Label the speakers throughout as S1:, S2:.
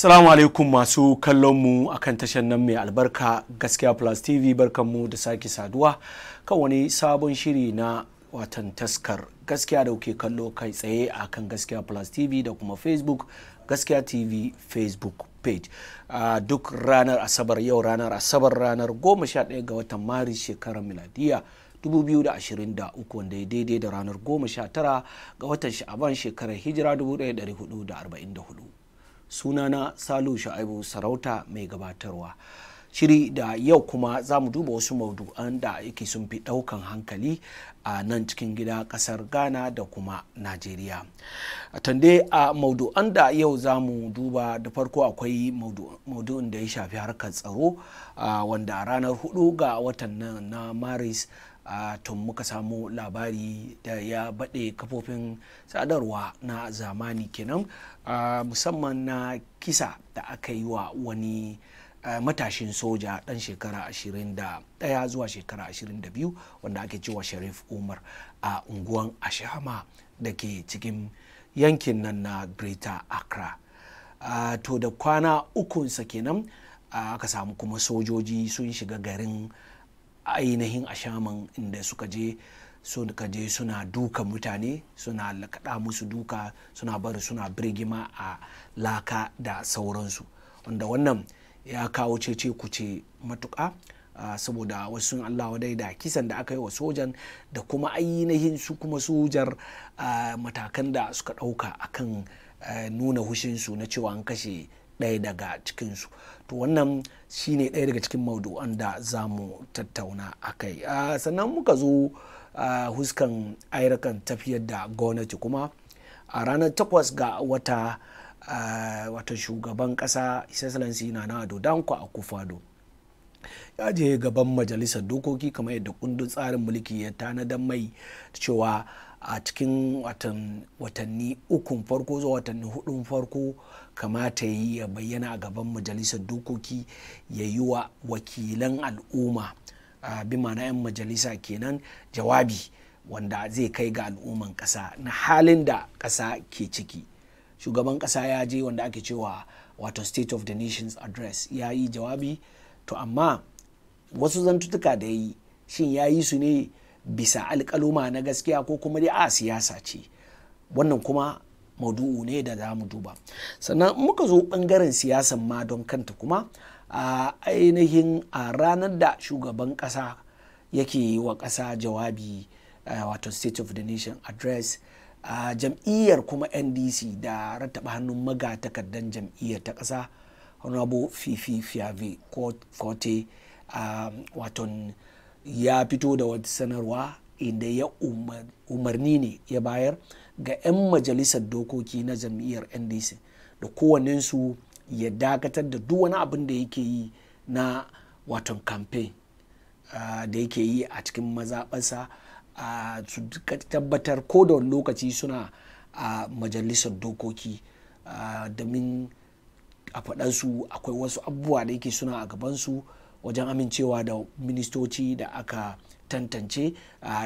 S1: Salamu alaikum masu kallon mu akan tashar nan mai albarka gaskiya plus tv barkanmu da sake saduwa kan wani sabon shiri na watan taskar gaskiya da kuke kallo kai tsaye akan gaskiya plus tv da kuma facebook gaskiya tv facebook page uh, duk ranar asabar yau ranar asabar ranar 11 ga watan maris shekarar miladiya 2023 wanda ya daidai da ranar 19 ga watan sha'aban shekarar hijira 1444 sunana salu sha'ibu sarauta mai gabatarwa shiri da yau kuma za mu duba wasu maudu'an da yake sun fi daukan hankali a nan cikin gida kasar ghana da kuma najeriya a tande a maudu'an da yau za mu duba da farko akwai maudu'in da ya shafi harkar tsaro wanda a ranar hudu ga watan nan na maris a tun muka samu labari da ya baɗe kafofin sadarwa na zamani kenan musamman na kisa da aka yi wa wani matashin soja ɗan shekara 21 zuwa shekara 22 wanda ake cewa sharif umar a unguwan ashama da ke cikin yankin nan na greater accra to da kwana ukunsa kenan aka samu kuma sojoji sun shiga garin ainihin ashaman inda suka je suka je suna duka mutane suna lakaɗa musu duka suna bari suna birgima a laka da sauransu wanda wannan ya kawo cece kuce matuƙa saboda wasu Allah wadai da kisan da aka yi wa sojan da kuma ainihin su kuma sojar matakan da suka ɗauka akan kan nuna hushinsu na cewa an kashe ɗaya daga cikinsu to wannan shine ɗaya daga cikin maudu'an da za mu tattauna a kai sannan muka zo huskan ayyukan tafiyar da gwamnati kuma a ranar takwas ga wata wata shugaban ƙasa excellency na na dodanko a kufado ya je gaban majalisar dokoki kamar yadda kundin tsarin mulki ya tanadar mai cewa a cikin watanni ukun farko zuwa watanni hudun farko kamata ya yi ya bayyana a gaban majalisar dokoki ya yi wa wakilan al'umma bi mana 'yan majalisa kenan jawabi wanda zai kai ga al'umman ƙasa na halin da ƙasa ke ciki shugaban ƙasa ya je wanda ake cewa wato state of the nations address ya yi jawabi to amma wasu zantutuka da ya yi shin ya yi su ne bisa alƙaluma na gaskiya ko kuma dai a siyasa ce wannan kuma maudu'u ne da za mu duba sannan muka zo ɓangaren siyasan ma don kanta kuma a ainihin a ranar da shugaban ƙasa yake yi wa ƙasa jawabi wato state of the nation address a jam'iyyar kuma ndc da rattaba hannun magatakardan jam'iyyar ta ƙasa honorable fifi fiave kote wato ya fito da wata sanarwa inda ya umarni ne ya bayar ga 'yan majalisar dokoki na jam'iyyar ndc da kowanninsu ya dakatar da duk wani abin da yake yi na waton campaign ah, da yake yi a cikin mazaɓarsa ah, su tabbatar ko da lokaci suna a majalisar dokoki ah, domin a faɗansu akwai wasu abubuwa da yake suna a gabansu wajen amincewa da ministoci da aka tantance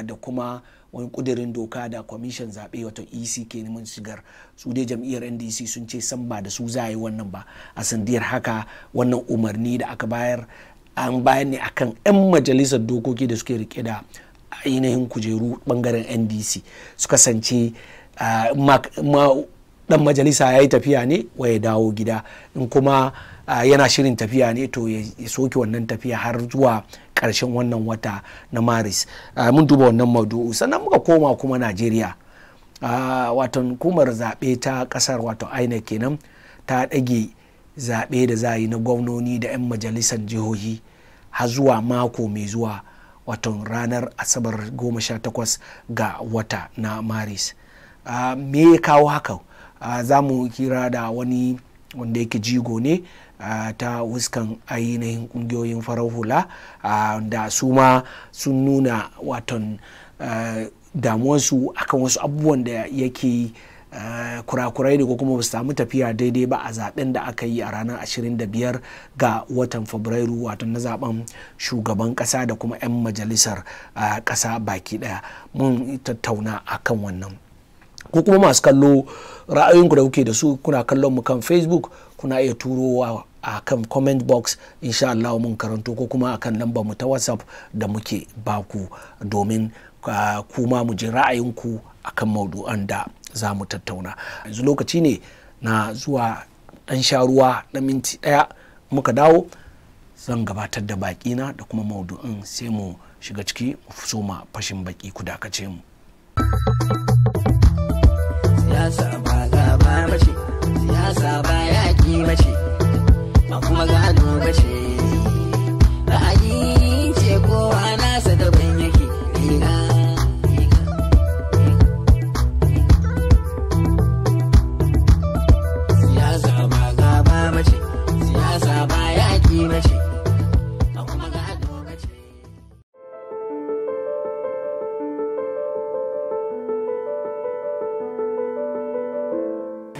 S1: da kuma wani kudirin doka da kwamishin zaɓe wato ec ke neman shigar su dai jam'iyyar ndc sun ce san ba da su za yi wannan ba a sandiyar haka wannan umarni da aka bayar an bayar ne akan 'yan majalisar dokoki da suke rike da ainihin kujeru bangaren ndc su kasance dan majalisa ya yi tafiya ne wa ya dawo gida in kuma yana shirin tafiya ne to ya soke wannan tafiya har zuwa karshen wannan wata na maris ah, mun duba wannan maudu'u sannan muka koma kuma najeriya ah, wato hukumar zaɓe ta ƙasar wato inec kenan ta ɗage zaɓe da za yi na gwamnoni da 'yan majalisar jihohi har zuwa mako mai zuwa wato ranar asabar 18 ga wata na maris ah, me ya kawo haka za mu kira da wani wanda yake jigo ne ta wuskan ainihin kungiyoyin farar hula da su ma sun nuna waton damuwarsu akan wasu abubuwan da yake kurakurai ne ko kuma basu samu tafiya daidai ba a zaben da aka yi a ranar ashirin da biyar ga watan fabrairu wato na zaben shugaban kasa da kuma 'yan majalisar kasa baki daya mun tattauna akan wannan ko kuma masu kallo ra'ayoyinku da kuke da su kuna kallon mu kan facebook kuna iya turowa a kan comment box insha Allah mun karanto ko kuma akan lambar mu ta whatsapp da muke baku domin kuma mu ji ra'ayinku a kan maudu'an da za mu tattauna yanzu lokaci ne na zuwa dan sha ruwa na minti daya muka dawo zan gabatar da na da kuma maudu'in sai mu shiga ciki mu so ma fashin baki ku dakace mu
S2: siyasa ba gaba bace siyasa ba yaki bace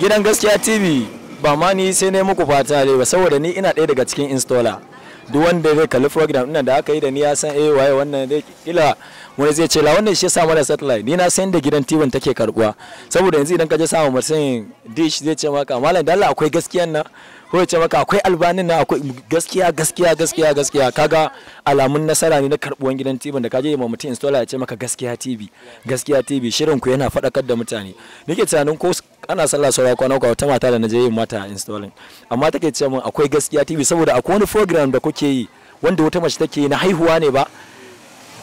S1: gidan gaskiya tv ba ma ni sai ne muku fata ne ba saboda ni ina ɗaya daga cikin installer duk wanda zai kalli program ɗin da aka yi da ni ya san eh waye wannan dai kila wani zai ce la wannan shi yasa mana satellite ni na san da gidan tv take karbuwa saboda yanzu idan ka je samu mutum dish zai ce maka malam da Allah akwai gaskiyan nan ko ya ce maka akwai albanin nan akwai gaskiya gaskiya gaskiya gaskiya kaga alamun nasara ne na karbuwan gidan tv da ka je ma mutum installer ya ce maka gaskiya tv gaskiya tv shirin ku yana faɗakar da mutane nake tunanin ko ana sallah saura kwana kwa wata mata da naje yin mata installing amma take ce mun akwai gaskiya tibi saboda akwai wani program da kuke yi wanda wata mace take yi na haihuwa ne ba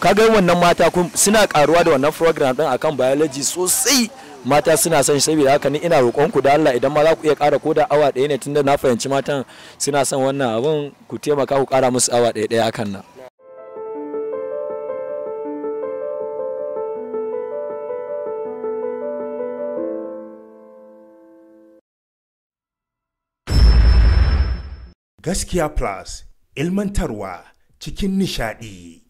S1: kaga wannan mata
S3: suna karuwa da wannan program din akan biology sosai mata suna son shi saboda haka ni ina roƙon ku da Allah idan ma za ku iya ƙara ko da awa ɗaya ne tunda na fahimci matan suna son wannan abun ku
S1: taimaka ku ƙara musu awa ɗaya ɗaya akan nan
S4: Gaskiya Plus ilmantarwa cikin nishaɗi.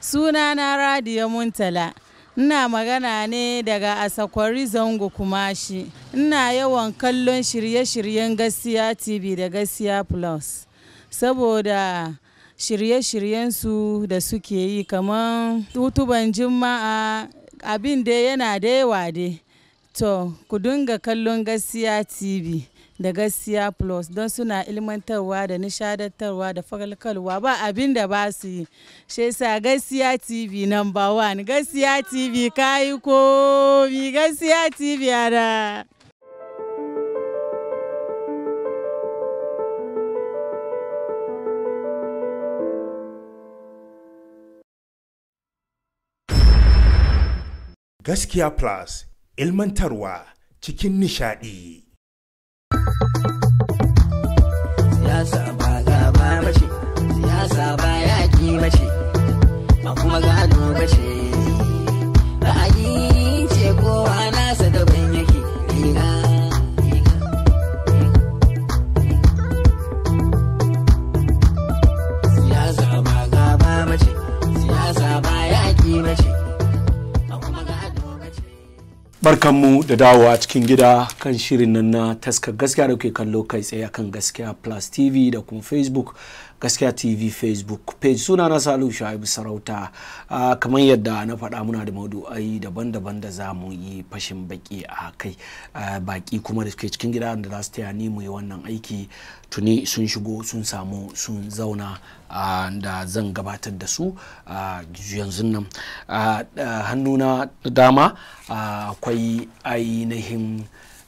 S4: Sunana Radiyo Muntala. Ina magana ne daga Asakwari Zango Kumashi. Ina yawan kallon shirye-shiryen Gaskiya TV da Gaskiya Plus. Saboda shirye shiryen su da suke yi kamar tutuban jima'a abin da yana da yawa dai. To, ku dinga kallon Gaskiya TV da Gaskiya Plus don suna ilmantarwa da nishadantarwa da farkalkarwa ba abin da ba su yi. Shi sa Gaskiya TV number one,
S2: Gaskiya TV kayi komi, Gaskiya TV yara.
S4: Gaskiya Plus ilmantarwa cikin nishaɗi.
S2: Siyasa.
S3: barkanmu da dawowa cikin gida kan shirin
S1: nan na taskar gaskiya da kuke kallo kai tsaye kan gaskiya plus tv da kuma facebook gaskiya tv facebook page suna na salu shaibu sarauta ah, kamar yadda na faɗa muna da maudu'ai daban-daban da za mu yi fashin baki a kai ah, baki kuma da suke cikin gida da za su taya ni mu yi wannan aiki tuni sun shigo sun samu sun zauna ah, da zan gabatar da su yanzu nan hannuna dama akwai ainihin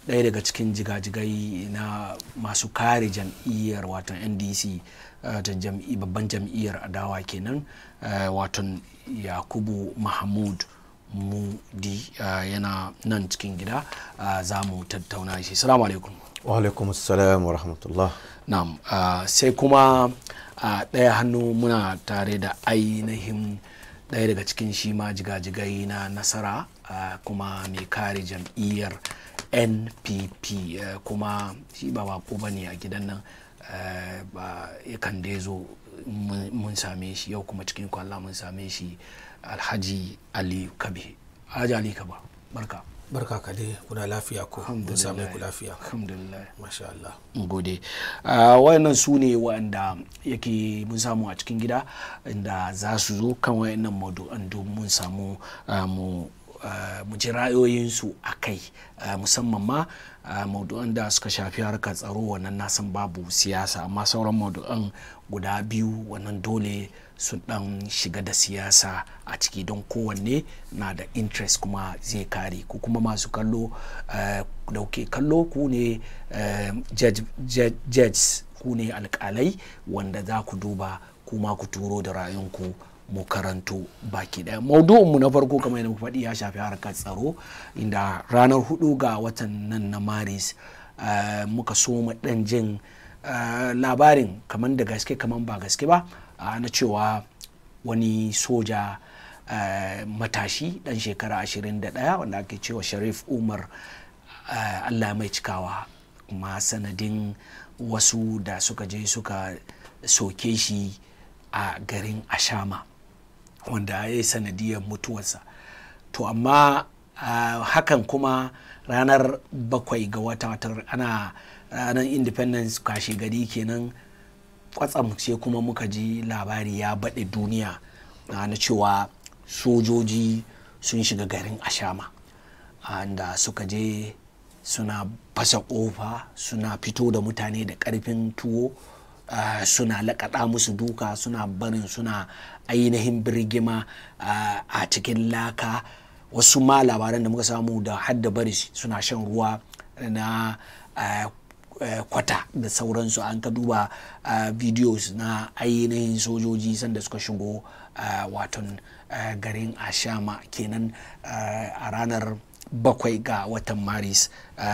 S1: ɗaya daga cikin jigajigai na masu kare jam'iyyar watan ndc Eh, babban jam'iyyar adawa kenan eh, watan yakubu mahmud mudi eh, yana nan cikin gida za mu tattauna shi salamu alaikum
S5: alaikum salam wa rahmatullah
S1: na'am sai kuma a ɗaya hannu muna tare da ainihin ɗaya daga cikin shi ma jigajigai na nasara kuma mai kare jam'iyyar npp kuma shi ba bako ba ne a gidan nan Eh, ba yakan ya zo mun same shi yau kuma cikin kwallon mun same shi alhaji ali kabe alhaji ali kaba
S6: barka barka ka dai kuna lafiya ko mun same ku lafiya alhamdulillah masha Allah
S1: gode ah, wayannan su ne wanda yake mun samu a cikin gida inda za su zo kan wayannan maudu'an domin mun samu ah, mu ah, mu ji ra'ayoyinsu a kai musamman ma maudu'an da suka shafi harkar tsaro wannan nasan babu siyasa amma sauran maudu'an guda biyu wannan dole sun dan shiga da siyasa a ciki don kowanne na da interest kuma zai kare ku kuma masu kallo eh, dauke kallo ku ne eh, judges ku ne alkalai wanda za ku duba kuma ku turo da rayunku mu karanto baki daya mu na farko kamar yadda muka faɗi ya shafi harkar tsaro inda ranar hudu ga watan nan na maris eh, muka so mu ɗan jin eh, labarin kamar da gaske kamar ba gaske ba ah, na cewa wani soja eh, matashi ɗan shekara 21 wanda ake cewa sharif umar allah mai cikawa kuma sanadin wasu da suka je suka soke shi a garin ashama wanda ya yi sanadiyar mutuwarsa to amma uh, hakan kuma ranar bakwai ga wata wata ana ranar independence kashe gari kenan kwatsam ce kuma muka ji labari ya baɗe duniya na cewa sojoji sun shiga garin ashama da suka je suna fasa ƙofa suna fito da mutane da ƙarfin tuwo Ah, suna laƙaɗa musu duka suna barin suna ainihin birgima ah, a cikin laka wasu ma labaran da muka samu da hadda bari suna shan ruwa na ah, eh, kwata da sauransu an ka duba videos na ainihin sojoji sanda suka shigo watan eh, garin ashama kenan a ranar bakwai ga watan maris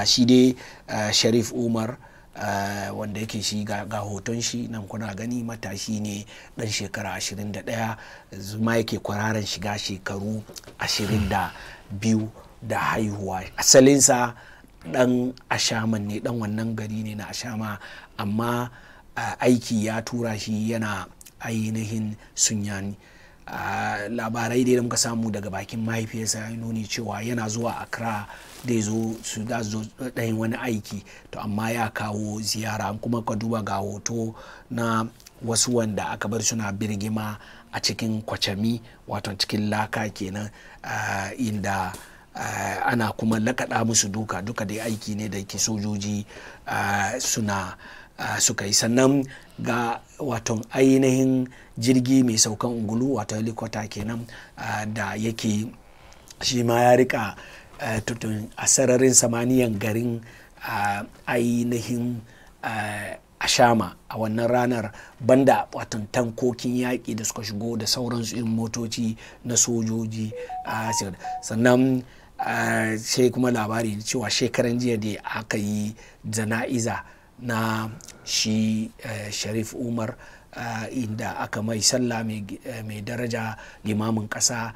S1: shi dai sharif umar Eh, wanda yake shi ga hoton shi nan kuna gani matashi ne dan shekara 21 zuma yake kwararan shiga shekaru 22 da haihuwa asalinsa dan ashaman ne dan wannan gari ne na ashama amma eh, aiki ya tura shi yana ainihin sunyani labarai da muka samu daga bakin mahaifiyarsa ya nuni cewa yana zuwa accra da zo su da zo ɗayin wani aiki to amma ya kawo ziyara kuma ka duba ga hoto na wasu wanda aka bar suna birgima a cikin kwacami wato cikin laka kenan inda ana kuma lakaɗa musu duka duka da aiki ne da ke sojoji suna suka yi sannan ga wato ainihin jirgi mai saukan ungulu wato helikwata kenan da yake shi ma ya rika tutun a sararin samaniyan garin ainihin ashama a wannan ranar banda watan tankokin yaƙi da suka shigo da sauransu in motoci na sojoji sannan sai kuma labari cewa shekaran jiya da aka yi jana'iza na shi eh, sharif umar inda aka mai sallah mai eh, daraja limamin ƙasa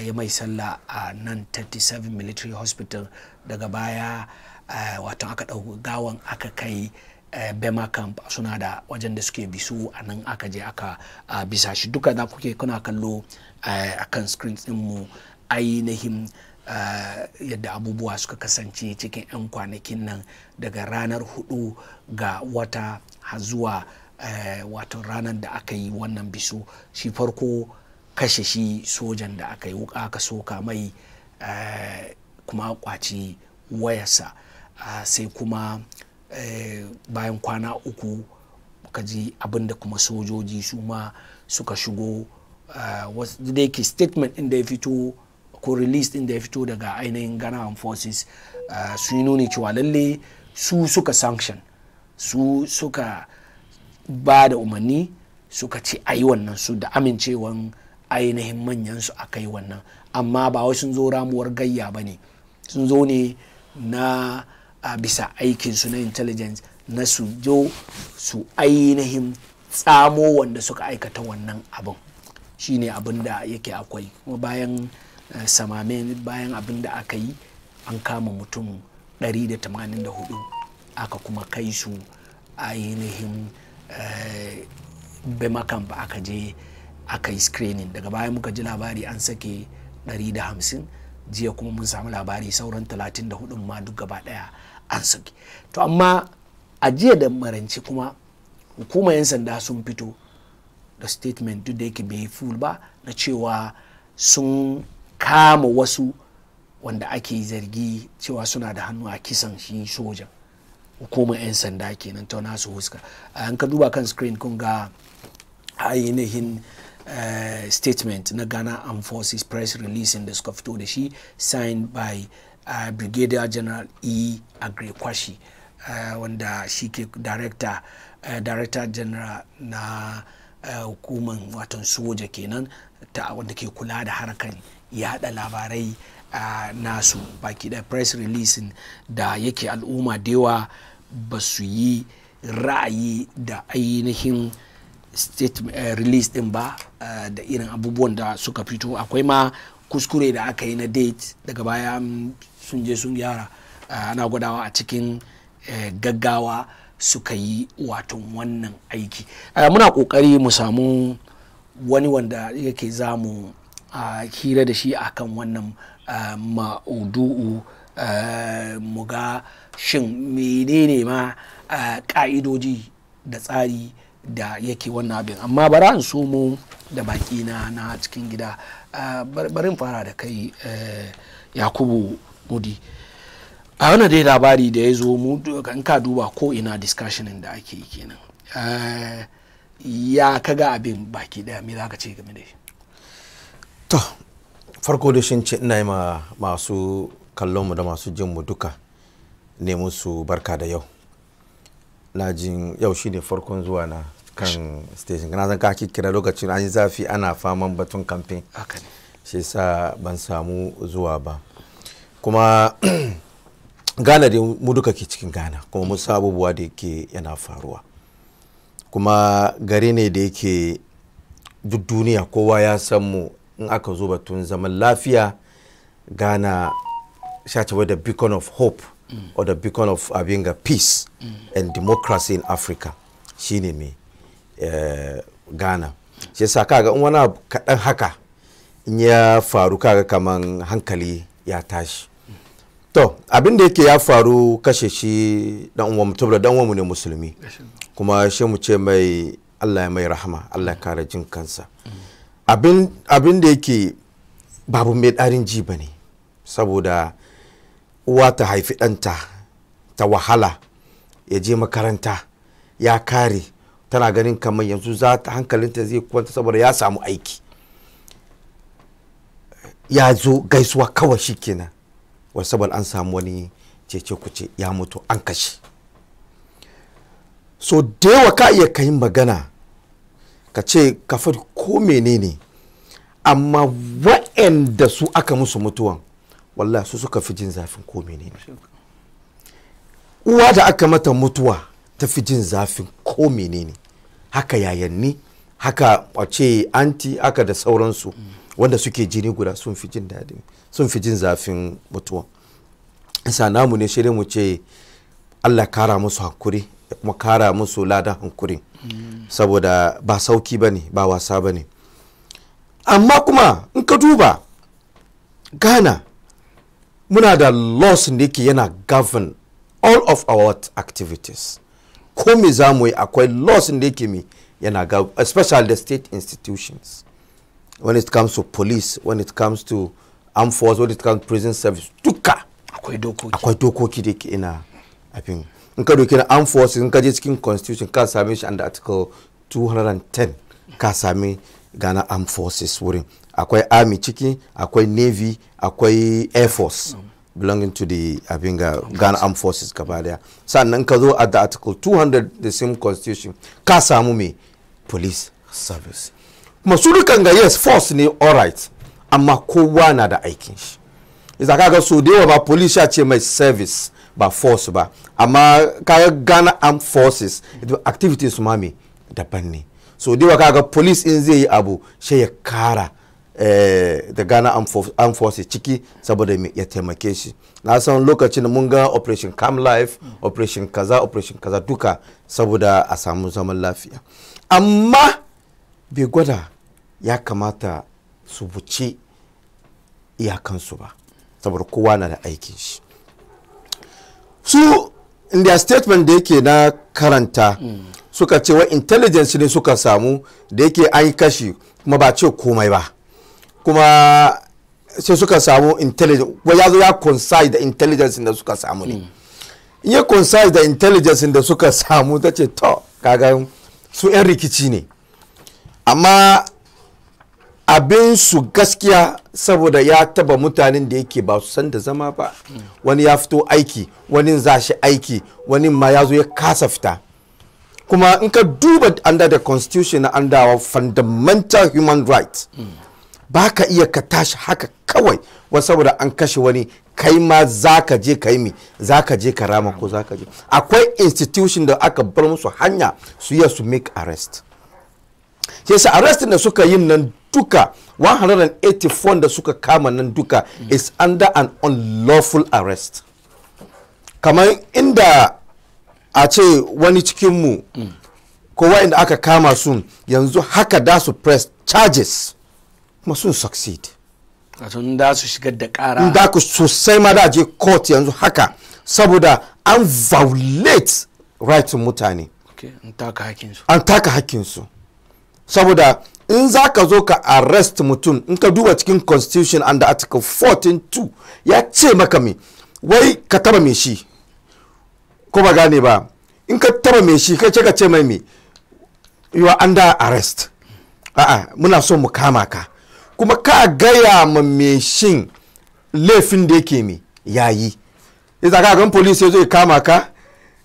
S1: ya mai sallah a nan 37 military hospital daga baya watan aka ɗau gawan aka kai bema camp suna da wajen da suke bisu a nan aka je aka bisa shi duka da kuke kuna kallo a kan screen mu ainihin yadda abubuwa suka kasance cikin 'yan kwanakin nan daga ranar hudu ga wata zuwa Eh, wato ranar da aka yi wannan biso shi farko kashe shi sojan da aka yi wuka aka soka mai eh, kuma kwaci wayarsa ah, sai kuma eh, bayan kwana uku kaji abinda kuma sojoji su ma suka shigo ah, da yake statement din da ya fito ko release ɗin da ya fito daga ainihin ghana forces ah, sun yi nuni cewa lalle su suka sanction su suka ba da umarni suka ce a yi wannan su da amincewan ainihin manyan su aka yi wannan amma ba wai sun zo ramuwar gayya ba ne sun zo ne na a bisa aikin su na intelligence na su jo su ainihin tsamo wanda suka aikata wannan abin shine abin da yake akwai kuma bayan samame bayan abin da aka yi an kama mutum 184 aka kuma kai su ainihin Eh, bemakan ba aka je aka yi screening daga baya muka ji labari an sake 150 jiya kuma mun samu labari sauran 34 ma duk gaba daya an sake to amma a jiya da maranci kuma hukumar 'yan sanda sun fito da statement duk da yake bai full ba na cewa sun kama wasu wanda ake zargi cewa suna da hannu a kisan shi sojan hukumar 'yan sanda kenan ta nasu huska an ka duba kan screen kun ga ainihin eh, statement na ghana armed forces press release da suka fito da shi signed by eh, brigadier general e agrikwashi eh, wanda shi ke director, general na hukumar watan soja kenan ta wanda ke kula da harkar yada labarai nasu baki da press release da yake al'umma da ba su yi ra'ayi da ainihin statement uh, release din ba uh, da irin abubuwan da suka fito akwai ma kuskure da aka yi na date daga baya mm, sun je sun gyara uh, ana gwadawa a cikin eh, gaggawa suka yi wato wannan aiki muna kokari mu samu wani wanda yake za mu. a hira da shi a kan wannan ma'udu'u mu ga shin menene ma ka'idoji da tsari da yake wannan abin amma bara in so mu da baki na na cikin gida barin fara da kai yakubu mudi a wannan dai labari da ya zo mu in ka duba ko ina discussionin da ake yi kenan ya kaga abin baki daya me za ka ce game da shi
S5: to farko da shi ce ina yi ma masu kallonmu da masu jinmu duka ne musu barka da yau na jin yau shi ne farkon zuwa na kan station na zan kaki kira lokacin an yi zafi ana faman batun kamfen shi sa ban samu zuwa ba kuma gana da mu duka ke cikin gana kuma musu abubuwa da yake yana faruwa kuma gari ne da yake duk duniya kowa ya san mu in aka zo batun zaman lafiya ghana sha ce the beacon of hope mm. or the beacon of abinga peace mm. and democracy in africa shine ne gana eh, ghana shi yasa kaga in wani kaɗan haka in ya faru kaga kaman hankali ya tashi to abin da yake ya faru kashe shi dan uwan mutum da dan uwanmu ne musulmi kuma shi mu ce mai Allah ya mai rahama Allah ya kare jin kansa mm. abin da yake babu mai ɗarin ji ba ne saboda uwa ta haifi ɗanta ta wahala ya je makaranta ya kare tana ganin kamar yanzu za ta hankalinta zai kwanta saboda ya samu aiki ya zo gaisuwa kawai shi kenan wasu an samu wani cece kuce ya mutu an kashe so da yawa ka iya kayin magana ka ce kafar ko menene amma wa'anda su aka musu mutuwan wallah su suka fi jin zafin ko menene uwa da aka mata mutuwa ta fi jin zafin ko menene haka yayanni haka wace anti haka da sauransu mm. wanda suke jini guda sun fi jin daɗin sun fi jin zafin mutuwa sa namu ne shirin mu ce allah kara musu hakuri ya kuma kara musu ladan hankurin saboda ba sauki ba ne ba wasa ba ne amma kuma in ka duba ghana muna da laws da yake yana govern all of our activities ko me za mu yi akwai laws da yake mi yana govern especially the state institutions when it comes to police when it comes to armed force when it comes to prison service duka akwai dokoki da yake ina abin in ka doki na armed forces in ka je cikin constitution ka same shi under article 210 ka same ghana armed forces wurin akwai army ciki akwai navy akwai air force belonging to the abinga ghana armed forces gaba daya sannan ka zo at the article 200 the same constitution ka samu me police service kuma su dukan ga yes force ne alright amma kowa na da aikin shi isa kaga so da yawa ba police ya ce mai service ba force ba amma kaga ghana armed forces activities su ma daban ne so dai kaga police in zai yi abu sai ya kara da eh, ghana armed forces ciki saboda ya taimake shi na san lokacin mun ga operation calm life operation kaza operation kaza duka saboda a samu zaman lafiya amma bai gwada ya kamata su buci iyakansu ba saboda kowa na da aikin shi
S3: su in
S5: their statement da yake na karanta suka ce wa intelligence ne suka samu da yake an kashi kuma ba ce komai ba kuma sai suka samu intelligence ya zo ya concise da intelligence da suka samu ne in ya concise da intelligence da suka samu ta ce to kaga su 'yan rikici ne amma abin su gaskiya saboda ya taba mutanen da yake ba su san da zama ba wani ya fito aiki wani za shi aiki wani ma ya zo ya kasa fita kuma in ka duba under the constitution under our fundamental human rights ba ka iya ka tashi haka kawai wasu saboda an kashe wani kai ma za ka je ka yi mi za ka je ka rama ko za ka je akwai institution da aka bar musu hanya su iya su make arrest shi arrest da suka yin nan duka 184 da suka kama nan duka is under an unlawful arrest kamar inda a ce wani cikinmu ko inda aka kama su yanzu haka da su press charges kuma sun succeed da su shigar
S1: da kara da ku
S5: sosai ma da je court yanzu haka saboda an violate rights mutane an taka hakinsu saboda in za ka zo ka arrest mutum in ka duba cikin constitution under article 14.2 ya ce maka me wai ka taba me shi ko ba gane ba in ka taba me shi kai ce ka ce mai me you are under arrest a'a muna so mu kama ka kuma ka gaya ma me shin laifin da yake me yayi idan ka ga police zai ya kama ka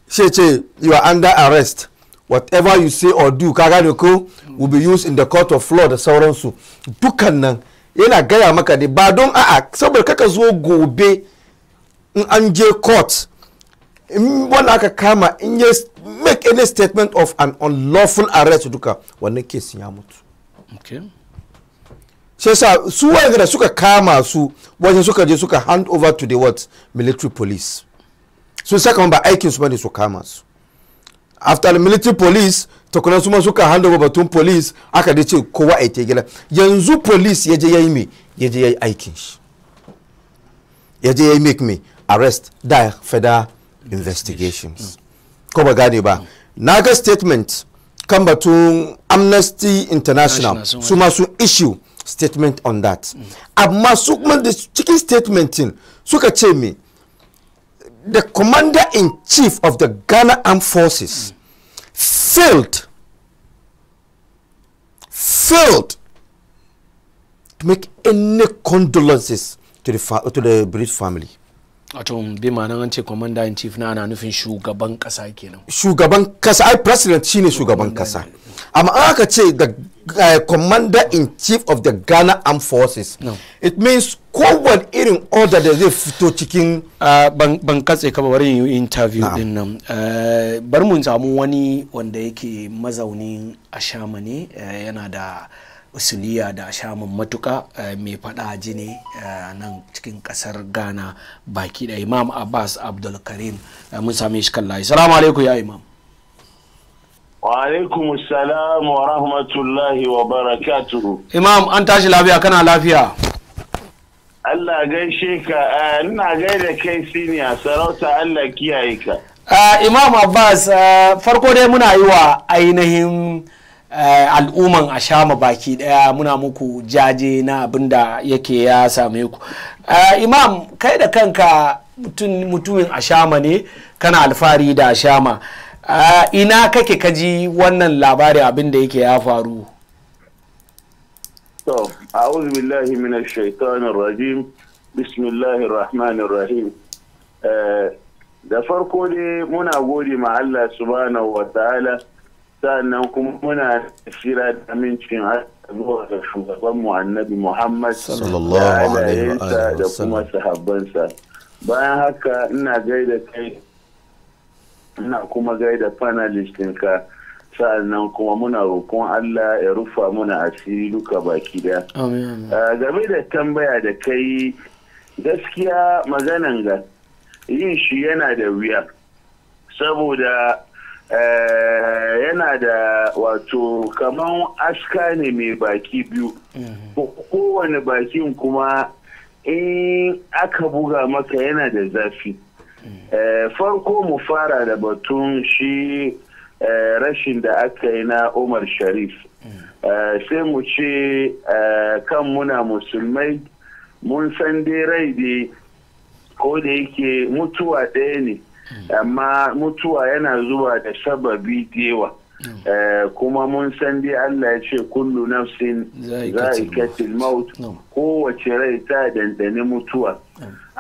S5: sai ce you are under arrest whatever you say or do ka gane ko will be used in the court of law da sauransu dukan nan yana gaya maka ne ba don a'a saboda kaka zo gobe in an je court in wanda aka kama in ya make any statement of an unlawful arrest duka wannan kesin ya mutu sai sa su da suka kama su wajen suka je suka hand over to the what military police sun saka ba aikin su bane su kama su after military police tukunan suma suka batun police aka dace kowa a ta gida yanzu police ya je ya yi me ya je ya yi aikin shi ya je ya yi make me arrest da federal investigations ko ba gane ba na ga statement kan batun amnesty international su ma sun issue statement on that mm. amma su kuma cikin statementin suka ce me the commander in chief of the Ghana Armed Forces mm. failed, failed to make any condolences to the, fa to the British family. wato bi ma'ana an ce commander in chief na ana nufin shugaban kasa kenan shugaban kasa ai president shine shugaban kasa amma an aka ce the eh, commander in chief of the ghana armed forces it means kowane irin order da zai fito cikin
S1: ah, ban katse ka bari yi interview din nan eh, bar mun samu wani wanda yake mazaunin ashama ne eh, yana da usuliya da shamun matuka mai fada jini nan cikin kasar ghana baki da imam abbas abdulkarim mun same shi kan layi salamu alaikum ya imam
S7: alaikum salam wa rahmatullahi wa barakatuhu imam an tashi lafiya kana lafiya Allah gaishe ka eh, ina gaida kai siniya sarauta Allah kiyaye ka
S1: eh, imam abbas eh, farko dai muna yi wa ainihin al'umman a shama baki daya muna muku jaje na abin da yake ya same ku imam kai da kanka mutumin a ashama ne kana alfahari da ashama a ina kake kaji wannan labari abin da yake ya faru
S7: to a'udhu billahi minash shaitanir rajim bismillahir rahmanir rahim eh, da farko ne muna gode ma Allah subhanahu wa ta'ala sannan kuma muna shira da amincin zuwa ga shugabanmu annabi Muhammad sallallahu alaihi da kuma sahabbansa bayan haka ina gaida kai ina kuma gaida panelist ɗinka sa'annan kuma muna roƙon Allah ya rufa muna asiri duka baki da.
S8: Ah,
S7: game da tambaya da kai gaskiya maganan ga yin shi yana da wuya saboda eh, yana da wato kaman aska ne mai baki biyu mhm. kowane bakin kuma in aka buga maka yana da zafi. Eh, farko mu fara da batun shi eh, rashin da aka yi na umar sharif eh, sai mu ce kan muna musulmai mun san dai rai da ko da yake mutuwa ɗaya ne amma mutuwa yana zuwa da sababi dewa kuma mun san dai Allah ya ce kullu nafsin za'ikatul maut kowace rai ta dandane mutuwa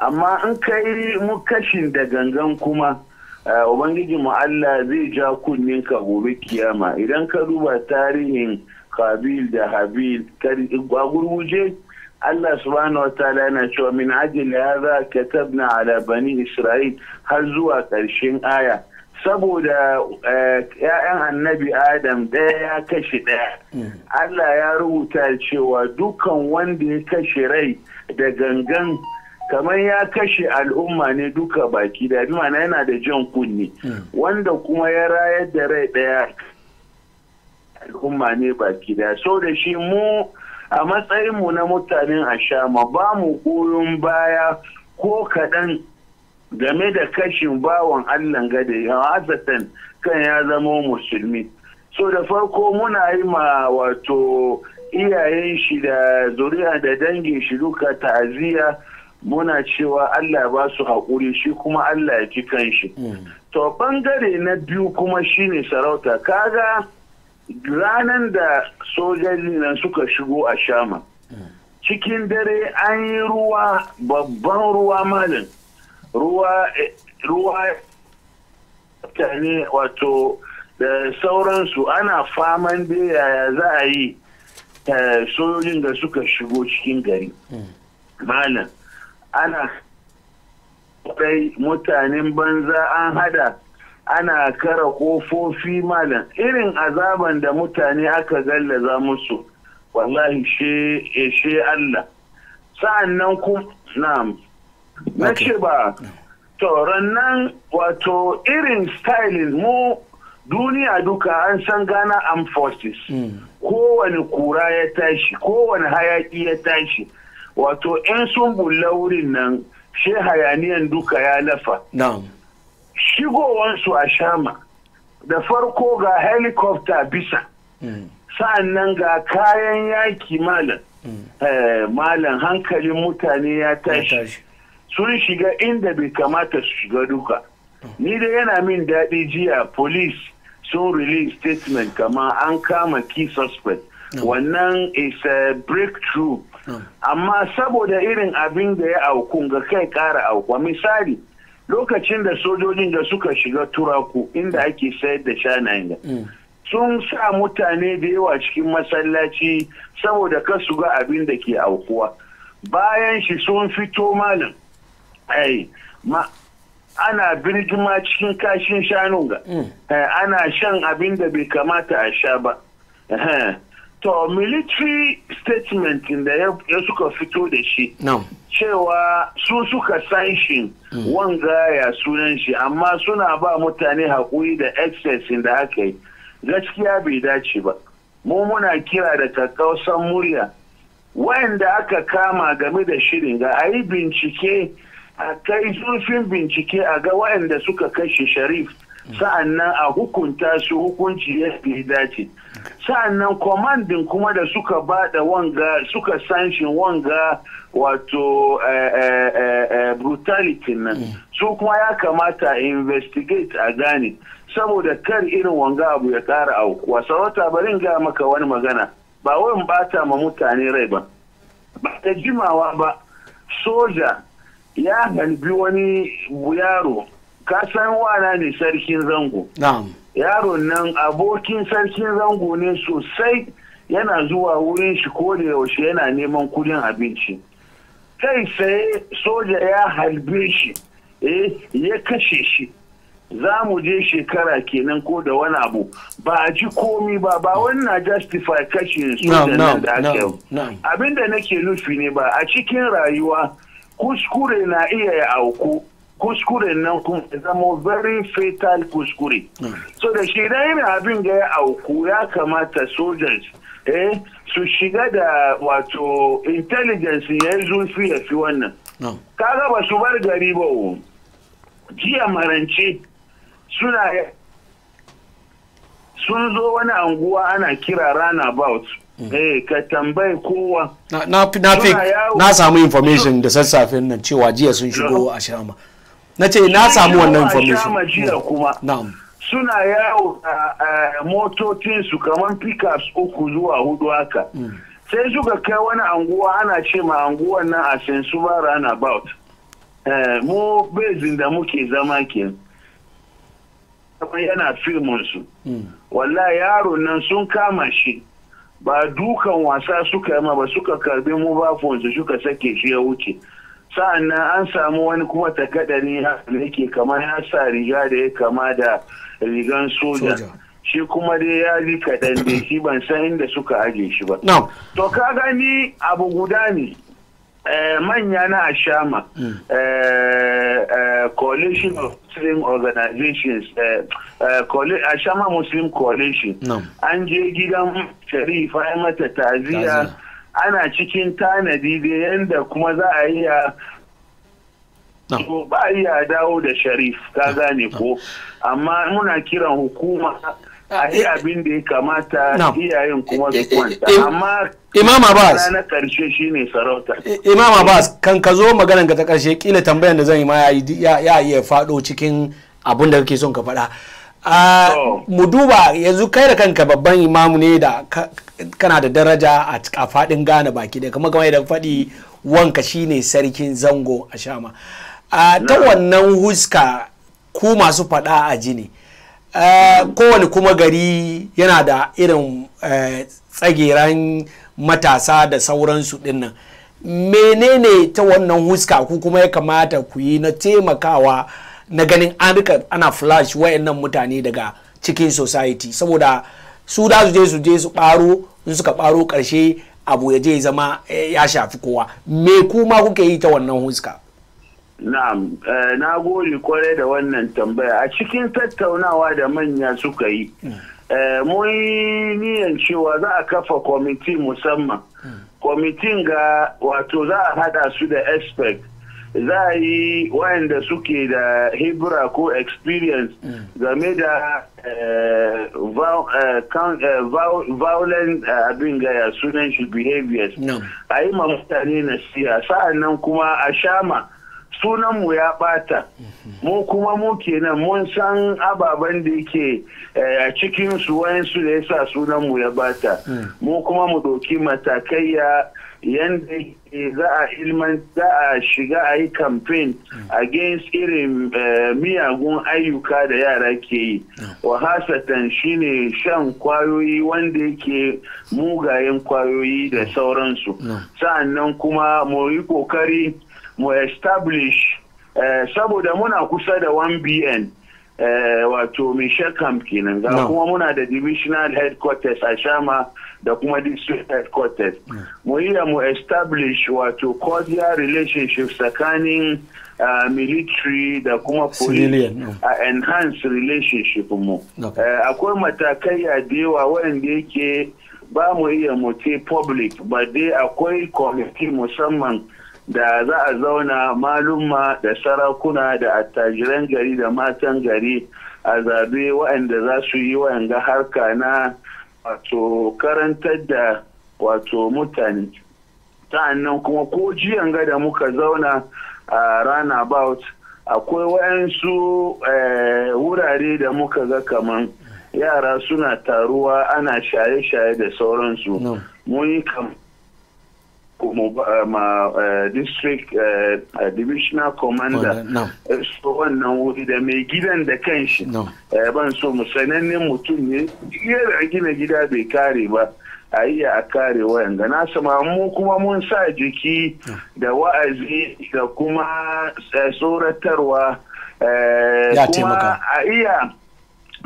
S7: amma in kai yi kashin da gangan kuma eh, ubangiji mu Allah zai ja kunnen ka gobe kiyama idan ka duba tarihin kabil da habil a gurguje Allah subhanahu wa ta'ala yana cewa min ajli hadha katabna ala bani isra'il har zuwa ƙarshen aya saboda ‘ya'yan eh, annabi adam ɗaya ya kashe ɗaya mm. Allah ya rubuta cewa dukan wanda ya kashe rai da gangan kamar ya kashe al'umma ne duka baki da bi mana yana da jan kunni wanda kuma ya rayar da rai daya al'umma ne baki da so da shi mu a matsayin mu na mutanen ashama ba mu koyon baya ko kaɗan game da kashin bawan allah gada ya kan ya zama musulmi so da farko muna yi ma wato iyayen shi da zuri'a da dangin shi duka ta'aziyya muna cewa Allah ba su haƙuri shi kuma Allah ya ji kanshi. To ɓangare na biyu kuma shine sarauta kaga ranar da sojoji nan suka shigo a shama. Cikin dare an yi ruwa babban ruwa malin ruwa eh, ruwa mutane wato da sauransu ana faman da yaya za a yi eh, sojojin da suka shigo cikin gari. Malam. ana kai mutanen banza an hada ana kara kofofi malam irin azaban da mutane aka gallaza musu wallahi she eh, Allah sa'an nan kuma na ce ba nan wato irin styling mu duniya duka an san gana armed forces hmm. kowane kura ya tashi kowane hayaki ya tashi wato in sun bulla wurin nan shi hayaniyan duka ya lafa shigowansu a shama da farko ga helikofta bisa mm. sa'an nan ga kayan yaki malam mm. eh, malam hankalin mutane ya tashi sun shiga inda bai kamata su shiga duka mm. ni dai yana min daɗi jiya police sun release statement kama an kama key suspect wannan is a breakthrough amma saboda irin abin da ya aukun ga kai kara aukuwa misali lokacin da sojojin da suka shiga turaku inda ake sayar da shanayen mm. sun sa mutane da yawa cikin masallaci saboda kasu ga abin da ke aukuwa bayan shi sun fito malam ai ma ana birgima cikin kashin shanun ga mm. eh, ana shan abin da bai kamata a sha ba to military statement da ya suka fito da shi cewa su suka san shi hmm. wanga sunan shi amma suna ba mutane haƙuri da excess da aka yi gaskiya bai dace ba mu muna kira da kakkausan murya wayanda aka kama game da shirin ga a yi bincike a kai zurfin bincike a ga wayanda suka kashe sharif sa'annan a hukunta su hukunci ya ya dace sa'annan kwamandin kuma da suka ba da wanga suka sanshin wanga wato eh, eh, eh, brutality nan mm. su kuma ya kamata investigate a gane saboda kar irin wanga abu ya kara aukuwa sarauta barin ga maka wani magana ba wai bata ma mutane rai ba ba da jimawa ba soja ya halbi wani yaro ka san wana ne sarkin zango yaron nan abokin sarkin zango ne sosai yana zuwa wurin shi ko da yaushe yana neman kudin abinci kai sai soja ya halbe shi eh ya kashe shi za mu je shekara kenan ko da wani abu ba a ji komi ba ba wani na justify kashe soja nan da aka
S8: yi
S7: abinda nake nufi ne ba a cikin rayuwa kuskure na iya ya auku kuskure nan kuma zama very fatal kuskure so da shi idan yana abin ga ya auku ya kamata soldiers eh su shiga da wato intelligence ya yi zurfi ya fi wannan kaga ba su bar gari ba jiya marance suna sun zo wani anguwa ana kira about. Mm. eh ka tambayi kowa
S1: na samu information da sassafen nan cewa jiya sun shigo a shama na ce na samu wannan information na'am
S7: suna yawo a su kamar pickups uku zuwa hudu haka mm. sai suka kai wani anguwa ana ce ma anguwan nan a run about eh, mu bezin da muke zama ke yana yana su mm. walla yaro nan sun kama shi ba dukan wasa suka yi ma ba suka karbi mu ba phones suka sake shi ya wuce sa'an an samu wani kuma ne da yake kamar ya sa riga da ya kama da rigan soja shi kuma dai ya yi kaɗan da shi ban san inda suka aje shi ba to ka gani abu guda ne eh, manya na ashama hmm. eh, eh, coalition of muslim organizations ashama muslim coalition an je gidan sharifa mata taziya ana cikin tanadi da yadda kuma za a iya ba iya dawo da sharif ta gane ko amma muna kiran hukuma a yi eh. abin da ya kamata iyayen kuma su eh, eh, kwanta amma imam abbas na karshe shine sarauta imam abbas
S1: kan ka zo maganar ka ta karshe kila tambayar da zan yi ma ya iya fado cikin abin da kake son ka faɗa a mu duba yanzu kai da kanka babban imamu ne da kana da daraja a fadin Ghana baki da kuma kamar da faɗi wanka shine sarkin zango a shama a ta wannan huska ku masu faɗa a jini kowane kuma gari yana da irin eh, tsageran matasa da sauransu dinnan menene ta wannan huska ku kuma ya kamata ku yi na taimakawa na ganin an ana flash wayannan mutane daga cikin society saboda su da su je su je su ɓaro in suka ɓaro ƙarshe abu ya je zama eh, ya shafi kowa me kuma kuke yi ta wannan huska
S7: na'am eh, na gode kwarai da wannan tambaya a cikin tattaunawa da manya suka yi mm. eh, mun niyan cewa za a kafa kwamiti musamman mm. kwamitin ga wato za a hada su da expect za a yi wayanda suke da hebra ko experience mm. game da eh, eh, eh, violent abin gaya sunan shi behaviors a yi ma mutane na siya sa'an nan kuma a shama sunanmu ya bata mm-hmm. mu kuma mu kenan mun san ababen da yake a cikinsu wayansu da sa sunanmu ya bata mm. mu kuma mu ɗauki matakaiya yadda za a ilman za a shiga a yi campaign against irin eh, miyagun ayyuka da yara ke yi wahasatan shine shan kwayoyi wanda yake mugayen kwayoyi da sauransu sa'annan kuma mu yi kokari mu establish eh, saboda muna kusa da 1bn eh, wato mishakam camp kenan ga kuma muna da divisional headquarters a shama da kuma district headquarters mu iya mu establish wato cordial relationship tsakanin Uh, military da kuma police mm. a uh, enhance relationship mu uh, akwai matakai a da yawa yake ba mu iya mutu public ba dai akwai kwamiti musamman da za a zauna malumma da sarakuna da attajiran gari da matan gari a zabe waɗanda za su yi waɗanda harka na wato karantar da wato mutane ta annan kuma ko jiyan gada muka zauna a rana about akwai wayansu eh, wurare da muka ga kaman yara suna taruwa ana shaye-shaye da sauransu mun yi kamar Eh, eh, district eh, divisional commander so wannan wuri da mai gidan da kanshi ban so mu sanannen mutum ne a gina gida bai kare ba a iya a kare wayan ga nasa mu kuma mun sa jiki da wa'azi da kuma tsoratarwa kuma a iya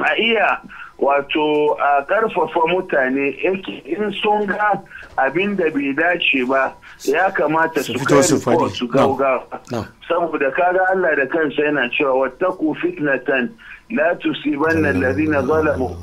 S7: a iya wato a karfafa mutane in sun ga abin da bai dace ba ya kamata su kai su gaugawa saboda kaga Allah da kansa yana cewa wattaku fitnatan la tusibanna alladhina zalamu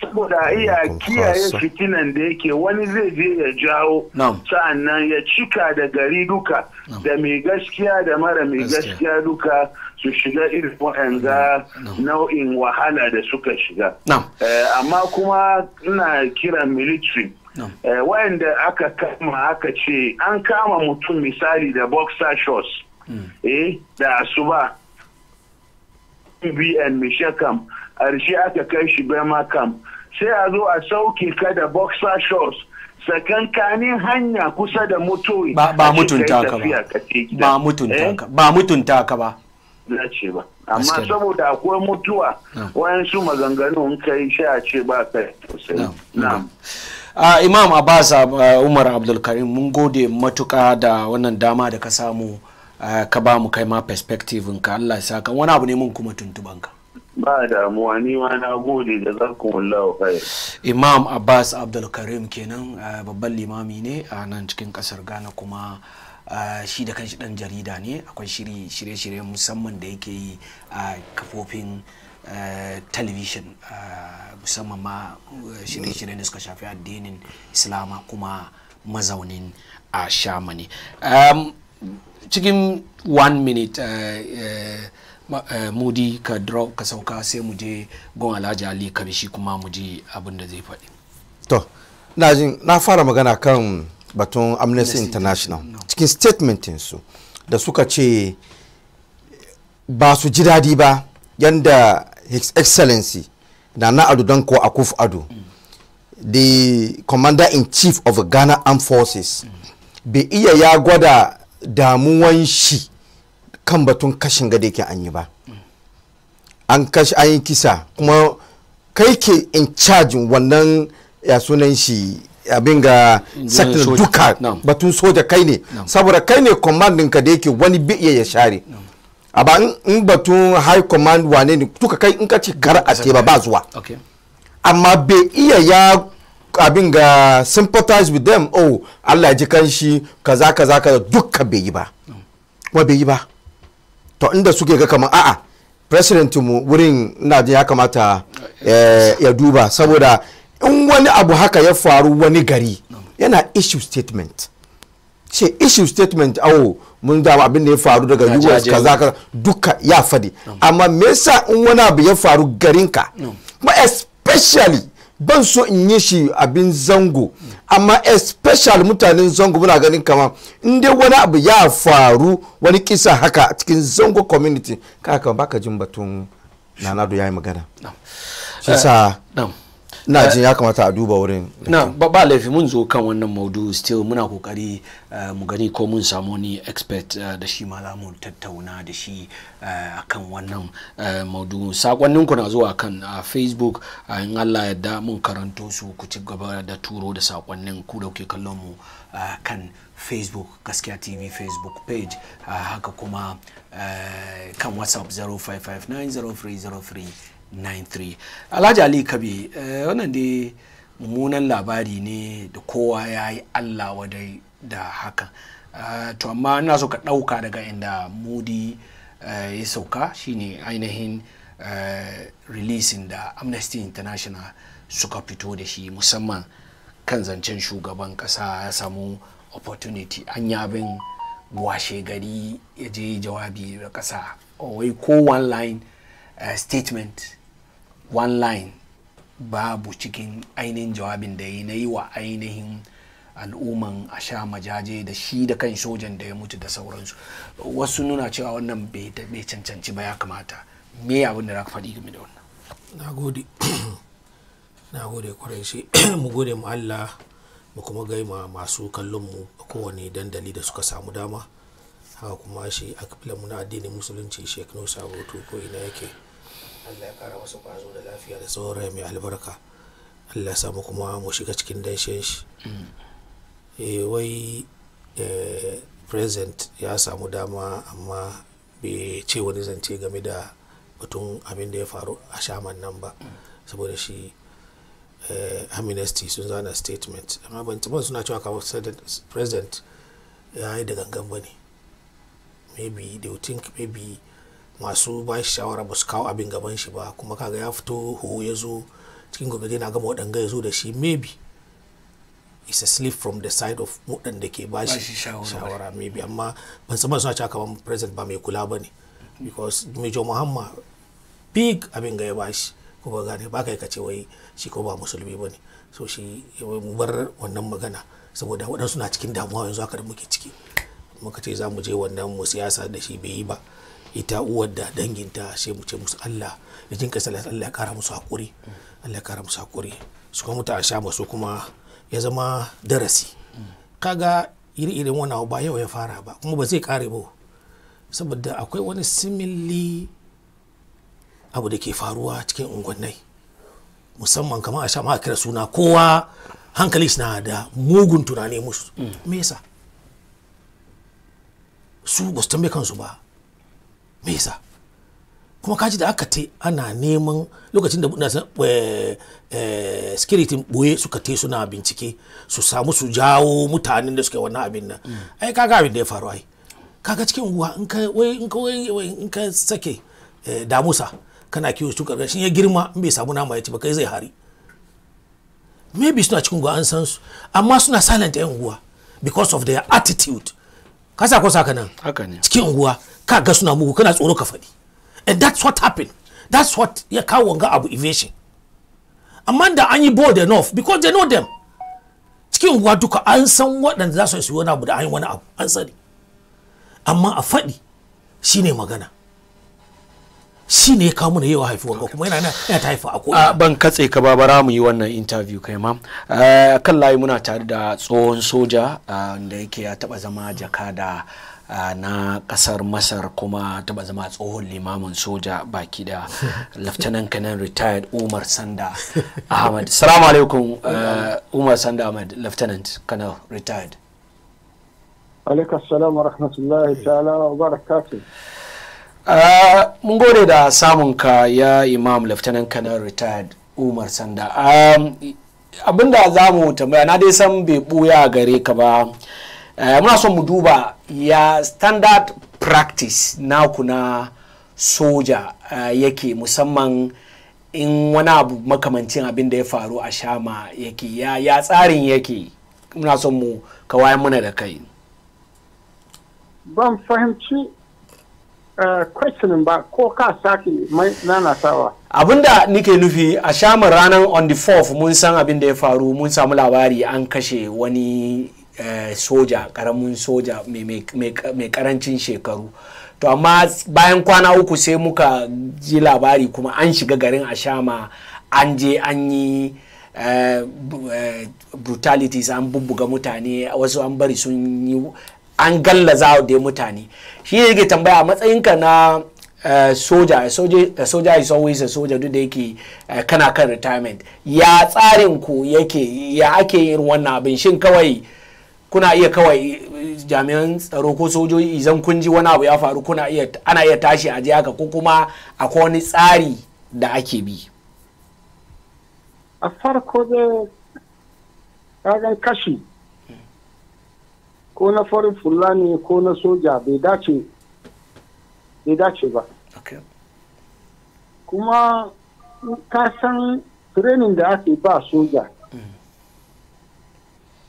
S7: saboda iya kiyaye fitinan da yake wani zai je ya jawo sa'annan ya cika da gari duka da mai gaskiya da mara mai gaskiya duka su shiga irin waɗanda nau'in wahala da suka shiga eh, amma kuma ina kiran military Eh, wayanda aka kama aka ce an kama mutum misali da boxer shorts hmm. eh da asuba bn mishakam arshe aka kai shi bema kam sai a zo a sauke ka da boxer shorts tsakankanin hanya kusa da mutuwi ba mutunta ka ba mutunta eh? ka ba
S1: mutunta ka ba ba amma
S7: saboda akwai mutuwa wayan wayansu maganganu in kai sha ce ba kai sosai
S1: na'am Uh, imam abbas uh, umar abdulkarim mun gode matuka da wannan dama da ka samu uh, ka ba mu kai ma perspective ka allah ya saka wani abu ne mun kuma tuntuban ka
S8: ba
S9: damuwa ni ma na gode da zarkun wallahu
S1: imam abbas abdulkarim kenan uh, babban limami ne a nan cikin kasar ghana kuma uh, shi da kanshi dan jarida ne akwai shirye shiryen musamman da yake yi a uh, kafofin Eh, television eh, musamman ma eh, shirye-shirye da suka shafi addinin islama kuma mazaunin a shamani cikin one minute mudi ka draw ka sauka sai mu je gon alhaji ali karshe kuma mu je abin da zai faɗi
S5: to na jin na fara magana kan batun amnesty international cikin statementin su da suka ce ba su ji daɗi ba yadda His Excellency Nana Ado ko Akuf Ado, the Commander in Chief of Ghana Armed Forces, bai iya ya gwada damuwan shi kan batun kashin gada yake an ba. An kashi an yi kisa kuma kai ke in charge wannan ya sunan shi abin ga sakin duka batun soja kai ne saboda kai ne commanding ka da yake wani biya ya share. a in batun high command wane ne tuka kai in ka ci gar a ce ba ba zuwa amma bai iya ya abin ga sympathize with them oh Allah ji kan shi kaza kaza kaza dukka bai yi ba wa bai yi ba to inda suke ga kamar a'a president mu wurin ina ya kamata eh, ya duba saboda in wani abu haka ya faru wani gari yana issue statement ce issue statement awo oh, mun d'ama abin da ya faru daga US kaza kaza duka ya fadi amma me yasa in wani abu ya faru garin ka kuma especially ban so in yi shi abin zango amma especially mutanen zango muna ganin kama in dai wani abu ya faru wani kisa haka a cikin zango community kaka baka jin batun nanado ya yi magana shi na jin ya kamata a duba wurin na
S6: ba ba laifi
S1: mun zo kan wannan maudu still muna kokari eh, mu gani ko mun samu ni expert eh, da shi malamu tattauna da shi eh, akan wannan maudu sakonnin ku na zuwa kan facebook in Allah yarda mun karanto su ku ci gaba da turo da sakonnin ku da kuke kallon mu kan facebook gaskiya tv facebook page haka kuma kan whatsapp 0559 0303 93 alhaji ali kabi eh, wannan dai mummunan labari ne da kowa ya yi allah wadai da haka eh, to amma ina so ka ɗauka daga inda mudi eh, ya sauka shine ainihin releasing da amnesty international suka fito da shi musamman kan zancen shugaban kasa ya samu opportunity an yabin washe gari ya je jawabi da ƙasa wai ko one line statement one line babu cikin ainihin jawabin da ya yi wa ainihin al'umman a sha majaje da shi da kan sojan da ya mutu da sauransu wasu nuna cewa wannan bai cancanci ba ya kamata me abin da za faɗi game da wannan
S6: na gode na gode kwarai shi mu gode mu allah mu kuma gaima masu kallon mu a kowane dandali da suka samu dama haka kuma shi a mu na addinin musulunci shek nusa ko ina yake Allah ya kara masa kwazo da lafiya da tsawon mai albarka Allah ya samu kuma mu shiga cikin danshin shi eh wai eh, present ya samu dama amma bai ce wani zance game da batun abin da ya faru a shaman nan ba saboda shi eh, amnesty sun zana statement amma ban taɓa suna cewa kamar president ya yi da gangan ba ne maybe they will think maybe masu ba shi shawara ba su kawo abin gaban shi ba kuma kaga ya fito huhu ya zo cikin gwamnati na gama waɗanga ya zo da shi maybe is a slip from the side of waɗanda ke ba shi shawara maybe amma ban san suna cewa kamar president ba mai kula ba ne because major muhamma big abin ga ya ba shi ko ba gane ba kai ka ce wai shi ko ba musulmi ba ne so shi mu bar wannan magana saboda waɗansu na cikin damuwa yanzu haka da muke ciki muka ce za mu je wannan mu siyasa da shi bai yi ba ita uwar da danginta sai mu ce musu Allah da jin kasa Allah ya kara musu hakuri Allah ya kara musu hakuri su kuma mutu a sha masu kuma ya zama darasi kaga iri-irin wani ba yau ya fara ba kuma ba zai kare ba saboda akwai wani simili abu da ke faruwa cikin unguwannai musamman kamar a sha ma kira suna kowa hankali suna da mugun tunani musu mm. me yasa su ba su tambaye kansu ba me yasa kuma kaji da aka te ana neman lokacin da na eh, eh, security boye suka te suna bincike su samu su jawo mutanen da suka wannan abin nan mm. ai kaga abin da ya faru ai kaga cikin ruwa in ka wai in ka wai in ka sake eh, damusa kana kiwo su shin ya girma in bai samu nama ya ci ba kai zai hari maybe suna cikin guwa an san su amma suna silent yan uwa because of their attitude kasa ko saka nan cikin unguwa ka ga suna mugu kana tsoro ka faɗi and that's what happened that's what ya kawo wanga abu evasion amma da an yi bold enough because they know them cikin unguwa duka an san waɗanda za su yi wani abu da an yi wani abu an sani amma a faɗi shine magana shi ne ya kawo mana yawa haifi wanga kuma yana yana ta haifa a
S1: ko'ina. Ah, ban katse ka ba bara mu yi wannan interview kai ma ah, kan layi muna tare da tsohon soja ah, da yake ya taba zama jakada na kasar masar kuma taba zama tsohon limamin soja baki da laftanan kanan retired umar sanda ahmad salamu alaikum uh, umar sanda ahmad laftanan kanan retired
S10: alaikas salam wa rahmatullahi ta'ala wa barakatuh
S1: uh, mun gode da samun ka ya imam laftanan kanan retired umar sanda um, abinda za mu tambaya na dai san bai buya gare ka ba Eh, muna son mu duba ya standard practice na kuna soja eh, yake musamman in wani abu makamancin abin da ya faru a shama yake ya, ya tsarin yake muna son mu kawai muna da kai ban
S8: fahimci
S10: eh, questioning ba ko ka sake mai nanatawa
S1: abinda nike nufi a shaman ranar on the 4th mun san abin da ya faru mun samu labari an kashe wani Eh, soja karamin soja mai karancin shekaru to amma bayan kwana uku sai muka ji labari kuma an shiga garin ashama an je an yi eh, eh, brutalities an bubbuga mutane wasu an bari sun yi an gallaza da mutane shi ne yake tambaya a matsayinka na soja a soja is always a soja duk da yake kana kan retirement ya tsarin ku yake ya ake yin wannan abin shin kawai kuna iya kawai jami'an tsaro ko sojoji idan kun ji wani abu ya faru kuna iya ana iya tashi a haka ko kuma akwai wani tsari da ake bi a farko da
S10: kagan kashi ko na farin fulani ko na soja bai dace bai dace ba kuma ka san training da ake ba soja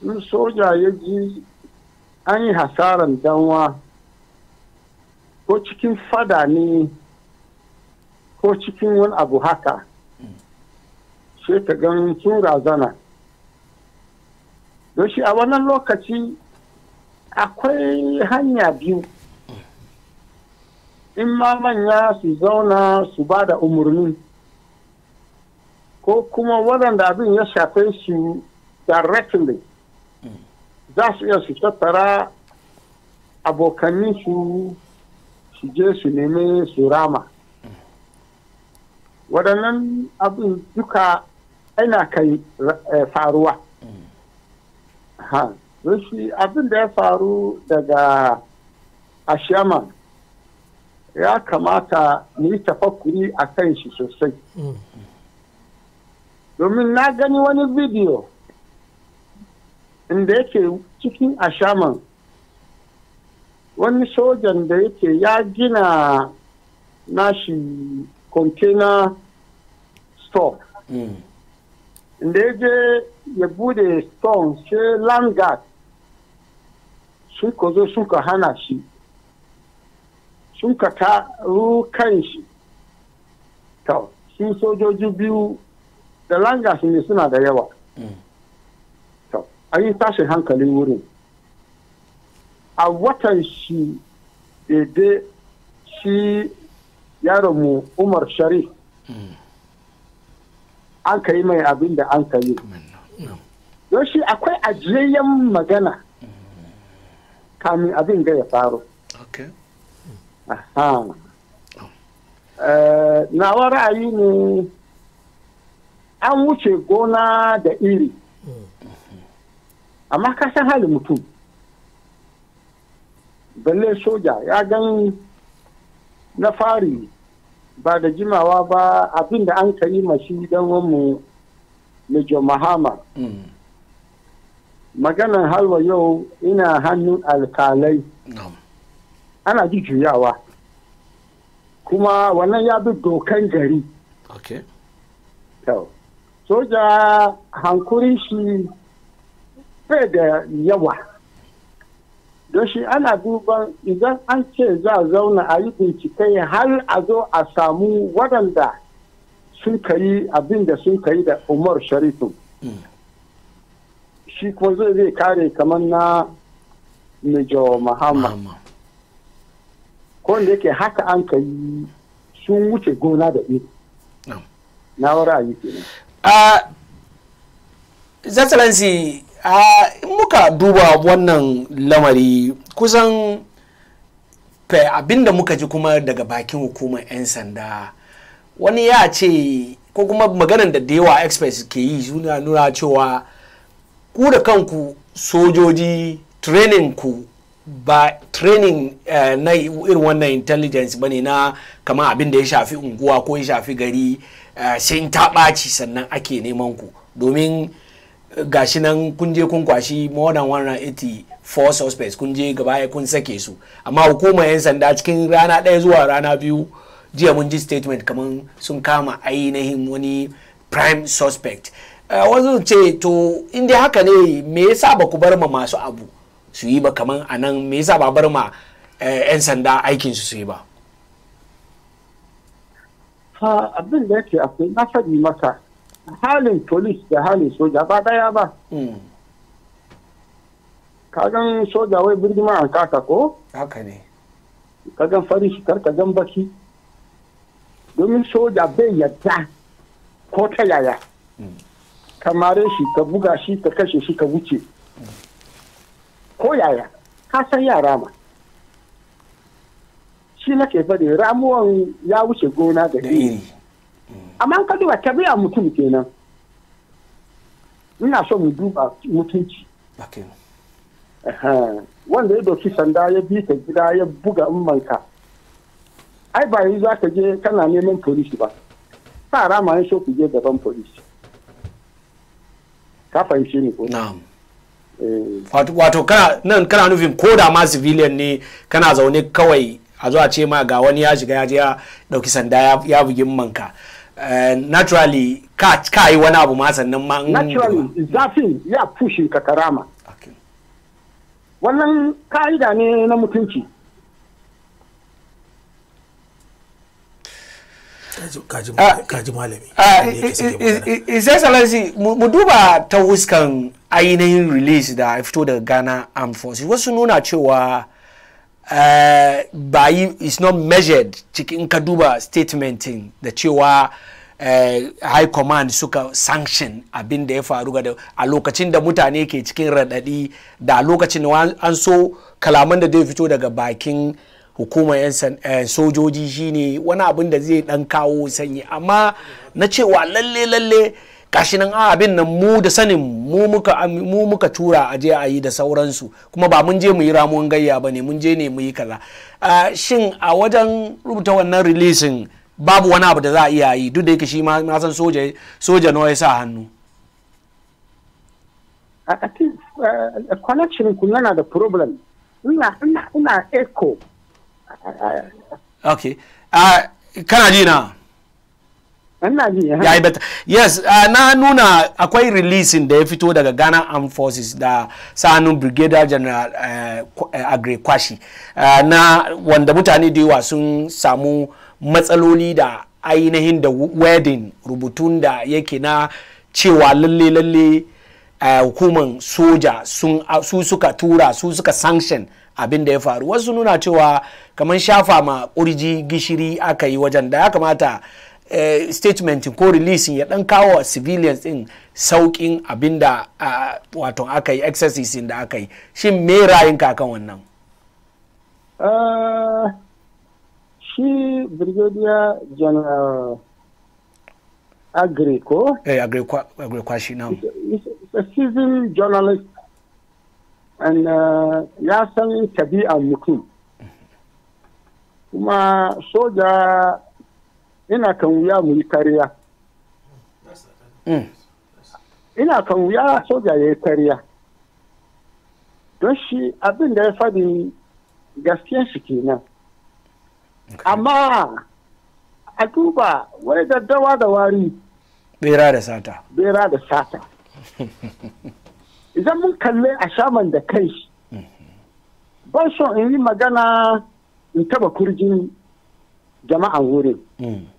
S10: in soja ya ji an yi hasaran danwa ko cikin fada ne ko cikin wani abu haka sai ta gan sun razana don shi a wannan lokaci akwai hanya biyu in ma manya su zauna su ba da umarni ko kuma waɗanda abin ya shafe su directly za su iya su tattara abokanin su su je su neme su rama waɗannan abin duka aina kai eh, faruwa ha abin da ya faru daga ashama ya kamata mu yi tafakuri a kan shi sosai mm. domin na gani wani bidiyo inda yake cikin ashaman wani sojan da yake ya gina nashi container store hmm. inda ya je ya bude stone sai land guard sun ka zo sun hana shi sun ka taru kan shi to sun sojoji biyu da langas ne suna da yawa hmm. a yi tashin hankalin wurin a watan shi eh, daidai shi yaronmu umar sharif an ka yi mai abin da an ka yi don shi akwai ajiyayyen magana kamin abin ga ya faru eh, nawa ra'ayi ne an wuce gona da iri amma ka san halin mutum balle soja ya gan na fari ba da jimawa ba abin da an kari mashi don mu Major Mahama. Mm. Maganar halwa yau ina hannun alkalai. Ana ji juyawa. Kuma wannan ya bi dokan gari. Soja hankurin shi bai da yawa don shi ana duban idan an ce za a zauna a yi bincike har a zo a samu waɗanda sun kayi abin da sun kayi da umar sharifu hmm. shi kuma zai zai kare kamar na mijo muhammad ko da yake haka an kayi sun wuce gona da iri
S1: na wara yi kenan ah, excellency a muka duba wannan lamari kusan abinda muka ji kuma daga bakin hukumar 'yan sanda wani ya ce ko kuma maganar da yawa experts ke yi suna nuna cewa ku da kanku sojoji training ku ba training eh, na irin wannan intelligence bane na kamar abin da ya shafi unguwa ko ya shafi gari uh, sai ta ɓaci sannan ake neman ku domin gashi nan kun je kun kwashi more than 184 suspects kun je gaba kun sake su amma hukumar 'yan sanda cikin rana ɗaya zuwa rana biyu jiya mun ji statement kamar sun kama ainihin wani prime suspect uh, wasu ce to inda haka ne me yasa ba ku bar ma masu abu su yi ba kamar a nan me yasa ba bar ma eh, 'yan sanda aikinsu su yi ba
S10: abin da yake akwai na faɗi maka. halin polis da halin soja ba daya ba hmm. kagan soja wai birgima an kaka ko haka ne kagan fari shi karka gan baki domin soja bai yadda ko ta yaya hmm. ka mare shi ka buga shi ka kashe shi ka wuce hmm. ko yaya ka san yara ma shi na ke faɗi ramuwan ya wuce gona da iri amma ka duba a mutum kenan ina so mu duba mutunci wanda ya doki sanda ya bi ka gida ya buga manka ai ba yi za ka je kana neman polisi ba ta rama
S3: ya so ku je gaban polisi
S1: ka fahimci ni ko
S3: eh.
S1: wato kana nan kana nufin ko da ma civilian ne kana zaune kawai a zuwa ce ma ga wani ya shiga ya je ya dauki sanda ya bugi manka Eh, naturally ka ka yi wani abu ma sannan ma naturally
S10: zafin ya fushi ka karama wannan ka'ida ne na mutunci
S6: kaji ah, malami
S1: ah, isai salansi mu duba ta wuskan ainihin release da fito daga ghana armed forces wasu nuna cewa Uh, ba yi is not measured cikin ka duba statementin da cewa uh, high command suka sanction abin da ya faru ga a lokacin da mutane ke cikin radadi da a lokacin an so kalaman da zai fito daga bakin hukumar 'yan eh, sojoji shine wani abin da zai dan kawo sanyi amma na cewa lalle lalle gashi nan a abin nan mu da sanin mu muka mu muka tura a je a yi da sauransu kuma ba mun je mu yi ramuwan gayya ba ne mun je ne mu yi kaza shin a wajen rubuta wannan releasing babu wani abu da za a iya yi duk da yake shi ma san soja soja nawa ya sa hannu
S10: a think uh, connection kun yana da problem ina ina ina echo
S1: okay kana ji na ya bata yes uh, na nuna akwai releasing da ya fito daga ghana armed forces da sanin brigadier general uh, uh, agri kwashi uh, na wanda mutane da yawa sun samu matsaloli da ainihin da wedding rubutun da yake na cewa lalle-lalle uh, hukuman soja uh, su suka tura su suka sanction abin da ya faru wasu nuna cewa kamar shafa ma gishiri aka yi wajen da ya kamata Eh, statement ko releasing ya dan kawo civilians din saukin abinda wato aka yi exercise da aka yi shin me ka kan wannan
S10: eh, shi brigadier general
S1: agriko eh agriko shi na
S10: a civil journalist and eh, ya san tabi'an mutum kuma soja ina kan wuya mu yi kariya hmm. ina kan wuya soja ya yi kariya don shi abin da ya faɗi gaskiyan shi kenan amma a duba wai daddawa da wari
S1: bera da sata
S10: bera da sata idan mun kalle a shaman da kai hmm. ban son in yi magana in taba kurjin jama'an wurin hmm.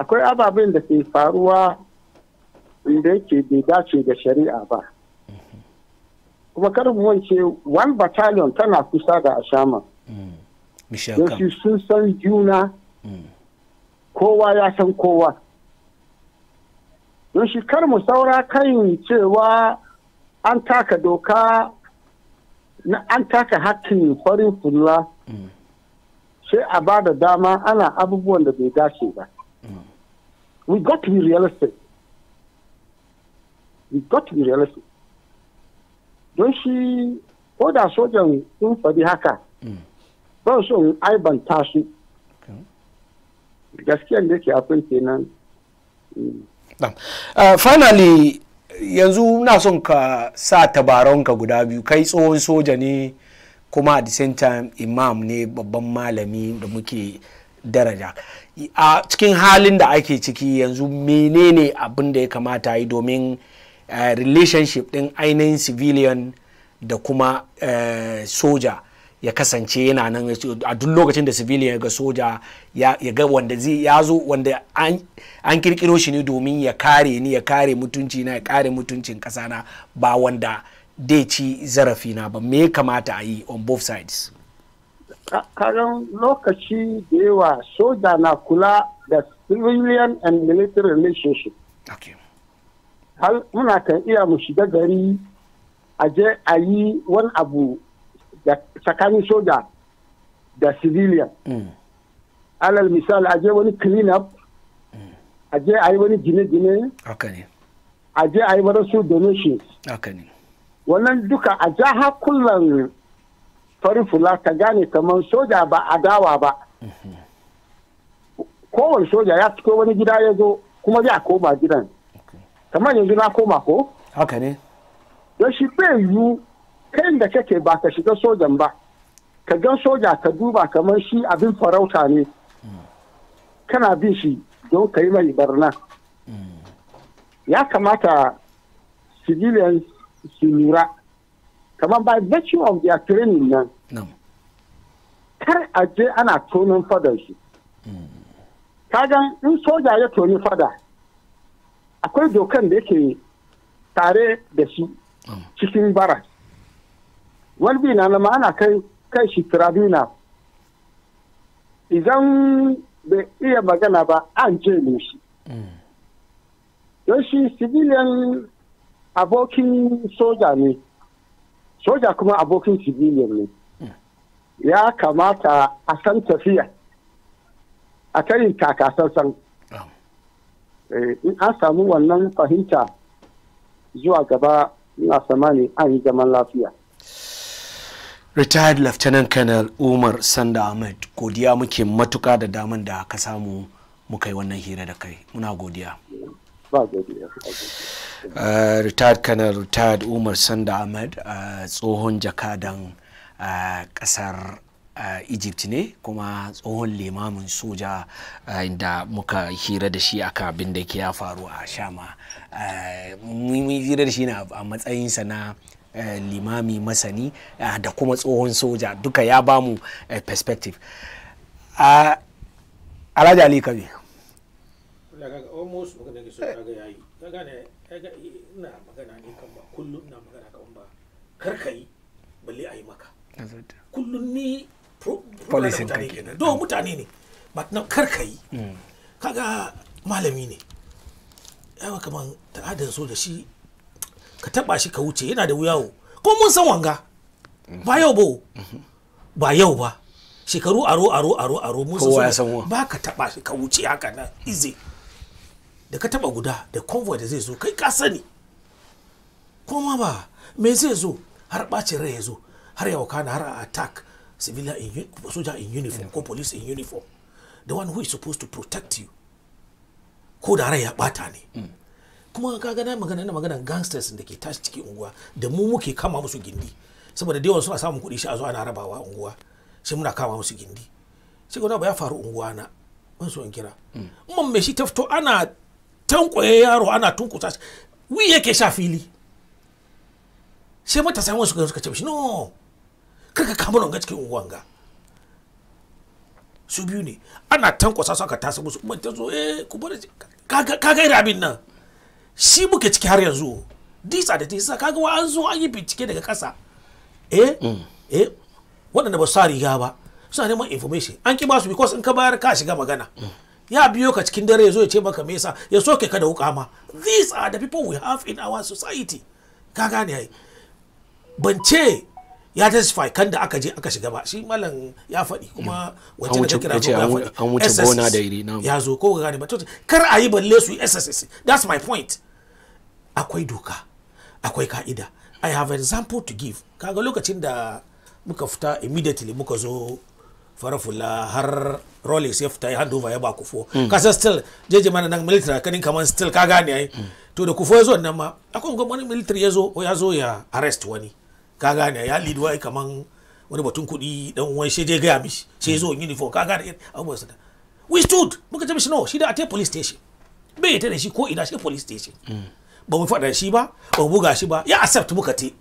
S10: akwai ababen da ke faruwa da yake bai dace da shari'a ba kuma karin wance one battalion tana kusa da ashama mm. don sun san juna mm. kowa ya san kowa don shi mu saura kan cewa an taka doka na an taka hakkin farin fulla mm. sai a ba da dama ana abubuwan da bai dace ba we got to be realistic. we got to be realistic. Don shi, ko da sojan sun faɗi haka, mm. ban so aibanta su. Gaskiyan da yake akwai kenan.
S1: Mm. Uh, finally, yanzu na son ka sa ka guda biyu kai tsohon soja ne kuma at the same time imam ne babban malami da muke daraja a cikin halin da ake ciki yanzu menene abin da ya kamata yi domin eh, relationship din ainihin civilian da kuma eh, soja ya kasance yana nan a duk lokacin da civilian ga soja ya ga wanda zai ya zo wanda an kirkiro shi ne domin ya kare ni ya kare mutunci na ya kare mutuncin kasana ba wanda dai ci zarafi na ba me kamata a yi on both sides
S10: karan lokaci da yawa soja na kula da civilian and military relationship har muna kan iya mu shiga gari a je a yi wani abu da tsakanin soja da civilian mm. alal misali a je wani clean up mm. a je a yi wani gine-gine a je a yi wani su donations wannan duka a jaha kullum. farin fula ka gane kamar soja ba a dawa ba kowane soja ya ciko wani gida ya zo kuma ya koma gidan kamar yanzu na koma ko haka ne don shi bai yiwu kai da kake ba ka shiga sojan ba ka gan soja ka duba kamar shi abin farauta ne kana bin shi don ka yi mai barna ya kamata civilians su lura kamar by virtue of their training nan kar a je ana tonin fadar shi kagan in soja ya toni fada akwai dokan da yake tare da shi cikin bara wani bi na nama ana kai kai shi tribunal idan bai iya magana ba an je ne shi mm. don shi civilian abokin soja ne soja kuma abokin civilian ne ya kamata a san tafiya a tayin takasansan eh, in an samu wannan fahimta zuwa gaba ina samani an yi zaman lafiya
S1: retired lieutenant colonel umar sanda ahmed godiya muke matuka da daman da ka samu muka yi wannan hira da kai muna godiya uh, retired colonel retired umar sanda ahmed uh, tsohon uh, jakadan uh, kasar uh, egypt ne kuma tsohon limamin soja uh, inda muka hira da shi aka abin da ke ya faru a shama uh, mun hira da shi na a matsayinsa na limami masani uh, da kuma tsohon soja duka ya bamu uh, perspective uh, alhaji ali kabi
S6: kaga almost magana ke so kaga yayi kaga ne kaga ina magana ne kan ba kullum ina magana kan ba kar ka yi balle a yi maka kullum ni policy ka kenan do mutane ne but na kar ka yi hmm. kaga malami ne yawa kaman ta'adar so da shi ka taba shi ka wuce yana da wuyawo ko mun san wanga hmm. ba yau ba hmm. ba yau ba shekaru aro aro aro aro mun san ba ka taba shi ka wuce haka na izi. da ka taba guda da convoy da zai zo kai ka sani kuma ba me zai zo har bacin rai ya zo har ya wakana har a attack civilian in, soldier in uniform ko police in uniform the one who is supposed to protect you ko da rai ya bata ne mm. kuma ka ga na magana na magana gangsters da ke tashi cikin unguwa da mu muke kama musu gindi saboda da yawan suna samun kuɗi shi a zo ana rabawa unguwa shi muna kama musu gindi shi ba ya faru unguwa na wani so kira mun mm. me shi ta fito ana tankwaye yaro ana shi wi yake sha fili sai matasa wasu ga suka ce shi no kaka kama nan cikin unguwan ga su biyu ne ana tankwasa su aka tasa musu kuma ta zo eh ku bar kaga ga abin nan shi muke ciki har yanzu disa da disa kaga wa an zo an yi bincike daga kasa eh mm. eh waɗanda ba su sa riga ba suna neman information an ki ba su because in ka bayar ka shiga magana mm. ya biyo ka cikin dare ya zo ya ce maka me yasa ya soke ka da wuka ma these are the people we have in our society ka gane ai ban ce ya testify kan da aka je aka shiga ba shi malam ya faɗi kuma hmm. wace da kira zo ya faɗi SSS ya zo ko gane ba kar a yi balle su SSS that's my point akwai doka akwai ka'ida i have an example to give kaga lokacin da muka fita immediately muka zo farafula har rolex ya fita handover hand over ya ba kufo kasa still jeje mana nan military kanin kaman still ka gane ai to da kufo yazo nan ma akwai wani military ya zo ya zo ya arrest wani ka gane ya lead wai kaman wani batun kuɗi dan wai shi je gaya mishi sai in uniform ka gane abu sa we stood muka ce mishi no shi da a police station bai ta da shi ko ina shi police station ba mu fada shi ba ba mu buga shi ba ya accept muka te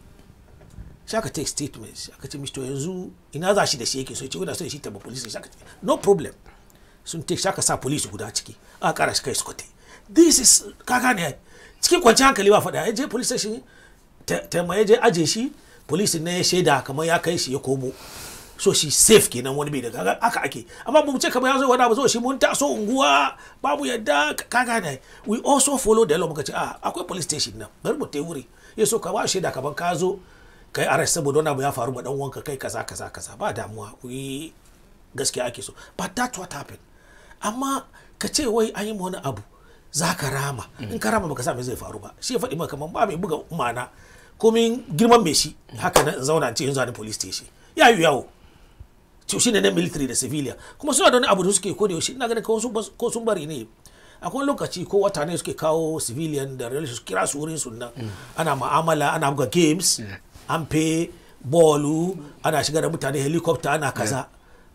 S6: sai aka take statements aka ce mr yanzu ina za shi da shi yake so ce wanda so shi taba police sai aka ce no problem sun take shaka sa police guda ciki aka kara shi kai su kote this is kaka ne cikin kwanci hankali ba faɗa ya je police station taimma ya je aje shi police ne ya shaida kamar ya kai shi ya komo so shi safe kenan wani bai daga aka ake amma mu ce kamar ya zo wani abu zo shi mun ta so unguwa babu yadda kaga ne we also follow the law muka ce ah akwai police station nan bari mu tai wuri ya so ka ba shaida kaman ka zo kai arrest saboda wani abu ya faru ba dan wanka kai kaza kaza kaza ba damuwa kuyi gaskiya ake so but that what happened amma ka ce wai an yi wani abu za ka rama in ka rama baka sa me zai faru ba shi ya faɗi maka ba mai buga mana komin girman mai shi haka na zauna ce yanzu ni police station ya yi yawo to shi ne na military da civilian kuma suna da wani abu da suke ko da yaushe ina ganin ko sun bari ne akwai lokaci ko wata ne suke kawo civilian da relations kira su wurin su nan ana ma'amala ana buga games an fe bolu ana shiga da mutane helicopter ana kaza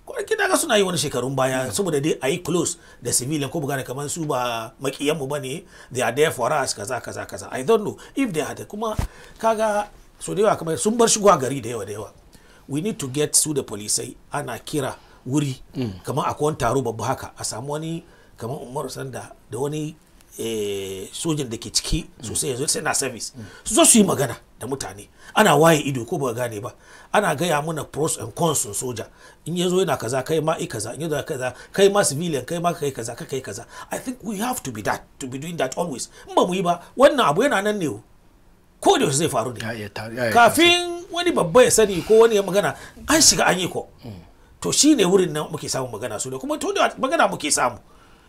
S6: kwanaki daga suna yi wani shekarun baya saboda dai a yi close da civilian ko bugana kamar su ba mu ba ne they are there for us kaza kaza kaza i don't know if they had kuma kaga so da yawa kamar sun bar shigowa gari da yawa da yawa we need to get su da polisai ana kira wuri mm. kamar akwai wani taro babu haka a samu wani kamar umaru sanda da wani Eh, sojan da ke ciki sosai yanzu sai na service su zo su yi magana da mutane ana waye ido ko ba gane ba ana gaya mana pros and cons sun soja in yazo yana kaza kai ma i kaza in yazo kaza kai ma civilian kai ma kai kaza kai kaza i think we have to be that to be doing that always in ba mu yi ba wannan abu yana nan ne ko da zai faru ne kafin wani babba ya sani ko wani ya magana an shiga an yi ko hmm. to shine wurin nan muke samu magana su da kuma to da magana muke samu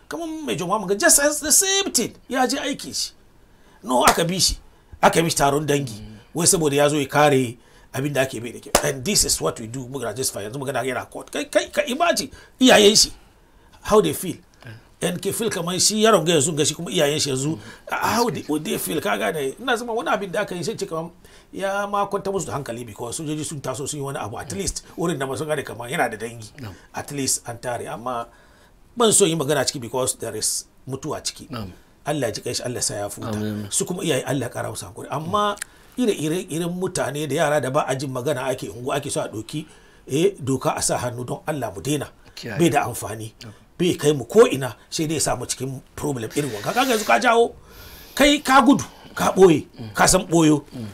S6: kamar mai jama'a muga just as the same thing ya je aikin shi no aka bi shi aka bi taron dangi wai saboda ya zo ya kare abin da ake bai da kyau and this is what we do muga justify yanzu muga yana court kai kai ka imagine iyayen shi how they feel and ke feel kamar shi yaron ga yanzu ga shi kuma iyayen shi yanzu how they would they feel kaga ne ina zama wani abin da aka yi sai ce kamar ya ma kwanta musu hankali biko sojoji sun taso sun yi wani abu at least wurin da masu gane kamar yana da dangi at least an tare amma ban so yi magana ciki because there is mutuwa ciki Allah ji shi Allah sa ya futa su kuma iyaye Allah kara musu amma ire ire irin mutane da yara da ba a jin magana ake ungu ake so a doki eh doka a sa hannu don Allah mu daina bai da amfani bai kai mu ko ina sai dai samu cikin problem irin wanka kaga yanzu ka jawo kai ka gudu ka boye mm. ka san boyo mm.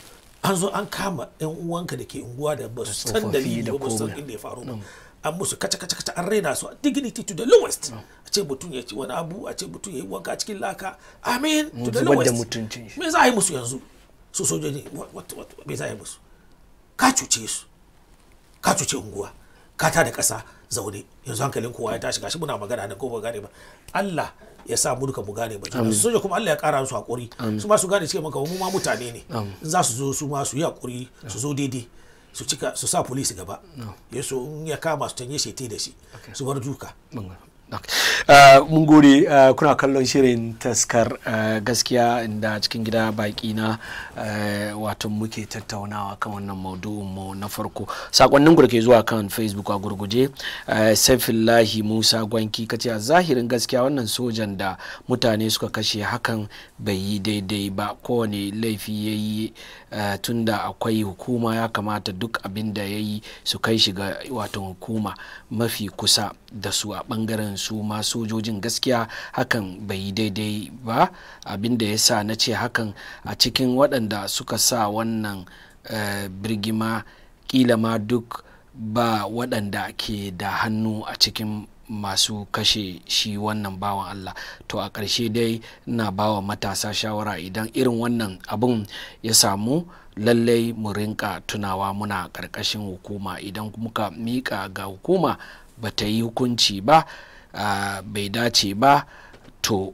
S6: an zo an kama yan uwanka da ke unguwa da ba su san dalili ba su san inda ya faru ba an musu kaca kaca kaca an raina su dignity to the lowest mm. a ce mutum ya ci wani abu a ce mutum ya yi wanka cikin laka amin to the lowest me za a yi musu yanzu su sojoji me za a yi musu ka cuce su ka cuce unguwa ka ta da ƙasa zaune yanzu hankalin kowa ya tashi gashi muna magana da ko ba gane ba Allah ya sa mu duka mu gane ba soja kuma Allah ya kara musu hakuri su ma su gane cike maka mu ma mutane ne za su zo su ma su yi hakuri su zo daidai su cika su sa police gaba ya so in ya kama su tanye shete da shi su bar duka
S1: mun gode uh, uh, kuna kallon shirin taskar uh, gaskiya inda cikin gida baki na wato muke tattaunawa kan wannan maudu'in mu na farko sakonnin da ke zuwa kan facebook a gurguje saifillahi musa gwanki kace a zahirin gaskiya wannan sojan da mutane suka kashe hakan bai yi daidai ba kowane laifi ya yi Eh, tunda akwai hukuma ya kamata duk abin da ya yi su kai shi ga wato hukuma mafi kusa da su a bangaren su ma sojojin gaskiya hakan bai yi daidai ba abin da ya sa na ce hakan a cikin waɗanda suka sa wannan eh, birgima kila ma duk ba waɗanda ke da hannu a cikin masu kashe shi wannan bawan Allah to a ƙarshe dai na bawa matasa shawara idan irin wannan abun ya samu lallai mu rinka tunawa muna ƙarƙashin hukuma idan muka miƙa ga hukuma ba ta yi hukunci ba bai dace ba to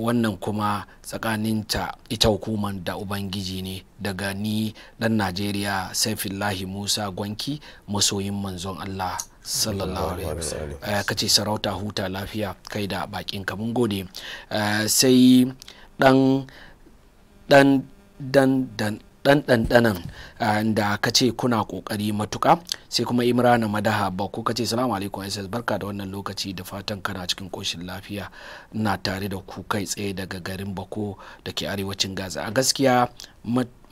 S1: wannan kuma tsakaninta ita hukumar da ubangiji ne daga ni dan najeriya saifillahi musa gwanki masoyin manzon allah sallallahu alaihi eh, wasallam kace sarauta huta lafiya kai da bakin ka mun gode eh, sai dan dan dan dan dan eh, da ka ce kuna kokari matuka sai kuma imrana madaha ba ko kace salamu alaikum ss barka da wannan lokaci da fatan kana cikin koshin lafiya na tare da ku kai tsaye daga garin bako da ke arewacin gaza a gaskiya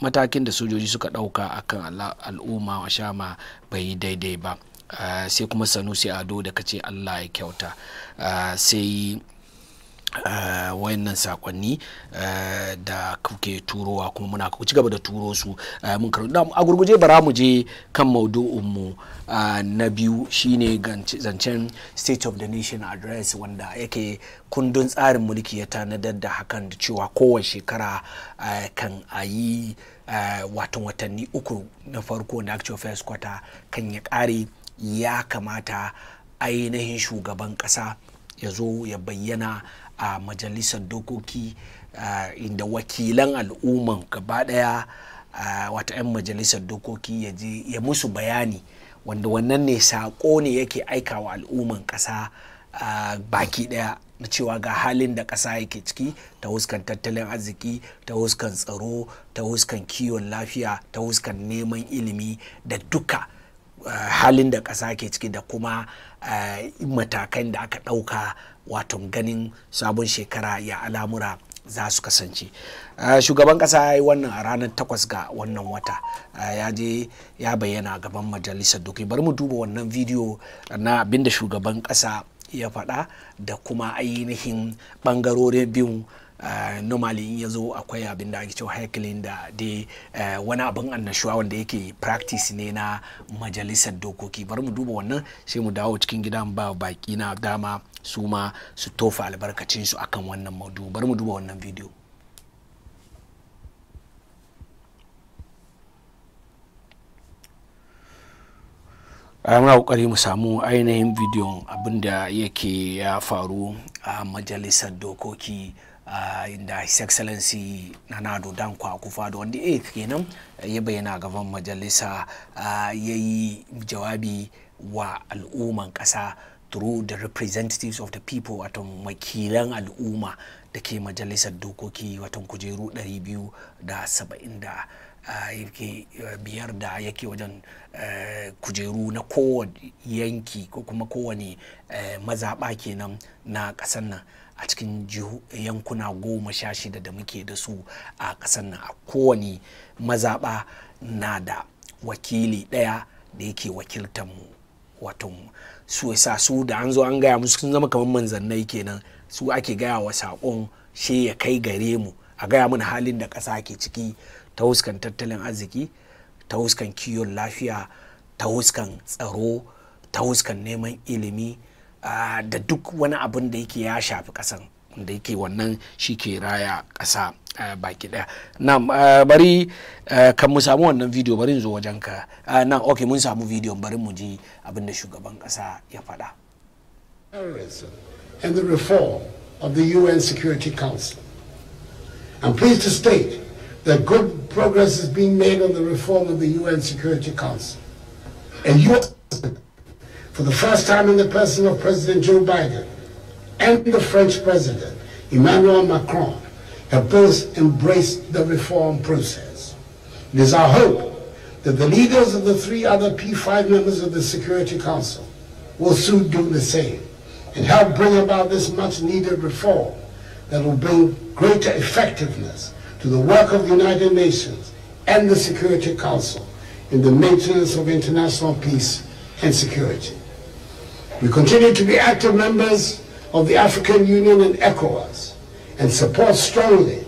S1: matakin da sojoji suka dauka akan al'umma shama bai yi daidai ba Ah, sai kuma sanusi ado da kace allah ya kyauta ah, sai ah, wayannan sakonni da kuke turowa kuma muna ku ci gaba da turo su mun karu da a gurguje bara mu je kan mu na biyu shine zancen state of the nation address wanda yake kundin tsarin mulki ya tanadar da hakan da cewa kowace shekara kan ayi yi watan watanni uku na farko na actual first quarter kan ya kare ya kamata ainihin shugaban ƙasa ya zo ya bayyana a majalisar dokoki inda wakilan al'umman gaba ɗaya wata 'yan majalisar dokoki ya ya musu bayani wanda wannan ne saƙo ne yake aikawa al'umman ƙasa baki ɗaya na cewa ga halin da ƙasa yake ciki ta huskan tattalin arziki ta huskan tsaro ta huskan kiwon lafiya ta huskan neman ilimi da duka halin da ƙasa ke ciki da kuma eh, matakan da aka ɗauka waton ganin sabon shekara ya alamura za su kasance eh, shugaban ƙasa ya yi wannan a ranar takwas ga wannan wata eh, ya je ya bayyana gaban majalisa dokai bari mu duba wannan bidiyo na abinda shugaban ƙasa ya faɗa da kuma ainihin ɓangarorin biyu Eh, normally in ya akwai abin da ake cewa haikalin da dai eh, wani abin annashuwa wanda yake practice ne na majalisar dokoki bari mu duba wannan sai mu dawo cikin gidan ba baki na dama su ma su tofa albarkacin su akan wannan maudu bari mu duba wannan bidiyo eh, muna kokari mu samu ainihin bidiyon abinda yake ya faru a majalisar dokoki uh, inda his excellency nanado danko akufado on the 8th kenan eh, ya bayyana gaban majalisa ah, ya yi jawabi wa al'umman kasa through the representatives of the people wato wakilan al'umma da ke majalisar dokoki watan kujeru 270 ah, yake eh, biyar da yake wajen eh, kujeru na kowane yanki ko kuma kowane mazaɓa kenan na ƙasar nan a cikin yankuna goma sha shida da muke da su a ƙasar nan a kowane mazaɓa na da wakili ɗaya da yake wakiltar mu wato su yasa su da an zo an gaya musu sun zama kamar manzannai kenan su ake gaya wa saƙon shi ya kai gare mu a gaya mana halin da ƙasa ke ciki ta huskan tattalin arziki ta huskan kiwon lafiya ta huskan tsaro ta huskan neman ilimi da duk wani abin da yake ya shafi ƙasan da yake wannan shi ke raya ƙasa baki ɗaya na bari kan mu samu wannan bidiyo bari zo wajen ka na ok mun samu video bari mu ji abin da shugaban ƙasa ya faɗa
S11: and the reform of the UN Security Council. I'm pleased to state that good progress is being made on the reform of the UN Security Council. And you for the first time in the person of President Joe Biden and the French President, Emmanuel Macron, have both embraced the reform process. It is our hope that the leaders of the three other P5 members of the Security Council will soon do the same and help bring about this much needed reform that will bring greater effectiveness to the work of the United Nations and the Security Council in the maintenance of international peace and security. We continue to be active members of the African Union and ECOWAS and support strongly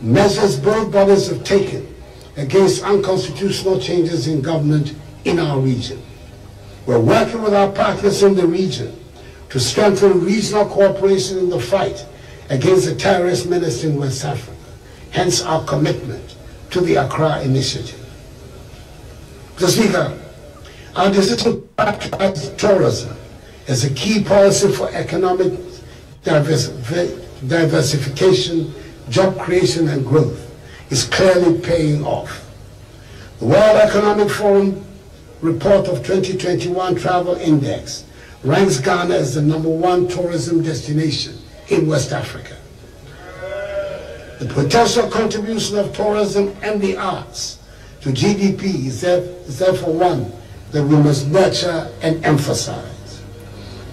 S11: measures both bodies have taken against unconstitutional changes in government in our region. We're working with our partners in the region to strengthen regional cooperation in the fight against the terrorist menace in West Africa, hence our commitment to the Accra Initiative. Mr. Speaker, our decision to practice tourism as a key policy for economic diversification, job creation and growth is clearly paying off. The World Economic Forum report of 2021 Travel Index ranks Ghana as the number one tourism destination in West Africa. The potential contribution of tourism and the arts to GDP is, there, is therefore one that we must nurture and emphasize.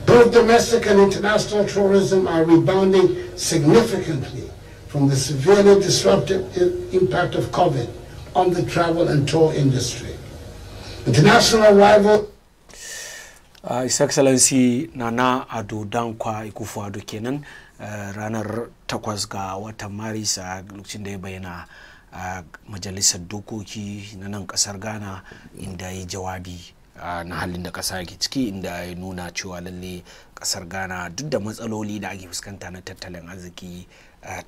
S11: Both domestic and international tourism are rebounding significantly from the severely disruptive impact of COVID on the travel and tour industry. International arrival Uh, His Excellency
S1: Nana Ado Dankwa Ikufu addo kenan uh, ranar takwas ga watan Maris a lokacin da ya bayyana a uh, majalisar dokoki na nan kasar Ghana inda ya jawabi na halin da ƙasa ke ciki inda ya nuna cewa lalle kasar ghana duk da matsaloli da ake fuskanta na tattalin arziki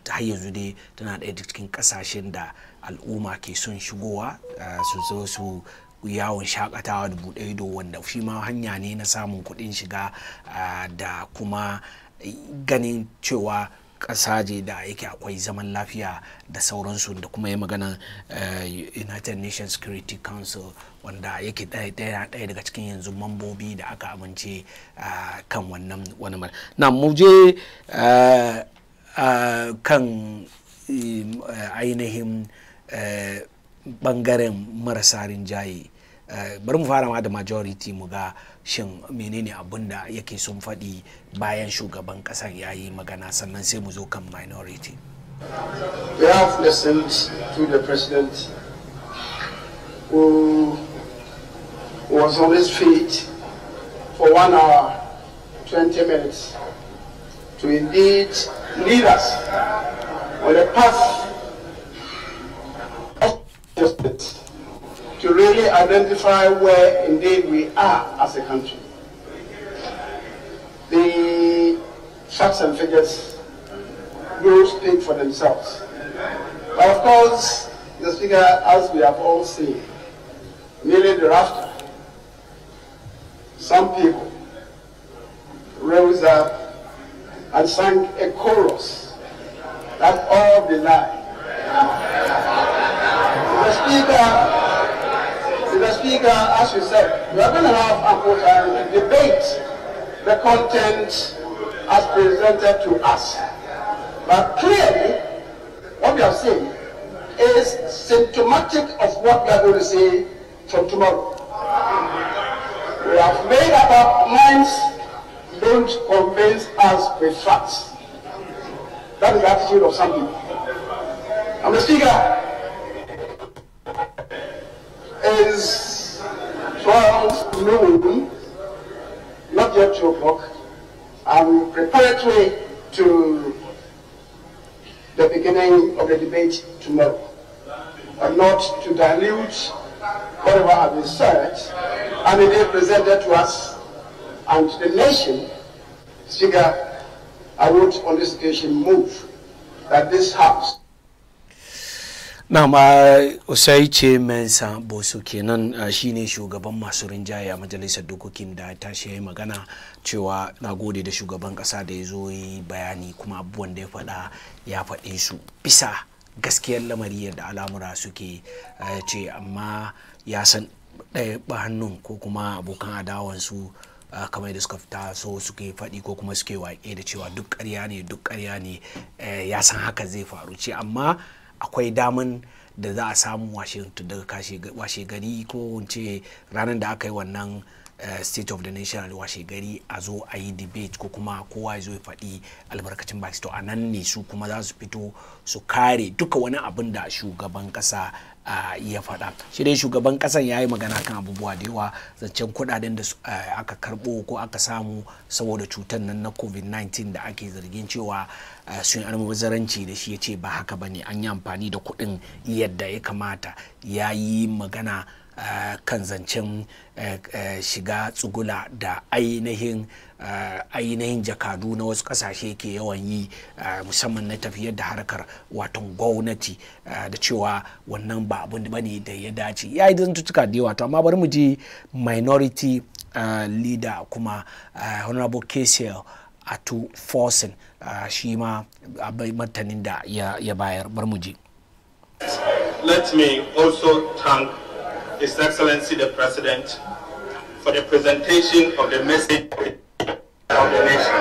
S1: har yanzu dai tana ɗaya cikin ƙasashen da al'umma ke son shigowa su zo su yawon shakatawa da buɗe ido wanda shi ma hanya ne na samun kuɗin shiga da kuma ganin cewa ƙasa je da yake akwai zaman lafiya da sauransu da kuma ya magana eh, united nations security council wanda yake ɗaya ɗaya daga cikin yanzu mambobi da aka amince eh, kan wannan wani mara na mu je eh, kan ainihin bangaren marasa rinjaye Eh, bari mu fara ma da majority mu ga shin menene abun da yake sun faɗi bayan shugaban ƙasar ya yi magana sannan sai mu zo kan minority
S12: We have listened to the president who was on his feet for one hour, 20 minutes to indeed lead us on a path of justice. to really identify where indeed we are as a country. The facts and figures will speak for themselves. But of course, the speaker, as we have all seen, nearly thereafter, some people rose up and sang a chorus that all denied.
S8: The speaker
S12: Speaker, as you said, we are going to have a time debate the content as presented to us. But clearly, what we have seen is symptomatic of what we are going to see from tomorrow. We have made up our minds, don't convince us with facts. That is the attitude of some people. I'm the speaker. is 12 noon, not yet 2 o'clock, and preparatory to the beginning of the debate tomorrow, and not to dilute whatever has been said and they presented to us and to the nation. Speaker, I would on this occasion move that this House
S1: na ma usai ce mensa bosu kenan shine shugaban masu rinjaye a majalisar dokokin da tashi yayi magana cewa na gode da shugaban kasa da ya zo yi bayani kuma abubuwan da ya faɗa ya faɗe su bisa gaskiyar lamari da al'amura suke ce amma ya san ɗaya ba hannun ko kuma abokan adawansu kamar da suka fita so suke faɗi ko kuma suke wake da cewa duk ƙarya ne duk ƙarya ne eh, ya san haka zai faru ce amma akwai daman da za a samu daga washe gari ko wance ranar da aka yi wannan eh, state of the nation washe gari a zo a yi debate ko kuma kowa ya zo ya faɗi albarkacin baki a nan ne su kuma za su fito su kare duka wani abin da shugaban ƙasa a ya faɗa shi dai shugaban ƙasan ya yi magana kan abubuwa da yawa zancen kuɗaɗen da aka karɓo ko aka samu saboda cutar nan na covid-19 da ake zargin cewa sun wazaranci da shi ya ce ba haka ba ne an yi amfani da kuɗin yadda ya kamata ya yi magana Eh, kan zancen eh, eh, shiga tsugula da ainihin ainihin jakadu na wasu kasashe ke yawan yi musamman na tafiyar da harkar watan gwamnati da cewa wannan ba abin da bane da ya dace ya yi zantuttuka da yawa amma bari mu je minority leader kuma honorable KCL atu forcing shi ma martanin da ya bayar bar mu je
S12: let me also thank His Excellency the President for the presentation of the message of the nation.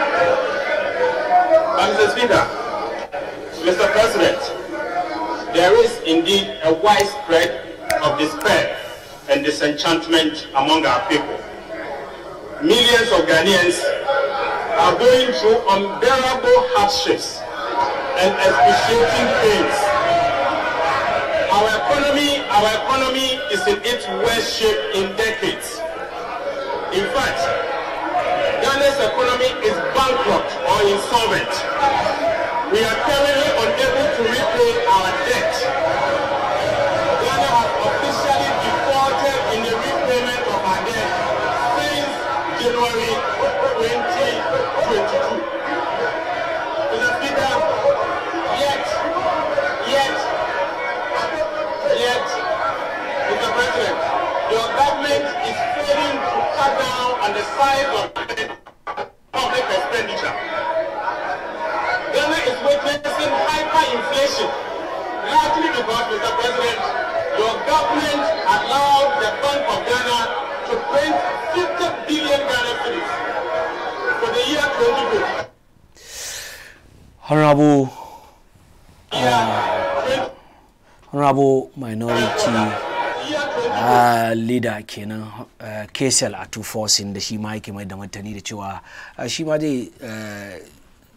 S12: Mr. Speaker, Mr. President, there is indeed a widespread of despair and disenchantment among our people. Millions of Ghanaians are going through unbearable hardships and excruciating pains Our economy, our economy is in its worst shape in decades. In fact, Ghana's economy is bankrupt or insolvent. We are currently unable to expenditure. Ghana is witnessing hyperinflation. Largely because, Mr. President, your government allowed the Bank of Ghana to print 50 billion Ghana cedis for
S1: the year 2020.
S3: Honorable,
S1: uh, Honorable Minority Ah, leader kenan eh, kesel a 2 da shi ma yake mai da martani da cewa eh, shi ma zai eh,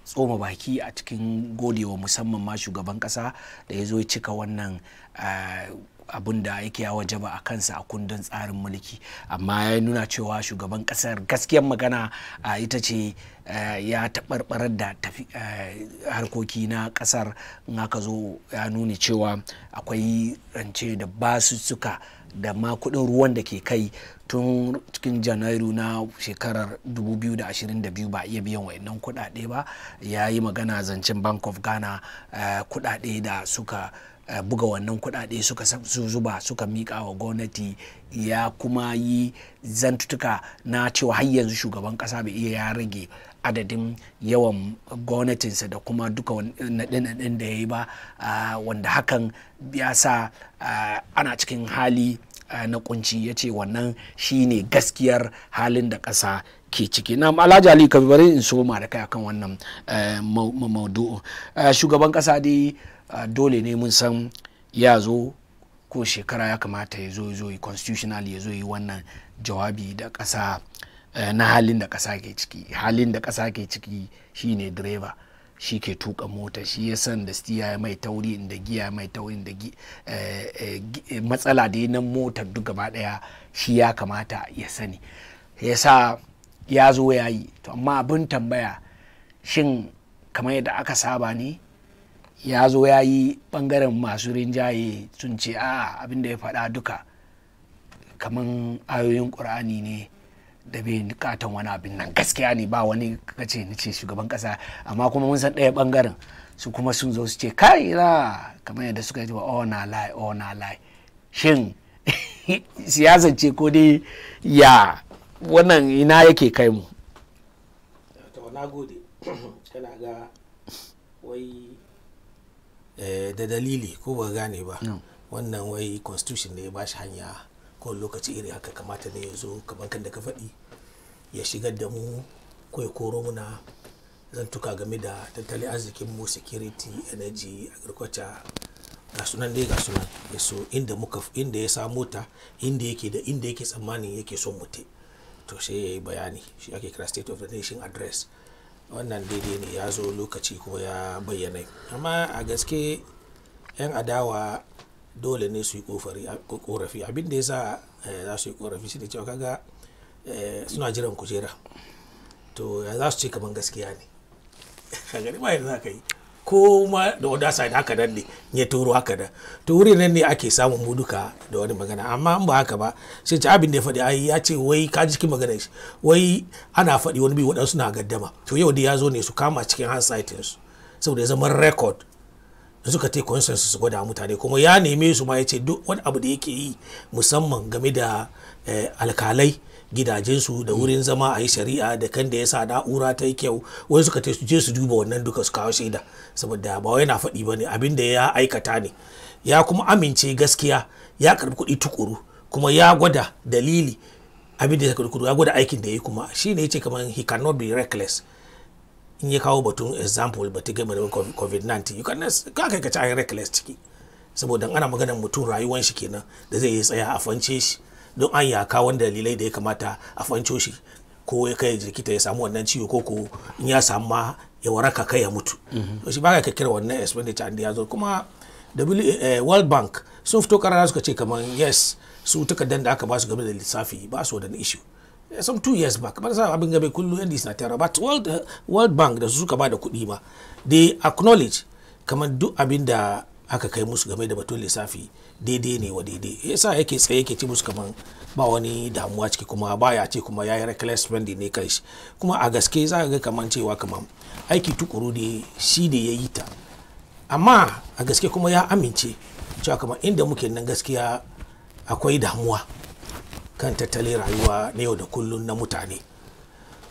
S1: tsoma baki a cikin godewa musamman ma shugaban kasa da ya zo ya cika wannan abin da yake yawa jaba a kansa a kundin tsarin mulki amma ya nuna cewa shugaban kasar gaskiyar magana a ita ce ya tabarbarar da harkoki na kasar in aka zo ya nuna cewa akwai rance da basussuka suka da ma kudin ruwan da ke kai tun cikin janairu na shekarar 2022 ba iya biyan wayannan kudade ba ya yi magana zancen bank of ghana eh, kudade da suka eh, buga wannan kudade suka zuba suka mika wa gwamnati ya kuma yi zantutuka na cewa har yanzu shugaban kasa bai iya ya rage adadin yawan gwamnatinsa da kuma duka naɗe da ya yi ba wanda hakan ya sa ana cikin hali na kunci ya ce wannan shi ne gaskiyar halin da ƙasa ke ciki na alhaji ali bari in soma da kai akan wannan maudu'u shugaban ƙasa dai dole ne mun san ya zo ko shekara ya kamata ya zo ya constitutional ya zo yi wannan jawabi da ƙasa Eh, na halin da ƙasa ke ciki halin da ƙasa ke ciki shine direba shi ke tuka mota shi ya san da stiya mai tauri da giya mai tauri da eh, eh, matsala da motar duk gaba daya shi ya kamata ya sani ya sa ya zo ya yi to amma abin tambaya shin kamar yadda aka saba ne ya zo ya yi bangaren masu rinjaye sun ce a abin da ya faɗa duka kamar ayoyin ƙur'ani ne da bai bukatan wani abin nan gaskiya ne ba wani kace ni ce shugaban kasa amma kuma mun san ɗaya bangaren su kuma sun zo su ce kai ra kamar yadda suka ce oh na lie oh na lie shin siyasan ce ko dai ya wannan ina yake kai mu
S6: to na gode kana ga wai eh, da dalili ko ba gane ba wannan wai constitution ne ya bashi hanya ko lokaci iri haka kamata ne ya zo kamar kan da ka faɗi ya shigar da mu ko ya koro muna zantuka game da tattalin arzikin mu security energy agriculture ga sunan dai ga sunan ya so inda muka inda ya sa ta inda yake da inda yake tsammanin yake son mutu to sai ya yi bayani shi ake kira state of the nation address wannan daidai ne ya zo lokaci kuma ya bayyana amma a gaske 'yan adawa dole ne su yi korafi abin da ya sa eh, za su yi korafi shi da cewa kaga Eh, suna jiran kujera to ya za su ce kamar gaskiya ne kagari ba yadda ka yi ko ma da wada side haka nan ne ya toro haka da to wuri nan ne ake samun muduka da wani magana amma an ba haka ba sai ce abin da ya faɗi ya ce wai ka ji magana shi wai ana faɗi wani bi waɗansu na gaddama to yau da ya zo ne su kama cikin hand su saboda ya zama record da suka te consensus su gwada mutane kuma ya neme su ma ya ce duk wani abu da yake yi musamman game da eh, alkalai gidajensu da wurin zama a yi shari'a da kan da ya sa na'ura ta yi kyau wani suka je su duba wannan duka su kawo shaida saboda ba wai na faɗi ba ne abin da ya aikata ne ya kuma amince gaskiya ya karbi kuɗi tukuru kuma ya gwada dalili abin da ya karbi kuɗi ya gwada aikin da ya yi kuma shi ne ya ce kamar he cannot be reckless in ya kawo batun example ba ta game da covid-19 you can ka kai ka ci reckless ciki saboda ana maganar mutum rayuwan shi kenan da zai yi tsaya a fance shi don an yaka wanda dalilai da ya kamata a fanco shi ko ya kai jikita ya samu wannan ciwo ko ko in ya samu ma ya waraka kai ya mutu mhm. to shi baka kira wannan expenditure an ya zo kuma eh, World Bank sun fito karara suka ce kamar yes su takardar da aka ba su game da lissafi ba su wadannan issue eh, some two years back ba sa abin gabe kullu yadda na tara but world, eh, world bank da su suka ba da kuɗi ba they acknowledge kamar duk abin da aka kai musu game da batun lissafi daidai ne wa daidai sa yake tsaye yake ci musu kaman ba wani damuwa ciki kuma ba ya ce kuma ya yi reckless spending ne kai shi kuma a gaske za ga kaman cewa kamar aiki tukuru ne shi da ya yi ta amma a gaske kuma ya amince cewa kamar inda muke nan gaskiya akwai damuwa kan tattalin rayuwa na yau da kullun na mutane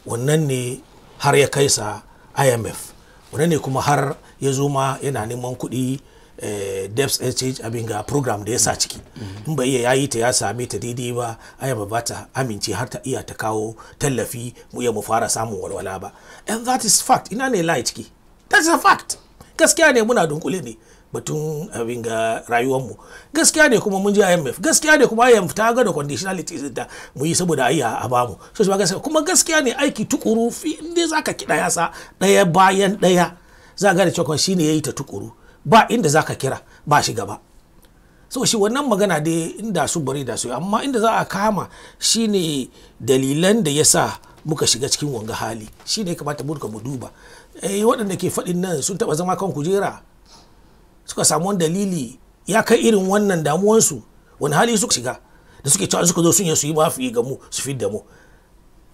S6: wannan ne har ya kai sa imf wannan ne kuma har ya zo ma yana neman kuɗi Eh, depth exchange abin ga program da ya sa ciki in bai iya yayi ta ya same ta daidai ba ayaba ba bata amince har ta iya ta kawo tallafi mu ya mu fara samun walwala ba and that is fact ina ne lai ciki that is a fact gaskiya ne muna dunkule ne batun abin ga mu gaskiya ne kuma mun je IMF gaskiya ne kuma IMF ta ga da conditionalities da mu yi saboda ayi a mu so shi gaskiya kuma gaskiya ne aiki tukuru fi inda zaka kida yasa daya bayan daya za ga da cewa shine yayi ta tukuru ba inda za ka kira ba shi gaba so shi wannan magana dai inda su bari da su amma inda za a kama shine dalilan da ya sa muka shiga cikin wanga hali shine kamata burka mu duba eh waɗanda ke faɗin nan sun taɓa zama kan kujera suka samu wani dalili ya kai irin wannan damuwansu wani hali suka shiga da suke cewa suka zo sun yi su yi mafi ga mu su fi da mu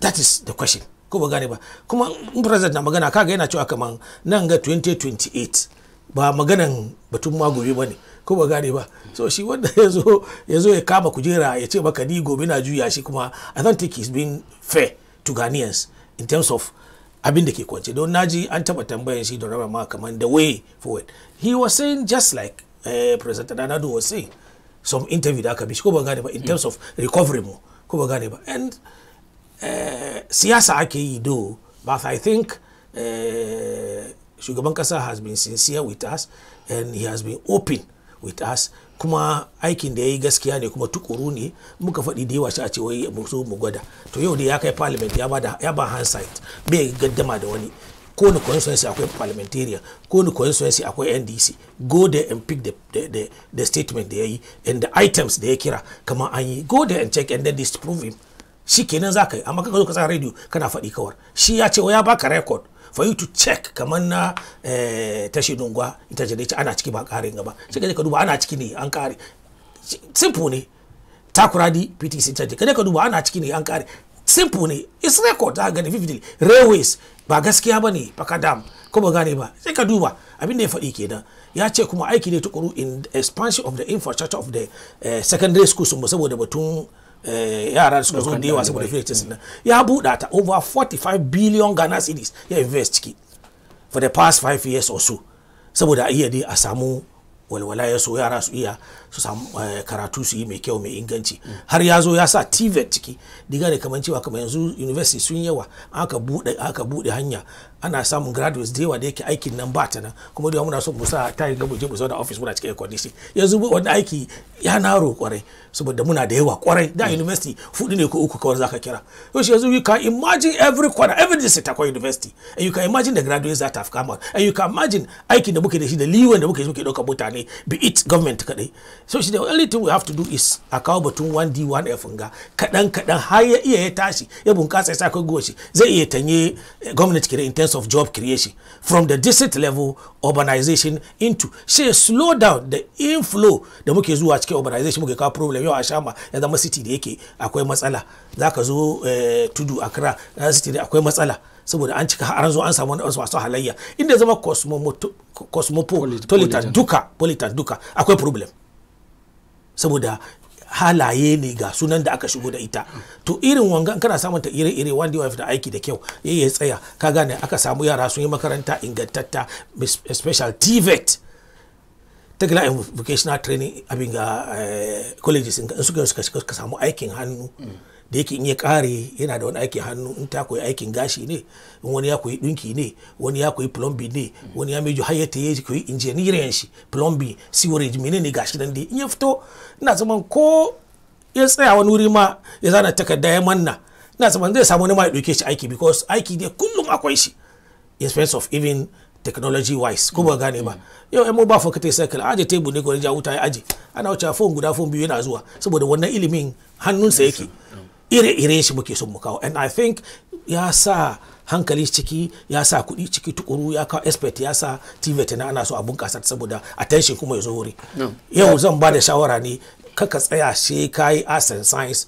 S6: that is the question ko ba gane ba kuma president na magana kaga yana cewa kaman nan ga 2028 ba maganan batun ma gobe ba ne ko ba gane ba so shi wanda ya zo ya zo ya kama kujera ya ce maka ni gobe na juya shi kuma i don't think he's been fair to Ghanaians in terms of abin da ke kwance don naji an taba tambayan shi da raba ma kamar the way forward he was saying just like eh, president Danado was saying some interview da aka bi ko ba gane ba in hmm. terms of recovery mo ko ba gane ba and eh, siyasa ake yi do but i think eh, shugaban kasa has been sincere with us and he has been open with us kuma aikin da ya yi gaskiya ne kuma tukuru ne muka faɗi da yawa shi a ce wai mu so mu gwada to yau da ya kai parliament ya ba ya ba side bai gaddama da wani ko ni constituency akwai parliamentarian ko ni constituency akwai ndc go there and pick the, the, the, the statement da ya yi and the items da ya kira kamar an yi go there and check and then disprove him shi kenan za ka yi amma ka zo ka tsaya radio kana faɗi kawar shi ya ce wa ya baka record for you to check kamar na eh, tashi dungwa ita ce ana ciki ba kare gaba sai ka je ka duba ana ciki ne an kare simple ne takura di ptc ta je ka je ka duba ana ciki ne an kare simple ne is record ta gani vividly railways ba gaskiya ba ne pakadam ko ba gane ba sai ka duba abin da ya faɗi kenan ya ce kuma aiki ne tukuru in expansion of the infrastructure of the uh, secondary schools saboda batun Eh, yara da suka zo da yawa saboda cin nan ya buɗa ta over 45 billion Ghana cedis ya invest ciki for the past 5 years or so saboda iya dai a samu walwala ya so yara su iya su samu eh, karatu su yi mai kyau mai inganci har ya zo ya sa tvet e ciki diga da kamar cewa kamar yanzu university sun yawa aka bude aka bude hanya ana samun graduates da yawa da yake aikin nan ba ta nan kuma da muna so mu sa ta yi mu je mu zauna office muna cikin condition yanzu wani aiki ya naro kwarai saboda muna da yawa kwarai da university fudu ne ko uku kawai zaka kira to shi yanzu you can imagine every corner every district akwai university and you can imagine the graduates that have come out and you can imagine aikin da muke da shi da liwan da muke da muke dauka mutane be it government kaɗai. so shi the only thing we have to do is a kawo batun 1d 1f nga kadan kadan har ya iya ya tashi ya bunkasa ya sa goshi zai iya tanye eh, gwamnati kira in terms of job creation from the district level urbanization into she slow down the inflow da muke zuwa cikin urbanization muke kawo problem yau a shama ya zama city da yake akwai matsala zaka zo eh, tudu accra na city da akwai matsala saboda an cika an zo an samu wasu halayya inda zama cosmopolitan duka duka akwai problem saboda halaye ne ga sunan da aka shigo da ita to irin wangan kana samun ta ire-ire wanda ya da aiki da kyau ya tsaya ka gane aka samu yara sun yi makaranta ingantatta special tvet technical and vocational training abin ga eh, colleges in suka samu aikin hannu da yake in ya kare yana da wani aikin hannu in ta koyi aikin gashi ne in wani ya koyi dinki ne wani ya koyi plumbing ne wani ya mejo har ya ta yi koyi injiniyan shi plumbing sewerage menene gashi nan dai in ya fito ina zaman ko ya tsaya wani wuri ma ya zana takarda ya manna ina zaman zai samu wani ma ya ɗauke shi aiki because aiki dai kullum akwai shi in space of even technology wise ko ba gane ba yau yan ba fuka ta kala aje table ne ko ja wuta ya aje ana wuce fon guda phone biyu yana zuwa saboda wannan ilimin hannun hannunsa yake ire-iren shi muke son mu kawo and i think ya sa hankali ciki ya sa kuɗi ciki tukuru ya kawo expert ya sa tv na ana so a bunƙasa saboda attention kuma ya zo wuri yau zan ba da shawara ne kaka tsaya she kai arts and science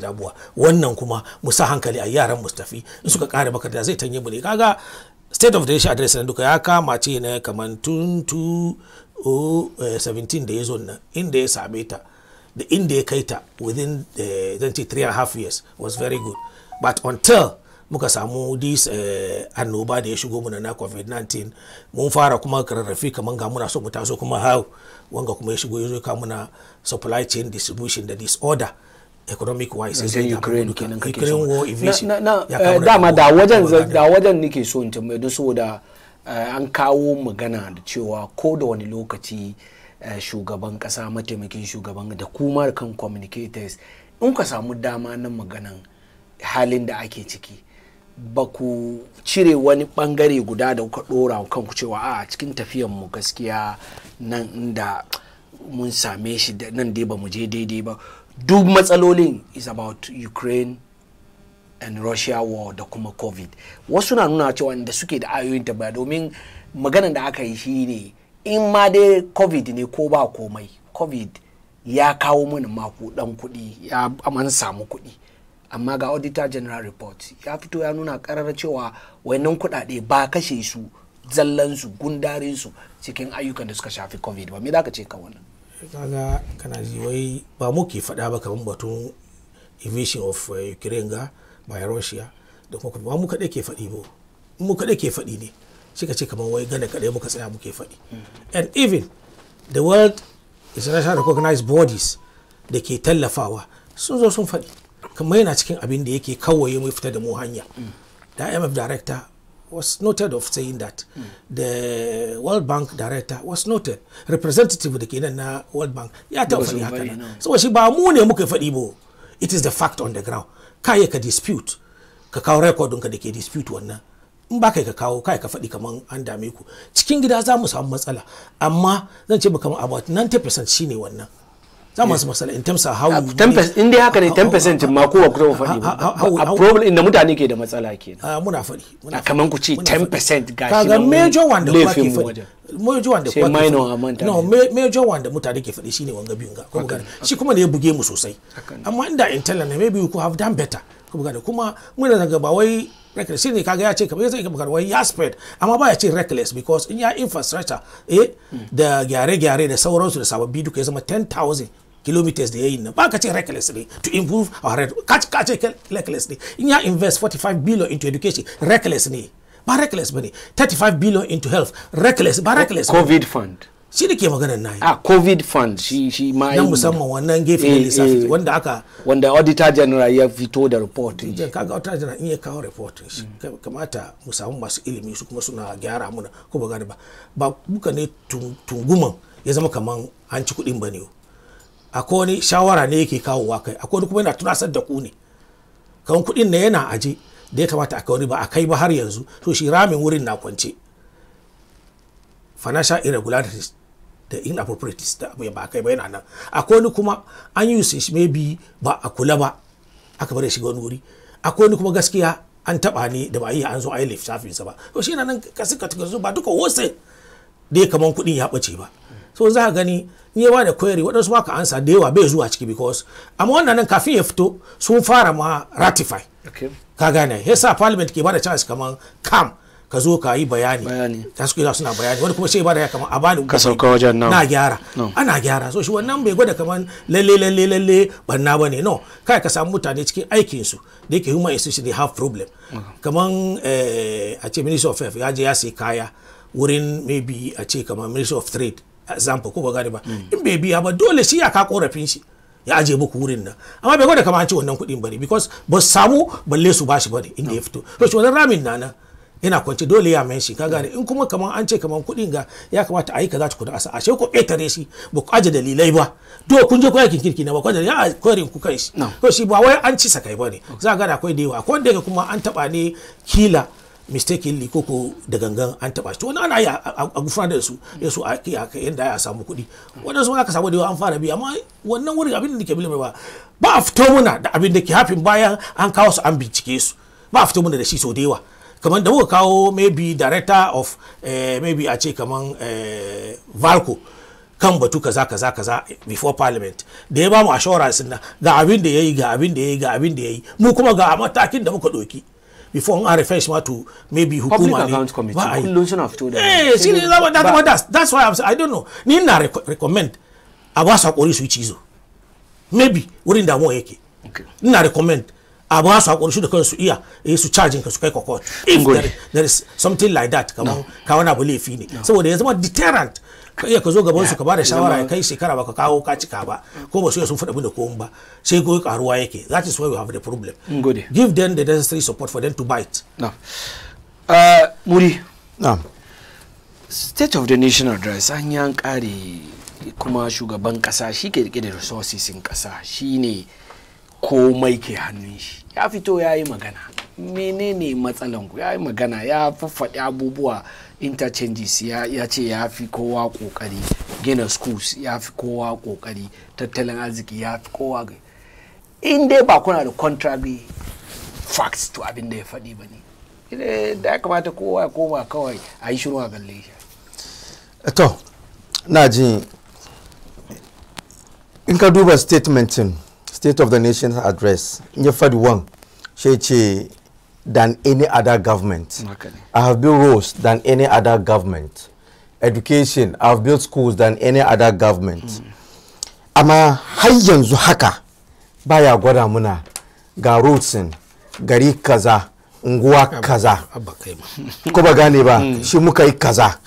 S6: da abuwa wannan kuma mu sa hankali a yaran mustafi in suka kare makaranta zai tanye mu ne kaga state of the nation address duka ya kama ce na kaman tun 17 eh, da ya zo nan inda ya same ta the inda ya kai ta within eh, the three and a half years was very good but until muka samu this eh, annoba da ya shigo muna na covid-19 mun fara kuma kararrafi kamar ga muna so mu taso kuma how wanga kuma ya shigo ya zo ka muna supply chain distribution da disorder economic wise is in Ukraine kenan kake Ukraine war invasion eh, dama da wajen da
S1: wajen nake so in tambaye don saboda an kawo magana da cewa ko da wani lokaci Eh, shugaban kasa mataimakin shugaban da kuma kan communicators in ka samu dama na maganan halin da ake ciki ba ku cire wani bangare guda da kuka dora kanku cewa a cikin tafiyan mu gaskiya nan inda mun same shi nan dai ba mu je daidai ba duk matsalolin is about ukraine and russia war da kuma covid wasu na nuna cewa da suke da ayoyin ta ba domin maganan da aka yi shi ne in ma dai covid ne ko ba komai covid ya kawo mini dan kudi ya man samu kudi amma ga auditor general report ya fito ya nuna karar cewa wannan kuɗaɗe ba kashe su zallansu su cikin ayyukan da suka shafi covid ba me za ce ka wannan
S6: kaga kana ji wai ba mu ke faɗa ba kamar batun invasion of eh, ukraine ga by russia da kuma mu kaɗai ke faɗi ba mu kaɗai ke faɗi ne suka ce kamar wai gane kaɗai muka tsaya muke faɗi and even the world international recognized bodies da ke tallafawa sun zo sun faɗi kamar yana cikin abin da yake kawai mai fita da mu hanya da imf director was noted of saying that mm. the world bank director was noted representative da kenan na world bank ya taɓa faɗi haka nan saboda shi ba mu ne muka faɗi ba it is the fact on the ground ka ka dispute ka kawo rekodin ka da ke dispute wannan in ba kai ka kawo kai ka faɗi kamar an dame ku cikin gida za mu samu matsala amma zan ce kamar about 90% shine wannan za mu samu matsala in terms of how uh, in dai haka ne 10%
S1: ma ko ku zama faɗi a problem inda mutane ke da matsala ke
S6: ah, muna faɗi
S1: ah, kamar ku ce 10% gashi kaga major wanda kuma ke faɗi
S6: major wanda kuma minor amount no major wanda mutane ke faɗi shine wanga biyun ga shi kuma ne ya buge mu sosai amma inda intel ne maybe you could have done better ka buga da kuma muna daga ba wai reckless shine kaga ya ce kamar yadda yake bugar wai ya spread amma ba ya ce reckless because in ya infrastructure eh da gyare-gyare da sauransu da sababbi duka ya zama 10,000 kilometers da yayin nan ba ka ce reckless ne to improve our red ka ce reckless ne in ya invest 45 billion into education reckless ne ba reckless ba ne 35 billion into health reckless ba reckless covid fund shi da ke maganar na yi
S1: a ah, covid fund shi shi ma yi musamman wannan gefe ne eh, lissafi eh. wanda aka wanda auditor general ya fito da report. shi
S6: kaga auditor general in ya kawo reportin shi mm. kamata mu samu masu ilimi su kuma suna gyara muna ko ba gani ba ba buka ne tunguman ya zama kaman an ci kuɗin ba ne akwai wani shawara ne yake kawowa kai akwai wani kuma yana tunasar da ku ne kan kuɗin ne yana aje da ya kamata a wani ba a kai ba har yanzu to shi ramin wurin na kwance financial irregularities da inappropriate da abu ba kai ba yana nan akwai wani kuma an yi shi maybe ba a kula ba aka bari shiga wani wuri akwai wani kuma gaskiya an taba ne da ba iya an zo a yi lissafin sa ba to shi yana nan ka suka tuka ba duka da ya kaman kuɗi ya bace ba so za ka gani in yawa da query waɗansu ba ka ansa da yawa bai zuwa ciki because amma wannan nan kafin ya fito sun fara ma ratify ka gane yasa parliament ke bada da chance kaman kam ka zo ka yi bayani ta suke za suna bayani wani kuma sai ba da ya kamar a bani ka sauka wajen na gyara ana gyara so shi wannan bai gwada kamar lalle lalle lalle banna ba ne no kai ka samu mutane cikin aikin su da yake human institution they have problem mm. kamar eh, a ce minister of health ya je ya sai kaya wurin maybe a ce kamar minister of trade example ko ba gari ba mm. in bai biya ba dole shi ya ka korafin shi ya aje muku wurin nan amma bai gwada kamar an ci wannan kuɗin bane because ba samu balle su bashi bane inda ya fito so shi wannan ramin nana. ina kwance dole ya mai shi ka gane in kuma kaman an ce kaman kuɗin ga ya kamata a yi kaza tukuna asa ashe ko ne shi ba ku aje dalilai ba do kun je ko yakin kirki na ba kwanan ya kwari ku kai shi ko shi ba wai an ci kai ba ne za a ga akwai da yawa akwai daga kuma an taɓa ne kila li ko da gangan an taɓa shi to wani ana yi a gufa da su ya so a haka yadda ya samu kuɗi wani su aka samu da yawa an fara biya amma wannan wurin abin da nake mai ba ba a fito muna da abin da ke hafin bayan an kawo su an bincike su ba a fito muna da shi sau da yawa kamar da muka kawo maybe director of eh, maybe a ce kamar eh, valco kan batu kaza kaza kaza before parliament da ya bamu assurance na ga abin da yayi ga abin da yayi ga abin da yayi mu kuma ga matakin da muka doki before an refers ma to maybe hukuma ne ba a yi kullum suna eh, that's why I'm saying I don't know ni na recommend a ba su hakuri su yi cizo maybe wurin damuwa yake ina recommend a ba su hakuri da kansu iya eh su charging ka su kai kokot if there, there is something like that kamar ka wani abu laifi ne saboda ya zama deterrent ka iya ka zo gaban su ka bada shawara ya kai shekara baka kawo ka cika ba ko ba su sun faɗa bude komai ba sai goyi karuwa yake that is why we have the problem Ngode. give them the necessary support for them to bite no. uh,
S5: muri no.
S1: state of the nation address an yan kare kuma shugaban kasa shi ke rike da resources in kasa shine komai ke hannun shi ya fito ya yi magana menene matsalan ku ya yi magana ya faffaɗi abubuwa interchanges ya ce ya fi kowa kokari gina schools ya fi kowa kokari tattalin arziki ya fi kowa in dai ba kuna da contrary facts to abin da ya faɗi ba ne da ya kamata kowa ya koma kawai a yi shiru a galle
S5: eh, to na ji in ka duba statementin state of the nation address nye faɗi one. she ce than any other government okay. i have built roads than any other government education i have built schools than any other government hmm. amma har yanzu haka baya gwada muna ga roadsin gari kaza unguwa kaza ko ba gane ba hmm. shi muka yi kaza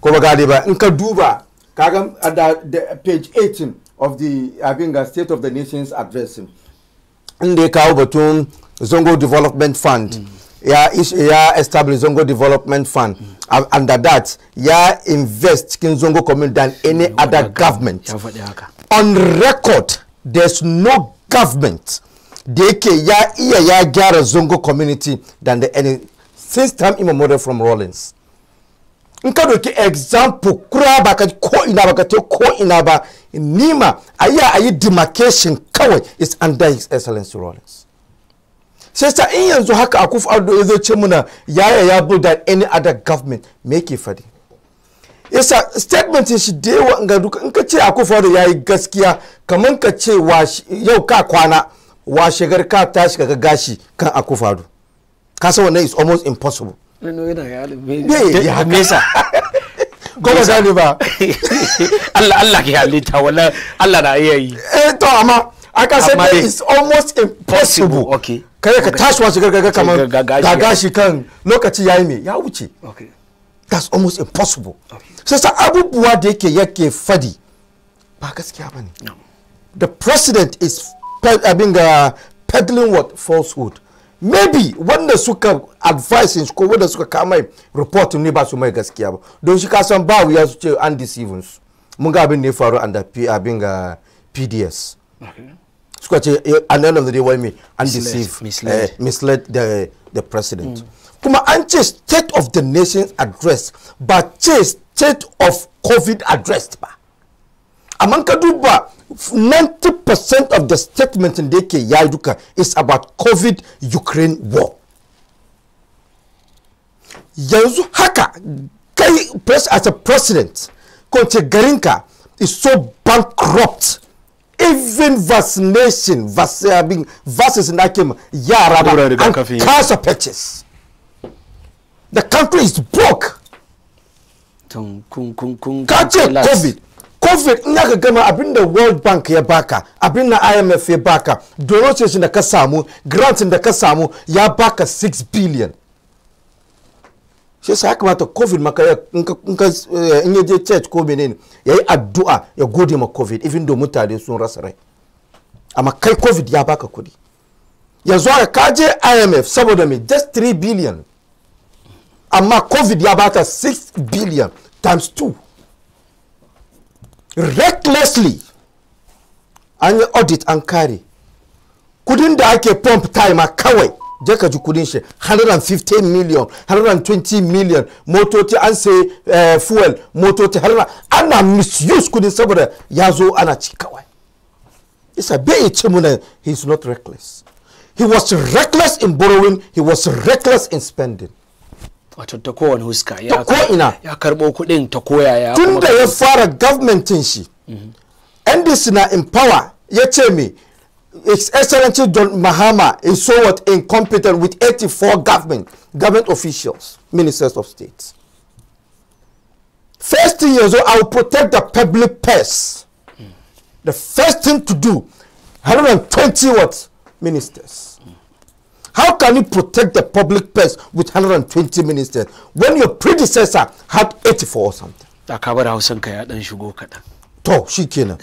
S5: ko ba gane ba in ka duba kaga page 18 of the abinga state of the nations address in ya kawo batun zongo development fund mm. ya yeah, establish zongo development fund mm. Uh, under that ya invest in zongo community than any mm. other government mm. on record there's no government da yeah, ya iya ya gyara zongo community than the any since time immemorial from rollins in ka doki example kura ba ka ko ina ba ka te ko ina ba nima a yi a yi demarcation kawai is under his excellence rawlings sai sa in yanzu haka a kufa ardo ya zo ce muna yaya ya bu that any other government me yake fadi yasa statement shi da yawa ga duka in ka ce a kufa ardo ya yi gaskiya kamar ka ce yau ka kwana washegar ka tashi ka gashi kan a kufa ardo kasa wannan is almost impossible
S8: Nino yana
S1: ya halin me ya mesa.
S5: Goma zane ba. Allah
S1: Allah ke halitta wala Allah na iya yi. Eh to amma aka sai da it's
S5: almost impossible.
S1: Okay. ka tashi wasu gargaga kamar gagashi
S5: kan lokaci yayi me ya wuce. Okay. That's almost impossible. Okay. Sasa abubuwa da yake yake fadi ba gaskiya bane. The president is abin ga uh, peddling what falsehood. maybe wanda suka advice ko wanda suka kama report ne ba su mai gaskiya ba don shi kasan ba wuya su ce an deceive su mun ga abin ne faru an da abin ga pds suka ce eh, an end of the day why me an deceive misled, uh, misled the, the president mm. kuma an ce state of the nation address ba ce state of covid address ba amma ka duba 90% of the statement da yake yayi duka is about covid ukraine war yanzu haka kai as a president ko garinka is so bankrupt even vaccination vaccines da ake yara ba an kasa the country is broke ka covid covid in aka gama abin da world bank ya baka abin da imf ya baka donation da ka samu grant da ka samu ya baka 6 billion shi ya kamata covid maka eh, in ya je church ko menene ya yi addu'a ya gode ma covid even do mutane sun rasa rai amma kai covid ya baka kudi ya haka ka je imf saboda mai just 3 billion amma covid ya bata 6 billion times 2 recklessly an yi audit an kare kudin da ake pump time kawai je ka ji kudin shi 115 million 120 million motoci an sai eh, fuel motoci har ana misuse kudin saboda ya zo ana ci kawai isa bai ce muna he is not reckless he was reckless in borrowing he was reckless in spending wato ta kowane huska ya ko ina ya karbo kudin ta koya ya tun da ya fara gwamnatin shi ndc na in power ya ce me His Excellency John Mahama is so what incompetent with 84 government, government officials, ministers of state. First thing yanzu I will protect the public purse. The first thing to do, 120 what ministers. How can you protect the public purse with 120 ministers when your predecessor had 84 or something? Da ka Hausan ka ya dan shigo kaɗan.
S1: To shi kenan.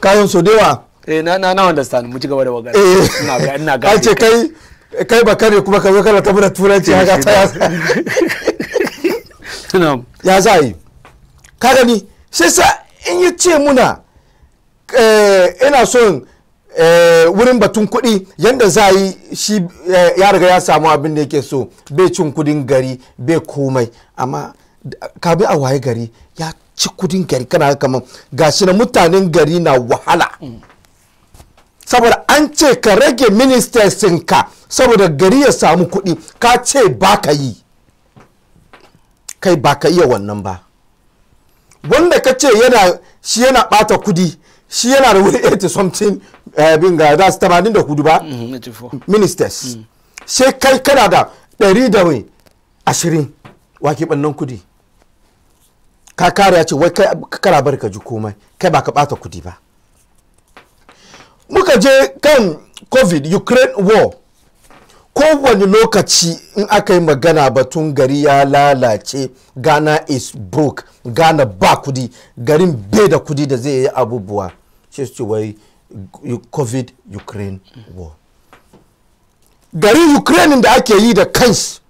S1: Kayan so da Eh na na na understand mu ci gaba da magana. Eh ina
S5: ga ina ga. ce kai kai ba kare kuma ka zo kana ta mana turanci ga ta ya. Ya za Ka gani sai sa in yi ce muna eh, ina son Eh, wurin batun kuɗi yadda za yi shi eh, ya riga ya samu abin da yake so bai cin kudin gari bai komai amma kabi a waye gari ya ci kudin gari kana kamar shi na mutanen gari na wahala saboda an ce ka rage ministersinka saboda gari ya samu kuɗi ka ce ba ka yi kai ba ka iya wannan ba wanda ka ce shi yana ɓata kudi shi yana da wuri 80 something Eh, bin that's za su 84 ba mm, mm. ministers sai kai kana da ɗari da mai ashirin wake bannan kudi ka kare ya ce wai kai kana bar ka ji komai kai ba ka bata kudi ba muka je kan covid ukraine war kowane lokaci in aka yi magana batun gari ya lalace ghana is broke ghana ba kudi garin bai da kudi da zai yi abubuwa shi su ce wai covid ukraine war garin ukraine da ake yi da kansu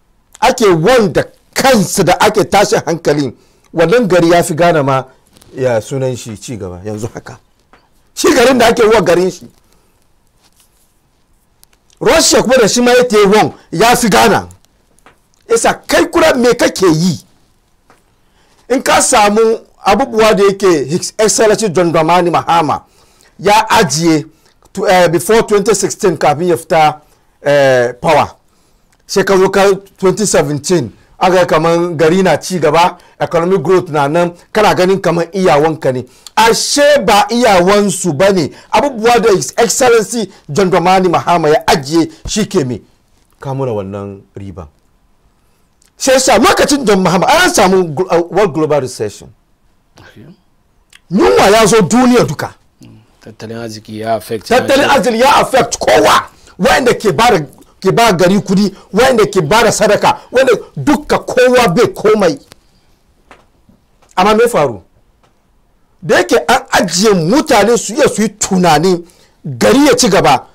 S5: ake wanda kansu da ake tashi hankali wannan gari ya fi gane ma ya sunan shi ci gaba yanzu haka shi garin da ake war garin shi russia kuma da shi ma yake won ya fi gana isa kai kura me kake yi in ka samu abubuwa da yake his excellency john mahama ya ajiye uh, before 2016 kafin ya fita uh, power shekaru ka 2017 aka kaman gari na ci gaba economic growth na nan kana ganin kamar iyawanka ne ashe ba iyawansu ba ne abubuwa da his excellency john domani mahama ya ajiye shi ke me kamuna wannan riba sai sa lokacin john mahama an samu uh, world global recession yunwa ya zo duniya duka
S1: tattalin arziki ya affect tattalin arziki
S5: ya affect kowa wanda ke bada ke ba gari kudi wanda ke bada sadaka wanda dukka kowa bai komai amma me faru da yake an ajiye mutane su iya su yi tunani gari ya ci gaba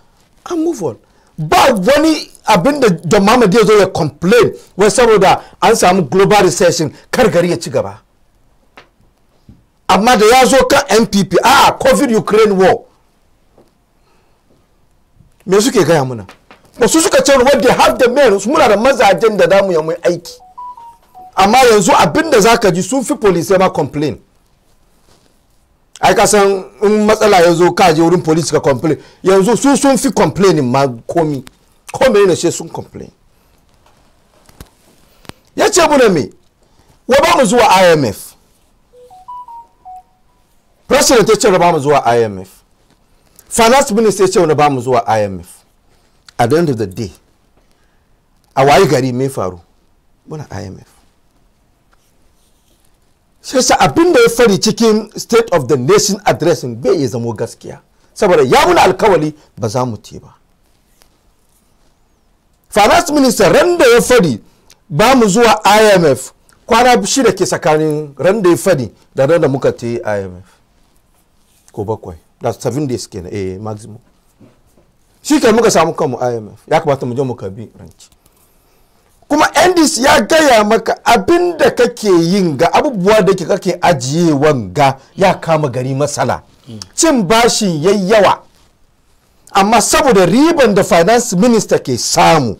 S5: an move on ba wani abin da don mamadi ya zo ya complain wai saboda an samu global recession kar gari ya ci gaba amma da ya zo kan npp a covid ukraine war me suke gaya muna ba su suka cewa wadda have the men muna da mazajen da damu ya mai aiki amma yanzu abin da ka ji sun fi police ma complain ai ka san in matsala ya zo ka je wurin police ka complain yanzu su sun fi complainin ma komi komi ne sai sun complain ya ce muna me wa ba mu zuwa imf president ya ce ba bamu zuwa imf finance minister ya ce ba bamu zuwa imf at the end of the day a wayi gari mai faru muna imf sai sa abin da ya fari cikin state of the nation addressing bai ya zamo gaskiya saboda ya muna alkawali ba za mu ba finance minister ran da ya fari ba mu zuwa imf kwana shida ke tsakanin ran da ya fadi da ran da muka te imf ko bakwai da seven days kenan eh maximum shi ke muka samu kanmu imf ya kamata mu je mu karbi ranci kuma ndc ya gaya maka abin da kake yin ga abubuwa da kake ajiye ga ya kama gari matsala cin bashin yayyawa amma saboda riban da finance minister ke samu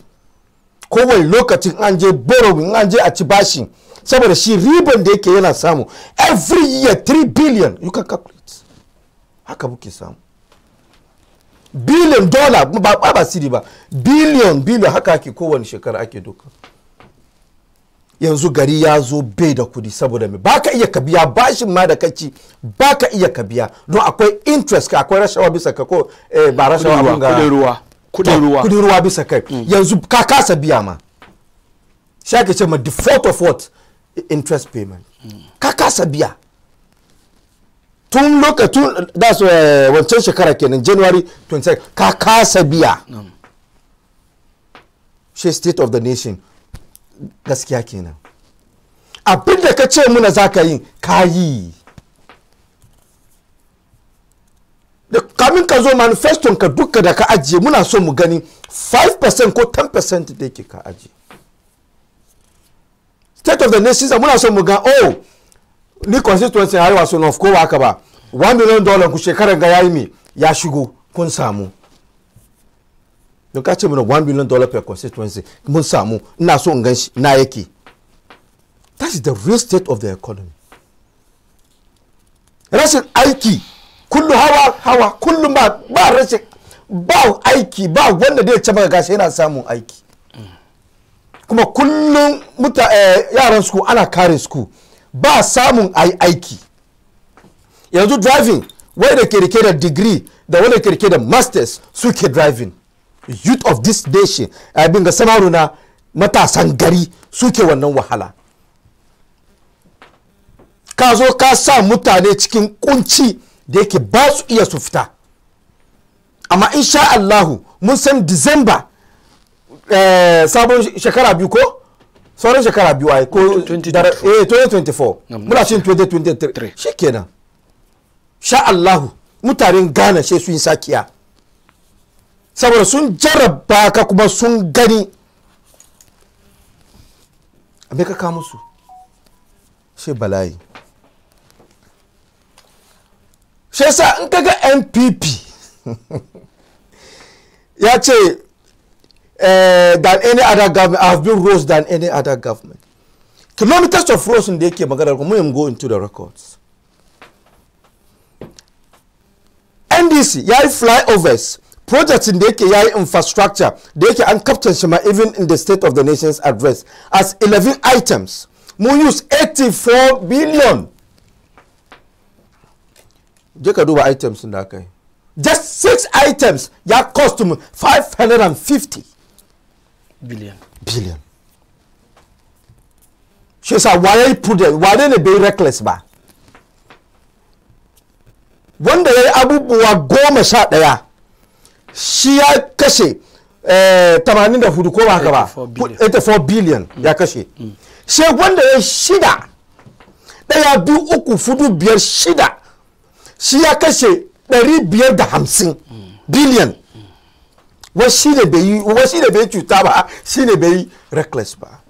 S5: kowai lokacin an je borrowing an je a ci bashin saboda shi riban da yake yana samu every year 3 billion you can calculate haka muke samu biliyan dola ba ba siri ba biliyan biliyan haka ake kowane shekara ake doka yanzu gari ya zo bai da kudi saboda mai baka iya ka biya bashin ma da kaci baka iya ka biya don akwai interest ka akwai rashawa bisa ka ko eh, ba rashawa ba ga kudin ruwa
S8: kudin ruwa kudin ruwa
S5: bisa kai mm. yanzu ka kasa biya ma shi ake ce ma default of what interest payment mm. ka kasa biya tun lokacin da su eh, wancan shekara kenan january 26 ka kasa biya shi state of the nation gaskiya kenan abin da ka ce muna za ka yi ka yi da kamin ka zo manifeston ka duka da ka ajiye muna so mu gani 5% ko 10% da ke ka ajiye state of the nation muna so mu ga oh ni constituency har wasu of ko haka ba 1 million dollar ku shekarar ga yayi me ya shigo kun samu don ka ce mun 1 million dollar per constituency mun samu ina so in ganshi na yake that is the real state of the economy rashin aiki kullu hawa hawa kullum ba ba rashin ba aiki ba wanda zai ce maka gashi yana samun aiki kuma kullum eh, yaran su ana kare su ba samun a aiki yanzu driving wai da ke da degree da wani ke da masters suke driving youth of this nation abin ga samaru na matasan gari suke wannan wahala ka zo ka sa mutane cikin kunci da yake ba su iya su fita amma insha Allahu mun san December eh, sabon shekara biyu ko sauran shekara biyu ai ko 2024 eh, muna cin 2023 shikenan sha Allahu mutanen Ghana sai sun sakiya saboda sun jarraba ka kuma sun gani me ka ka musu shi bala'i shi in ka npp ya ce uh, than any other government have been rose than any other government kilometers of roads da yake magana kuma mu go into the records ndc ya yi flyovers projects da yake ya yi infrastructure da yake an captain shi ma even in the state of the nation's address as 11 items mun use 84 billion je ka duba items da aka yi just six items ya cost mu 550 biliyan biliyan shi yasa you prudent wane ne bai reckless ba wanda ya yi abubuwa goma sha daya. shi ya kashe 84 eh, ko ba haka ba 84 billion mm. ya kashe mm. shi wanda ya shida daya biyu uku fudu biyar shida shi ya kashe 550 mm. billion wasu ne bai yi wasu ne bai cuta ba shi ne bai reckless ba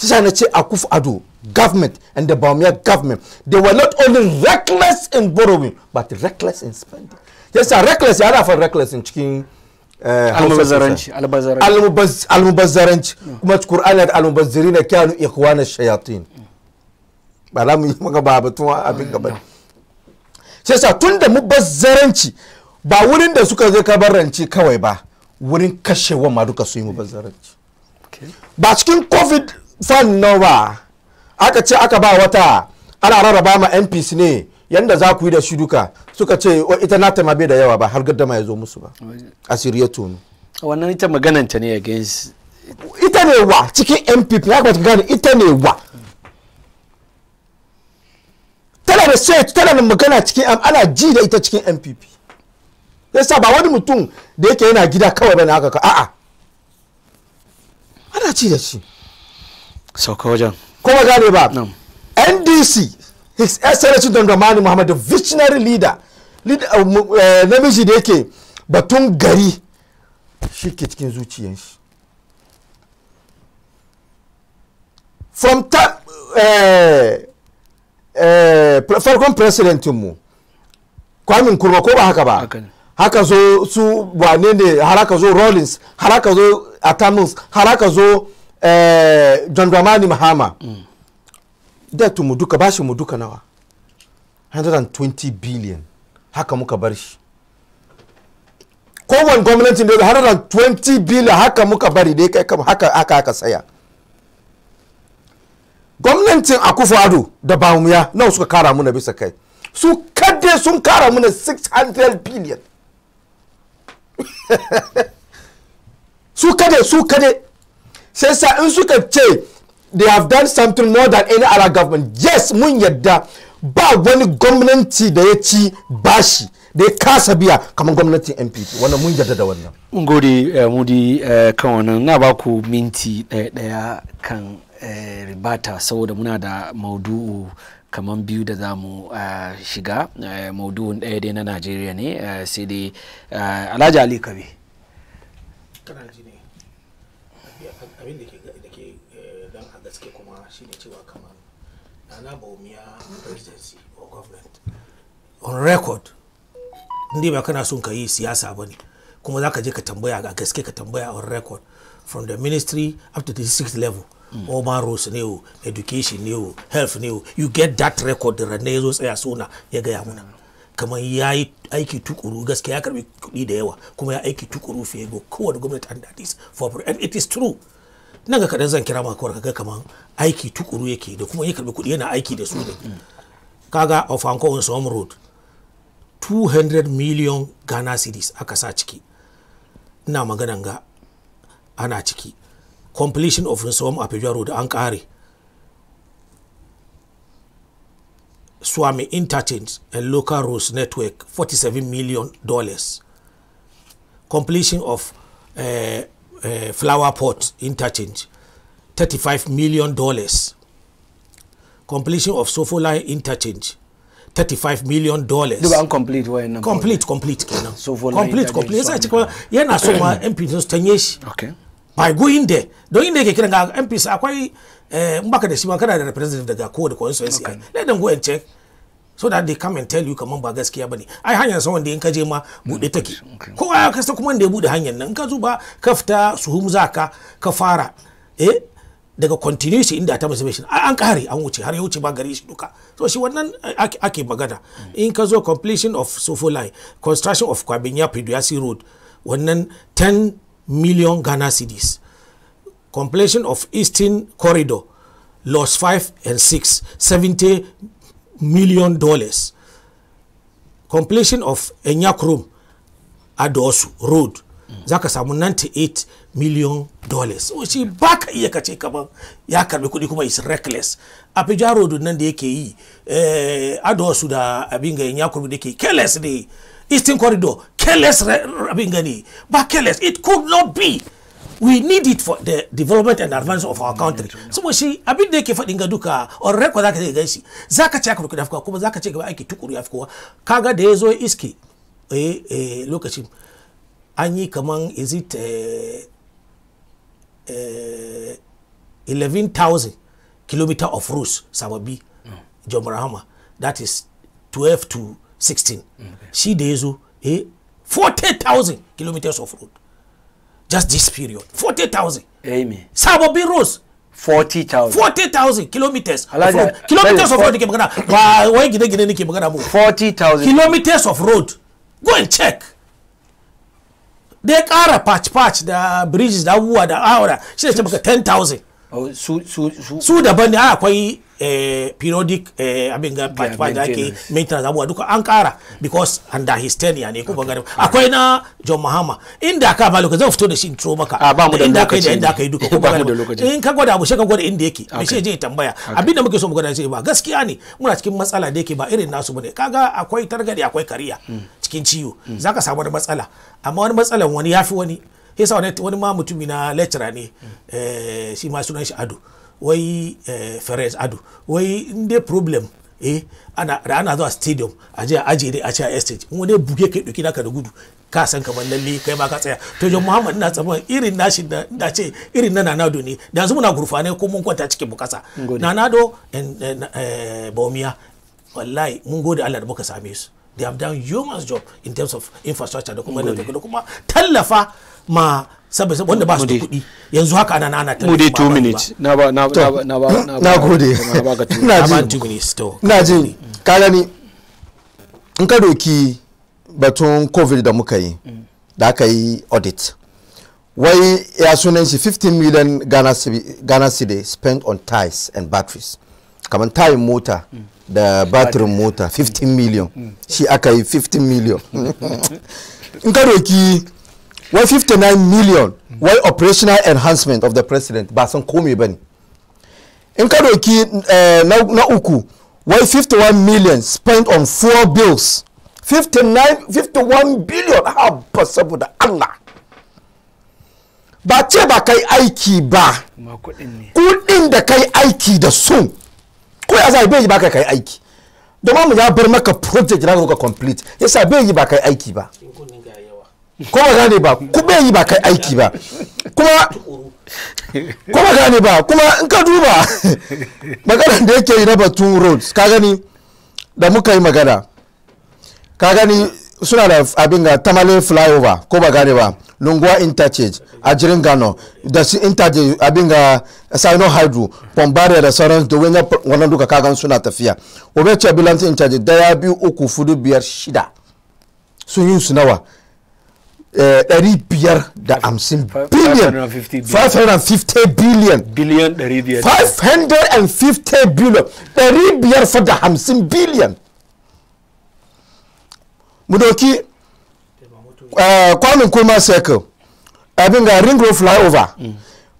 S5: shi na ce akuf ado government and the Baumia government they were not only reckless in borrowing but reckless in spending yasa reckless ya rafa reckless in cikin
S3: eh, almubazzaranci
S5: almubazzaranci kuma qur'ani da almubazzari na kyanu ikhwana shayatin ba za mu yi maka ba batun abin gaba sai sa tun da mubazzaranci ba wurin da suka ga kabaranci kawai ba wurin kashewa ma duka su yi mubazzaranci ba cikin covid fan na ba aka ce aka ba wata ana rarraba ma mps ne yanda za ku yi da shi duka suka ce oh, ita na ma bai da yawa ba har gaddama ya zo musu ba a siriya tonu wannan ita magananta ne against ita ne wa cikin npp ya kamata gane ita ne wa tana da sai tana da magana cikin ana ji da ita cikin npp yasa ba wani mutum da yake yana gida kawai bane haka ka a'a ana ci da shi sauka wajen kuma gane ba ndc his excellency don muhammad muhammadu visionary leader uh, eh, namiji da yake batun gari shi ke cikin zuciyan shi from ta eh, eh, farkon presidentinmu kwamin kurma ko ba haka ba haka zo su wane ne har haka zo rollins har haka zo atamins har haka zo eh, john dramani mahama mm. debt mu duka bashi mu duka nawa 120 billion haka muka bar shi kowane gwamnatin da 120 billion haka muka bari da kai haka aka aka saya gwamnatin akufu ado da bamuya nawa suka kara muna bisa kai su kadai sun kara muna 600 billion su kade su kade sai sa in suka ce they have done something more than any other government yes mun yadda ba wani gwamnati da ya ci bashi da ya kasa biya kamar gwamnatin npp wannan mun yadda da wannan
S1: mun gode eh, mudi eh, kan wannan na ba ku minti daya daya kan eh, ribata saboda muna da maudu'u kamar biyu da za mu eh, shiga eh, maudu'un ɗaya dai na najeriya ne eh, sai dai alhaji ali kabe
S6: on record ndi ba kana son ka yi siyasa ba ne kuma za ka je ka tambaya a gaske ka tambaya on record from the ministry up to the sixth level Omar mm. Rose ne o education ne o health ne o you get that record da ranar ya zo tsaya sona ya gaya muna kamar ya yi aiki tukuru gaskiya ya karbi kuɗi da yawa kuma ya aiki tukuru fiye ga kowane gwamnati and that is for and it is true nan ga kaɗan zan kira makawar kaga kamar aiki tukuru yake da kuma ya karbi kuɗi yana aiki da su ne mm. kaga of on some road 200 million ghana cedis aka sa ciki ina maganan ga ana ciki completion of Nsawam Apija Road an ƙare Swami Interchange and Local Roads Network 47 million dollars completion of uh, uh, Flower Port Interchange 35 million dollars completion of Sofo Line Interchange 35 million dollars duk an complete wayannan complete complete kenan so complete complete yasa cikin yana so ma MP sun tanye shi okay by going there don inda yake kiran ga MPs akwai eh, in baka da shi ma kana da representative daga kowane constituency okay. let them go and check so that they come and tell you kaman ba gaskiya bane ai hanyar sa wanda in ka je ma bude mm, take ai ka sa kuma da ya bude hanyar nan in ka ba ka fita suhum zaka ka fara eh daga continuity inda ta mission an kare an wuce har ya wuce ba gari shi duka so shi wannan eh, ake magana mm. in ka zo completion of sofolai construction of kwabinya ya road wannan 10 million Ghana cities. Completion of Eastern Corridor, lost five and six 70 million dollars. Completion of Enyakrum Adosu Road, zaka ka samu 98 million dollars shi ba ka iya kace kaman ya karbi kuɗi kuma is reckless a fijaro nan da yake yi eh, adosu da abin ga ya da ke careless ne Eastern Corridor, careless Rabingani. gani, careless, it could not be. We need it for the development and advance of our country. Saboda shi abin da yake faɗin ga duka or record that they see. Zaka ci aka rukuda fuka kuma zaka ce gaba aiki tukuru ya Kaga Dezo iski. zo eh eh lokacin an kaman is it eh, eh, 11,000 kilometer of roads Sawabi, Mm. John that is 12 to 16 mm, She days ya zo 40,000 kilometers of road just this period 40,000 Amen. sababbin roads 40,000 40,000 kilometers kilometers of road nake magana ba wai gine 40,000 kilometers of road go and check dai kara patch-patch the bridges da abubuwa da awara shi so, so, so. 10,000 su daban ne akwai eh, periodic eh, abin ga part da ake maintenance abuwa duka an kara because under his tenure ne kuma gari akwai na John Mahama inda ka ba lokaci zan fito da shi intro maka ah, a da inda kai da inda kai duka kuma in ka gwada abu shi ka gwada inda yake me shi je tambaya abin da muke so mu gwada shi ba gaskiya ne muna cikin matsala da yake ba irin nasu bane kaga akwai targadi akwai kariya hmm. cikin ciwo hmm. zaka samu wani matsala amma wani matsalan wani yafi wani yasa wani ma mutumi na lecturer ne hmm. eh, shi ma sunan shi ado wai eh, Ferez Ado wai in problem eh ana da ana zuwa stadium a je a aje dai a ci a estate in wani buge kai doki naka da gudu ka san kamar lalle kai ma ka tsaya to jan muhammad ina tsaman irin nashi da da ce irin na nanado ne da yanzu muna gurfane ko mun kwanta cikin bukasa nanado eh, baumiya wallahi mun gode Allah da muka same su they have done human job in terms of infrastructure da kuma da kuma tallafa ma saboda wanda ba su da kuɗi yanzu haka ana ana ta mu dai 2 minutes na ba na ba
S1: na ba
S5: na gode na ba 2 minutes na ji kala ni in ka doki batun covid da muka yi mm. da aka yi audit wai ya sunan shi 15 million ghana cedi spent on ties and batteries kamar tayin mota mm. da batirin mota 15 mm. million shi aka yi 15 million in ka doki why 59 million why operational enhancement of the president ba san komai ba in ka doki eh, na uku why 51 million spent on four bills 59 51 billion haba saboda allah ba ce ba kai aiki ba kudin da kai aiki da sun ko ya zai bai yi ba kai aiki domin mu ya bar maka project da ka complete yasa bai yi ba kai aiki ba ko ba gane ba bai yi ba kai aiki ba kuma kuma gane ba kuma in ka duba maganar da yake yi na batun roads ka gani da muka yi magana ka gani suna da abin ga tamale flyover ko ba gane ba lunguwa interchange a jirin gano da su interchange abin ga sino hydro bombardier da sauran da wannan duka kagan suna tafiya obecha bilanti interchange daya biyu uku fudu biyar shida sun yi su nawa 550
S4: billion 550 billion billion
S5: 550 billion 550 billion mu doki eh, kwamin kuma circle abin ga ring road flyover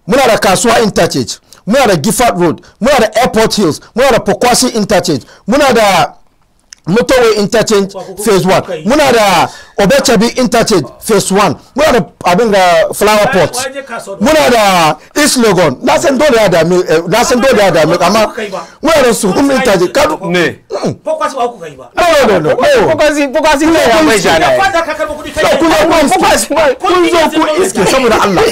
S5: muna da kasuwa interchange muna da gifford road muna da airport hills muna da pokwasi interchange muna da motorway interchange phase 1 muna da obechabi interchange phase 1 muna da abin ga flower pot muna da east legon na dole ya dami eh, na dole ya dami amma muna da sukum interchange kadu ne
S6: fokwasi ba ku mm. kai ba no no no
S5: fokwasi ne ya mai jana no
S6: kun zo kun fokwasi kun
S1: zo kun iske saboda Allah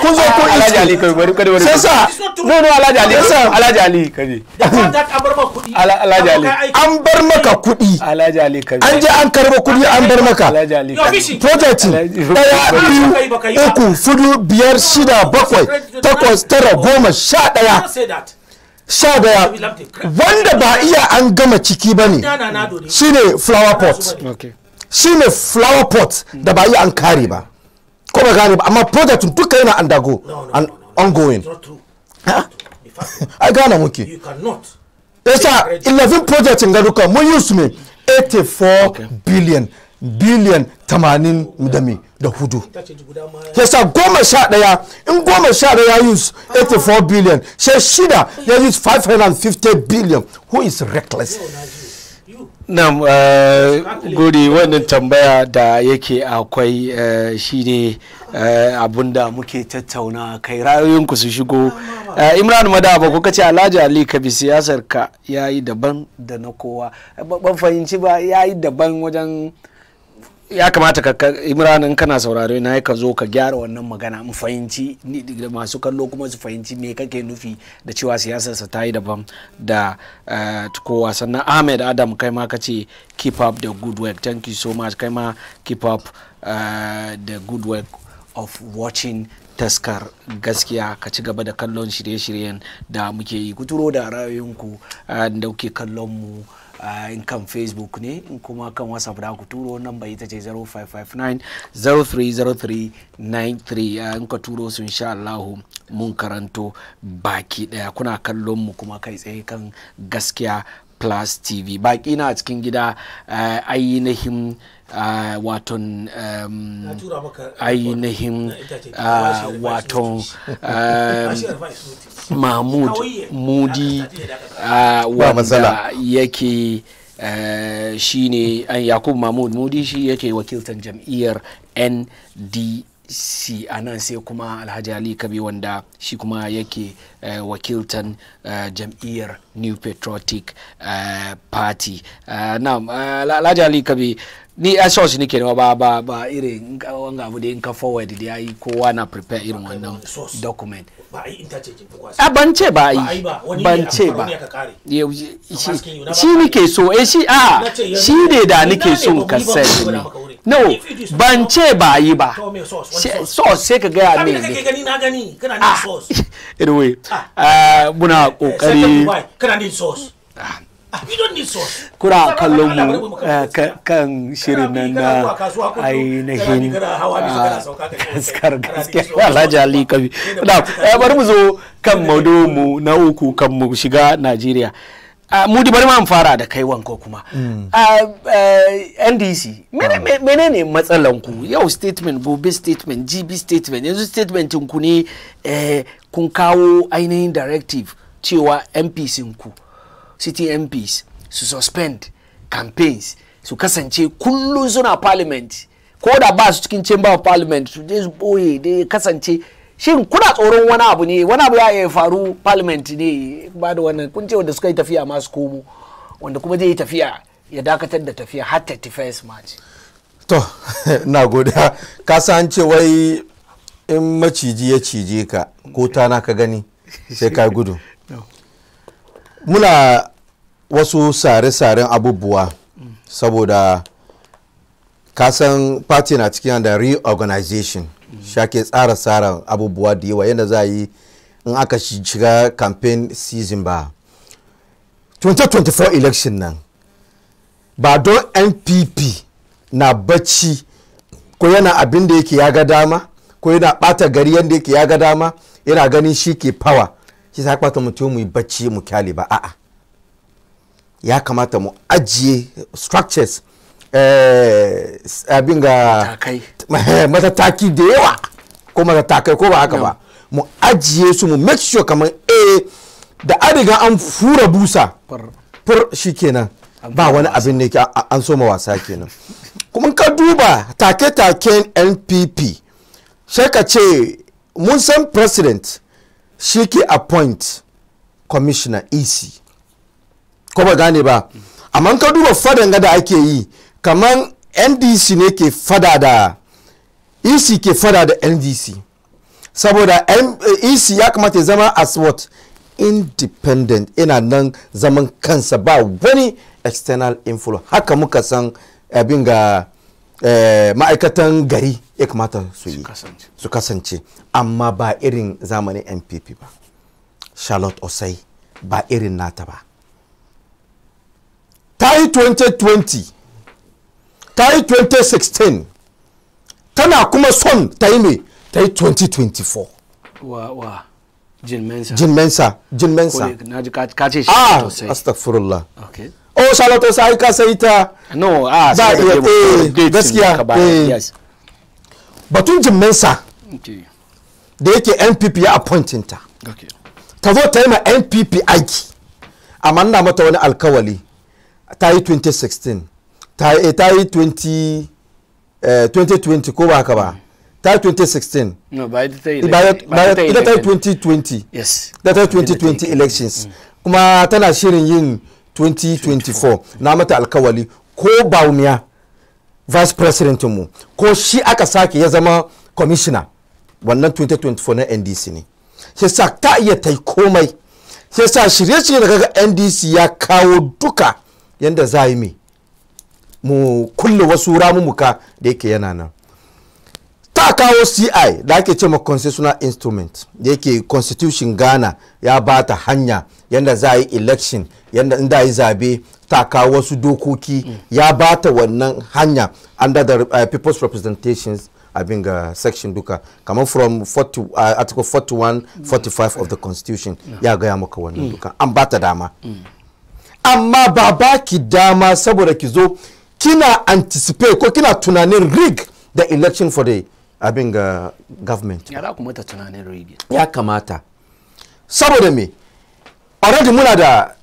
S13: kun zo kun iske Alhaji Ali
S5: kai bari kada
S1: sai sa
S13: no no Alhaji Ali Alhaji
S3: Ali
S1: da
S13: bar kudi Alhaji Ali an bar maka
S1: kuɗi an je an karba kuɗi an bar maka
S5: project ɗaya biyu uku fudu biyar shida bakwai takwas tara goma sha ɗaya sha daya wanda ba iya an gama ciki ba ne shine flower pot ne flower pot da ba iya an kare ba ko ba gane ba amma projectin duka yana undergo and ongoing ai gane muke yasa 11 project ga duka mun yi su ne 84 okay. billion biliyan tamanin da hudu yasa goma sha daya in goma sha daya use 84 billion sai shida ya use 550 billion who is reckless
S1: Nam uh, eh, wannan tambaya da yake akwai eh, shi ne eh, da muke tattauna kai ra'ayoyinku su shigo. Imran Madaba ku ce Alhaji Ali Kabi siyasar ka yayi daban da na kowa. Ban fahimci ba yayi daban wajen ya kamata ka imran kana saurare na ka zo ka gyara wannan magana mu fahimci masu kallo kuma su fahimci me kake nufi da cewa siyasar ta yi daban da eh, kowa sannan ahmed adam kai ma ka ce keep up the good work thank you so much kai ma keep up eh, the good work of watching taskar gaskiya ka ci gaba da kallon shirye-shiryen da muke yi kuturo da ra'ayoyinku eh, da kuke kallon mu in kan facebook ne in kuma kan whatsapp da ku turo namba ita ce 0559 030393 in ka turo su insha Allahu mun karanto baki daya kuna kallon mu kuma kai tsaye kan gaskiya plus tv baki na cikin gida ainihin Uh, waton um, ainihin uh, waton um, mahmud mudi uh, wanda yake shi ne yakubu mahmud mudi shi yake wakiltar jam'iyyar ndc a nan sai kuma alhaji ali kabi wanda shi kuma yake uh, wakiltar jam'iyyar new patriotic party na alhaji ali kabi ni a source nake nawa ba ba ba irin wanga abu da in ka forward da yayi kowa na prepare irin wannan document
S6: ba ai interchanging ta kwasa a ah, ban
S1: ce ba ai ban ce ba shi ni ke so eh shi ah,
S8: a shi ne da nake so ka send ni no ban
S1: ce ba yi ba source sai ka gaya me ne ne
S6: gani na gani kana ne ah, source
S1: anyway muna eh, kokari
S6: kana ne source Ah, kura kallon mu
S1: eh, kan shirin nan na ainihin ah, gaskar gaskiya alhaji ali kabi eh, bari mu zo kan maudu mu na uku kan mu shiga najeriya ah, mudi bari ma fara da kai wanko kuma hmm. eh, ndc menene matsalan ku yau statement gobe statement gb statement yanzu statement ku ne kun kawo ainihin directive cewa mpc ku city mps su suspend campaigns su kasance kullum suna parliament ko da ba su cikin chamber of parliament su je su boye dai kasance shin kuna tsoron wani abu ne wani abu ya iya faru parliament ne ba da wannan kun ce wanda suka yi tafiya masu komo wanda kuma zai yi tafiya ya dakatar da tafiya har 31 march
S5: to na godiya ka san wai in maciji ya cije ka ko tana ka gani sai ka gudu muna wasu sare-saren abubuwa saboda kasan party na cikin da reorganization shake tsara tsaran abubuwa da yawa yadda za a yi in aka shiga campaign season ba 2024 election nan ba don npp na bacci ko yana abin da yake ya ga dama ko yana bata gari yadda yake ya ga dama yana ganin shi ke power shi sa kwata mu mu yi bacci mu kyale ba a'a ya kamata mu ajiye structures eh, abin ga matataki da yawa ko matatakai ko ba haka ba mu ajiye su mu make sure kamar a eh, da adiga an fura busa fur shi kenan ba wani abin ne an soma wasa kenan kuma ka duba take-taken npp sai ka ce mun san president shi ke appoint commissioner ec ko ba gane ba amma ka duba fadan da ake yi kaman ndc ne ke fada da ec ke fada da ndc saboda ec eh, e ya kamata ya zama as what independent ina nan zaman kansa ba wani external influence haka muka san abin ga Eh, ma'aikatan gari ya kamata su yi su kasance amma ba irin zamanin npp ba charlotte osai ba irin nata ba ta yi 2020 ta yi 2016 tana kuma son ta yi mai ta yi 2024
S1: wa wa jin mensa
S5: jin mensa jin mensa ka ce shi ah astagfirullah
S1: okay o salatu sai ka sai
S5: ta no ah, a ba eh, iya gaskiya eh. batun jimminsa da yake npp ya appointing ta ta zo ta yi ma npp aiki amma na mata wani alkawali ta yi 2016 ta yi 20 eh, 2020 ko ba ka ba ta yi 2016
S1: ita ta yi
S5: 2020 da ta yi 2020 elections mm. kuma tana shirin yin 2024 na mata alkawali ko baumiya vice president mu ko shi aka sake ya zama commissioner wannan 2024 na ndc ne shi sa ta iya ta komai shi sa shirye-shirye da kaga ndc ya kawo duka yadda za yi mu kulle wasu ramumuka da yake yana nan za a kawo ci da ake ce ma constitutional instrument da yake constitution ghana ya ba ta hanya yadda za a yi election yadda inda yi zabe ta kawo wasu dokoki ya ba ta wannan hanya under the uh, people's representations abin ga section duka kamar from 40, uh, eh, article 41 45 of the constitution ya gaya maka wannan duka an ba ta dama amma ba ba ki dama saboda ki zo kina anticipate ko kina tunanin rig the election for the abin ga government ya ku mata
S1: tunanin
S5: ya kamata saboda me already muna da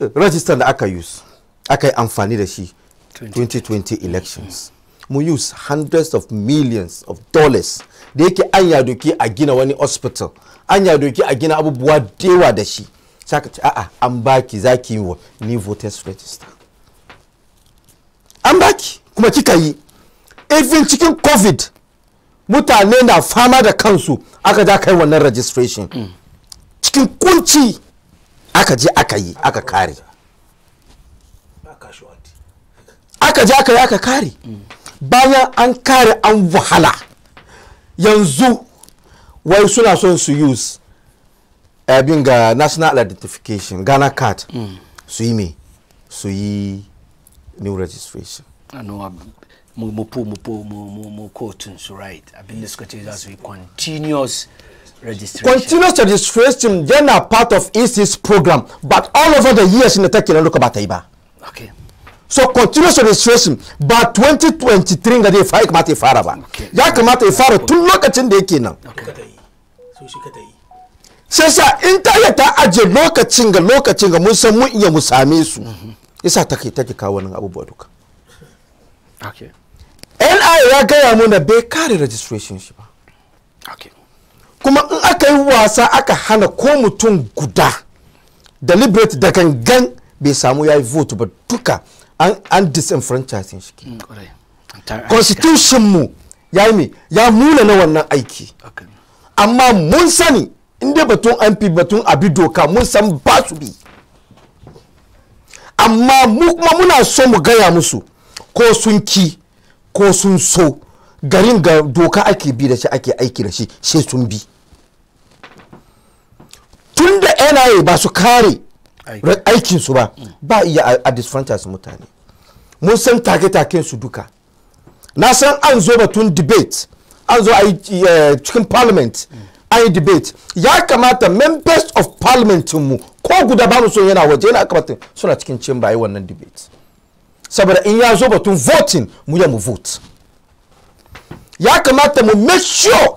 S5: eh, register da aka use aka yi amfani da shi 2020 elections mm. mu use hundreds of millions of dollars da yake an yadoki a gina wani hospital an yadoki a gina abubuwa dewa da shi saka ce a'a an baki zaki yi ni voters register an baki kuma kika yi even cikin covid mutane na fama da kansu aka ja kai wannan registration cikin kunci aka je aka yi aka kare aka je aka yi aka kare bayan an kare an wahala yanzu wai suna son su use eh, abin ga national identification ghana card mm. su yi me su yi new registration
S1: mu pu mu pu mu mu mu su right abinda suka ce za su
S5: continuous
S1: registration continuous
S5: registration yana part of ISIS program but all over the years in take na duka ba ta yi ba okay so continuous registration ba 2023 ga dai ya kamata ya fara ba ya kamata ya fara tun lokacin da yake nan sai sa in ta yi ta ajiye lokacin ga lokacin ga mun san mun iya mu same su mm-hmm. isa take take kawo nan abubuwa duka okay ni ya gaya muna bai kare registration shi ba kuma in aka yi wasa aka hana ko mutum guda deliberate da gangan bai samu ya yi vote ba duka an, an disenfranchising shi mm, constitution mu ya yi ya mula na wannan aiki amma mun sani inda batun an fi batun abi doka mun san ba su bi amma kuma muna so mu gaya musu ko sun ki ko sun so garin ga doka ake bi da shi ake aiki da shi sai sun bi tun da nia ba su kare aikinsu ba ba iya a disfranchise mutane mun san take-taken su duka na san an zo batun debate an zo a yi eh, cikin parliament an yi debate ya kamata members of parliament mu ko guda ba mu so yana waje yana akamata suna cikin cin bayi wannan debate saboda in ya zo batun voting mu yi mu vote ya kamata mu make sure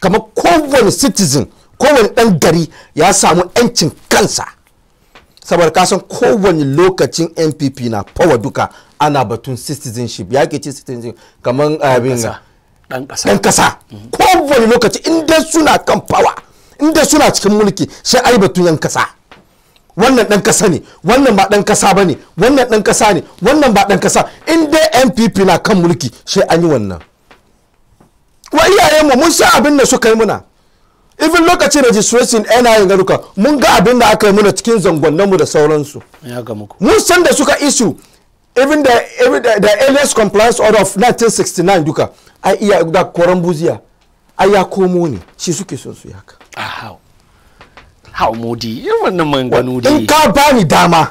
S5: kamar kowane citizen kowane ɗan gari ya samu 'yancin kansa saboda kasan kowane lokacin npp na power duka ana batun citizenship ya ke ce citizenship kamar abin ɗan kasa mhm. kowane lokaci inda suna kan power inda suna cikin mulki sai ai batun yan kasa wannan dan kasa ne wannan ba dan kasa bane wannan dan kasa ne wannan ba dan kasa in dai npp na kan mulki sai an yi wannan wa iyayenmu mun sha abin da suka yi muna even lokacin registration yana yin garuka mun ga abin da aka yi muna cikin mu da sauransu mun san da suka isu even the, even the, alias compliance order of 1969 duka ai iya da koran buziya ai ya komo ne shi suke son su yaka haumudi irin wannan manganu da in ka ni dama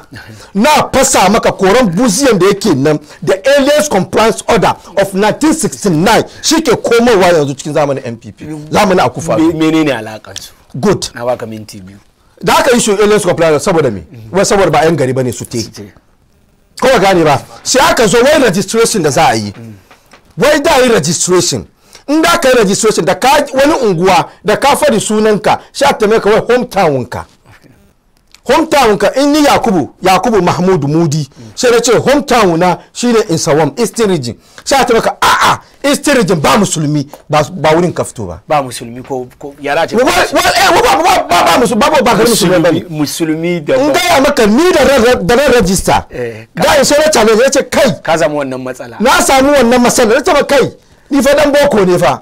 S5: na fasa maka koran buziyan da yake nan the alias compliance order of 1969 ke komowa yanzu cikin zamanin mpp zamanin akufa menene ne su good na baka minti biyu da aka yi shi alias compliance saboda me mhm. wai saboda ba yan gari ne su te kowa gane ba sai aka zo wai registration da za a yi mhm. wai da yi registration in da ka yi registration da ka wani unguwa da ka fari sunanka sha ta mai kawai hometown ka hometown ka in ni yakubu yakubu mahmud mudi sai na ce hometown na shine insawam eastern region sha ta maka a'a eastern region ba musulmi ba wurin ka fito ba ba musulmi ko yara ce eh, ba ba ba musulmi ba ba garin musulmi bane musulmi da ba. in gaya maka ni da da na register eh, da in sai
S1: na challenge ya ce kai ka samu wannan matsala
S5: na samu wannan matsala na ce kai ni fa dan boko ne fa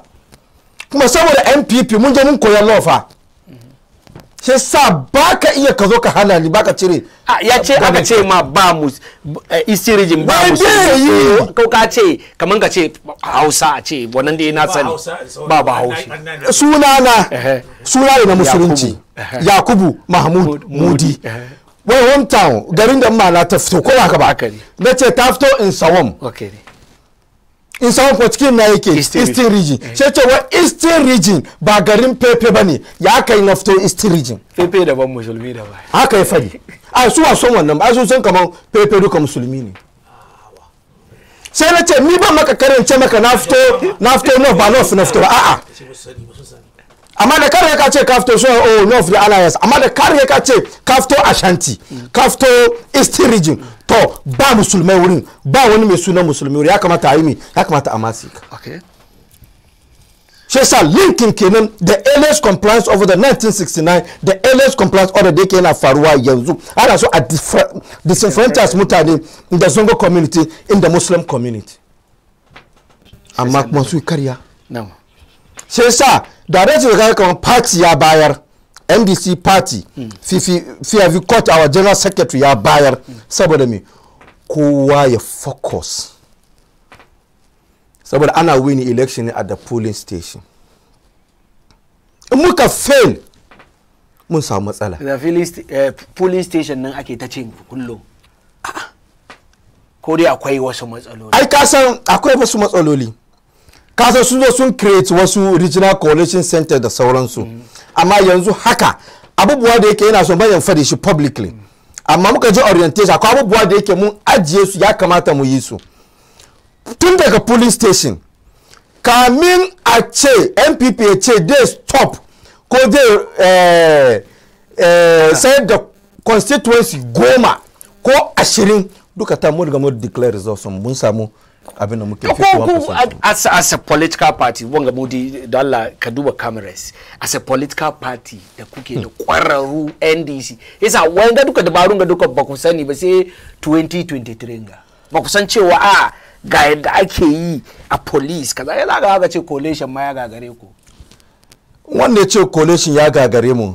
S5: kuma saboda npp mun je mun koya law fa shi sa ba ka iya ka zo ka hana ni ba ka cire ah, ya ce aka ce ma ba mu eh, isirijin ba mu yi
S1: ko ka ce kaman ka ce hausa a ce wannan da na
S5: sani ba ba hausa suna na suna ne na musulunci yakubu mahmud mudi wai hometown garin da ma na ta fito ko ba ka ba na ce ta fito in sawam in san ko cikin na yake eastern region eh. sai ce wa eastern region ba garin pepe ba ne ya kai na fito eastern region pepe ban musulmi daban haka ya fadi a su a son wannan ba su san kamar pepe duka musulmi ne sai na ce ni ba maka karance maka na fito na fito ba north na fito ba a'a amma da kare ka ce kafto so oh of the alliance amma da kare ka ce kafto ashanti kafto east eastern region to ba musulmai wurin ba wani mai sunan musulmi wurin ya kamata a yi mi ya kamata a masu okay. shi yasa linkin kenan da earliest compliance over the 1969 the earliest compliance order da yake yana faruwa yanzu ana so a disenfranchise eh, eh, eh. mutane in the zongo community in the muslim community amma kuma su karya shi sa da da ce kaga kamar party ya bayar ndc party hmm. fiyavi court our general secretary ya bayar hmm. saboda me kowa ya focus saboda ana wini election at the polling station in muka fail mun samu matsala
S1: da eh, polling station nan ake ta cin kullum ko dai akwai wasu matsaloli
S5: ai ka san akwai wasu matsaloli kasa sun zo sun create wasu regional coalition center da sauransu amma yanzu haka abubuwa da yake yana son bayan fadi shi publicly amma muka je orientation akwai abubuwa da yake mun ajiye su ya kamata mu yi su tun daga police station kamin a ce npp ya ce dey stop ko dey eh, eh, sayar da constituency goma ko ashirin duka ta mun riga mun declare results mun samu abin da muke 51%
S1: as, as a political party wanga mudi da Allah ka duba cameras as a political party da kuke da hmm. kwararru NDC yasa wanga duka dabarun ga duka ba ku sani ba sai 2023 ga ba ku san cewa a ah, ga yadda ake yi a police kaza yala ga ga ce coalition ma ya gagare ku
S5: wanda ya ce coalition ya gagare mu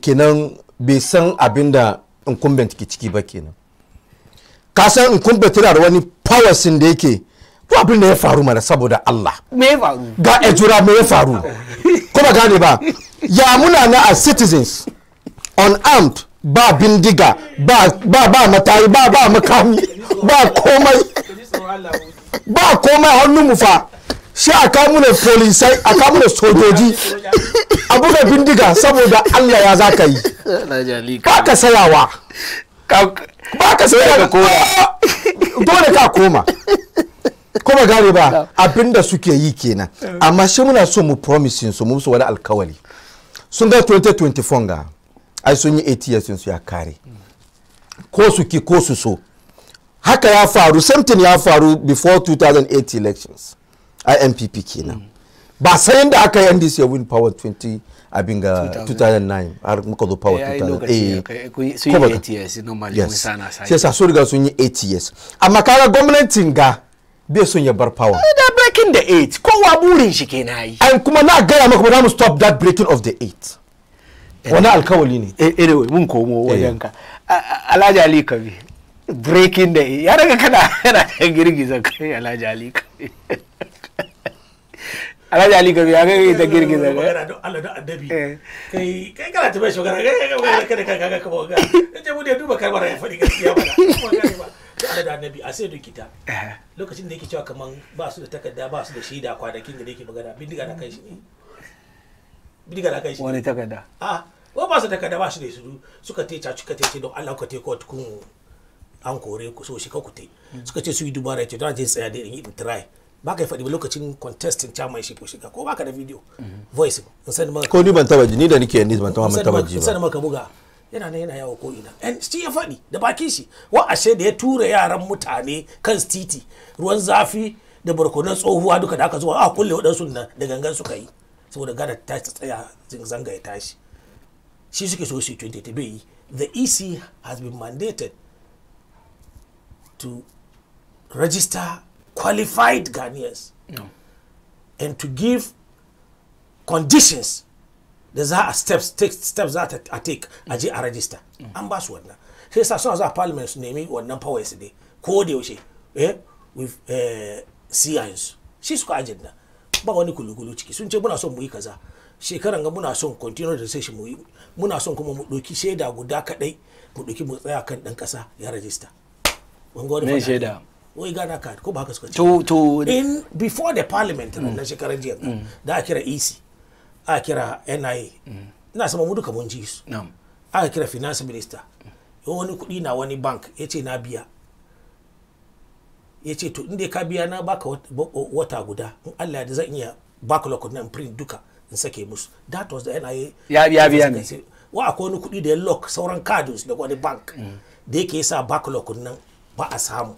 S5: kenan bai san abinda da incumbent ke ciki ba kenan ka san in kun da wani powersin da yake ko abin da ya faru mana saboda Allah me ya faru ga ejura me ya faru kuma gane ba ya muna na as citizens unarmed ba bindiga ba ba ba matayi ba ba makami ba komai ba komai hannun mu fa shi a kawo muna polisai a kawo muna sojoji a buga bindiga saboda Allah ya za ka yi ba ka sayawa ba ka sai da kowa dole ka koma ko ba gane ba abinda suke yi kenan amma shi muna so mu promising su su wani alkawali sun ga 2024 ga ai sun yi 8 years su ya kare ko su ki ko su so haka ya faru something ya faru before 2008 elections impp kenan ba sayan da aka yi ndc ya win power 20 abin ga 2009 har muka zo power 2000 eh, eh, ko yi 8 normally mun sana sai sai sa su riga sun yi 8 years amma kaga gwamnatin ga bai son ya bar power da
S1: eh, breaking the
S5: 8 kowa burin shi kenan yi an kuma na gaya maka ba mu stop that breaking of the eight wani alkawali ne anyway mun komo wajenka alhaji ali kabi breaking the eight ya daga
S1: kana yana girgiza kai alhaji ali kabi alhaji ali gabi ya ga ta girgiza ga
S6: don Allah don addabi eh. kai kai kana tabe shugara kai kada ka ga kabo ga ce mu da duba karbar ya faɗi gaskiya ba to Allah da annabi a sai doki ta eh. lokacin da yake cewa kaman ba su da takarda ba su da shaida kwanakin da yake magana bindiga na kai shi bindiga na kai shi wani takarda a ko ba su takarda ba su da su suka te cacu ka te don Allah ka te ko tukun an kore ku so shi ka ku te hmm. suka ce su yi dubara ce don a je tsaya da yin try ba ka faɗi lokacin contestin shi ko shiga ko ba ka da video voice in sani maka ko ni ban
S5: taba ji ni da nake ni ban taba ban taba ji ba sani
S6: maka buga yana nan yana yawo ko ina and shi ya faɗi da bakin shi wa ashe da ya tura yaran mutane kan titi ruwan zafi da barkonan tsohuwa duka da aka zuwa a kulle waɗansu da gangan suka yi saboda gada ta tsaya zanga ya tashi shi suke so su 20 bai yi the EC has been mandated to register qualified Ghanaians no. and to give conditions da are steps take steps that I take a je register an ba su wannan sai yasa suna zuwa parliament su nemi wannan power yesterday, code ko da yaushe eh with eh CIs shi suka ajinda ba wani kulugulu ciki sun ce muna son mu yi kaza shekaran ga muna son continue the session mu muna son come mu doki Sheda, guda kadai mu doki mu tsaya kan dan kasa ya register mun ga wani shaida wai gana card ko ba haka suka to to in before the parliament na mm. shekarar jiya mm. da e a kira EC a kira ni. ina sama mu duka mun ji su aka kira finance minister yau wani kuɗi na wani bank ya ce na biya ya ce to inda ka biya na baka wata guda in Allah ya zan iya baka lokacin nan print duka in sake musu that was the NIA ya biya biya ne wa akwai wani kuɗi da ya lock sauran cards da wani bank mm. da yake sa backlog nan ba a samu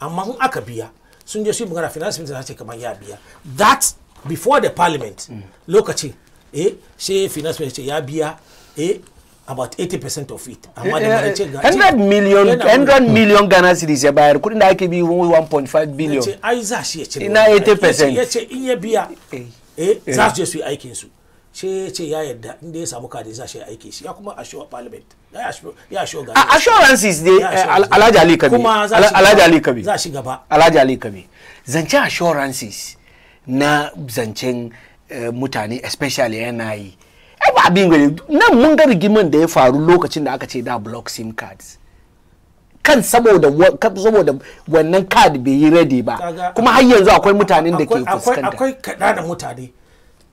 S6: amma in aka biya sun je su yi magana finance minister ce kamar ya biya that before the parliament lokaci eh sai finance minister ya biya eh about 80% of it amma da eh, mai eh, ce 100 million 100 million
S1: Ghana cedis ya bayar kudin da ake bi 1.5 billion
S6: ai za shi ya ce ina 80% ya ce in ya biya eh, eh. za su je su yi aikin su ce ya ce ya yarda inda ya samu kadi za shi aiki shi ya kuma a shiwa parliament ya assure ga assurances dai alhaji ali kabi kuma alhaji ali kabi za shi gaba
S1: alhaji ali kabi zance assurances na zancen eh, mutane especially yana yi ai ba abin gari nan mun ga rigiman da ya faru lokacin da aka ce da block sim cards kan saboda saboda wannan card bai yi ready ba kuma har yanzu akwai mutanen da ke fuskanta
S6: akwai kada da mutane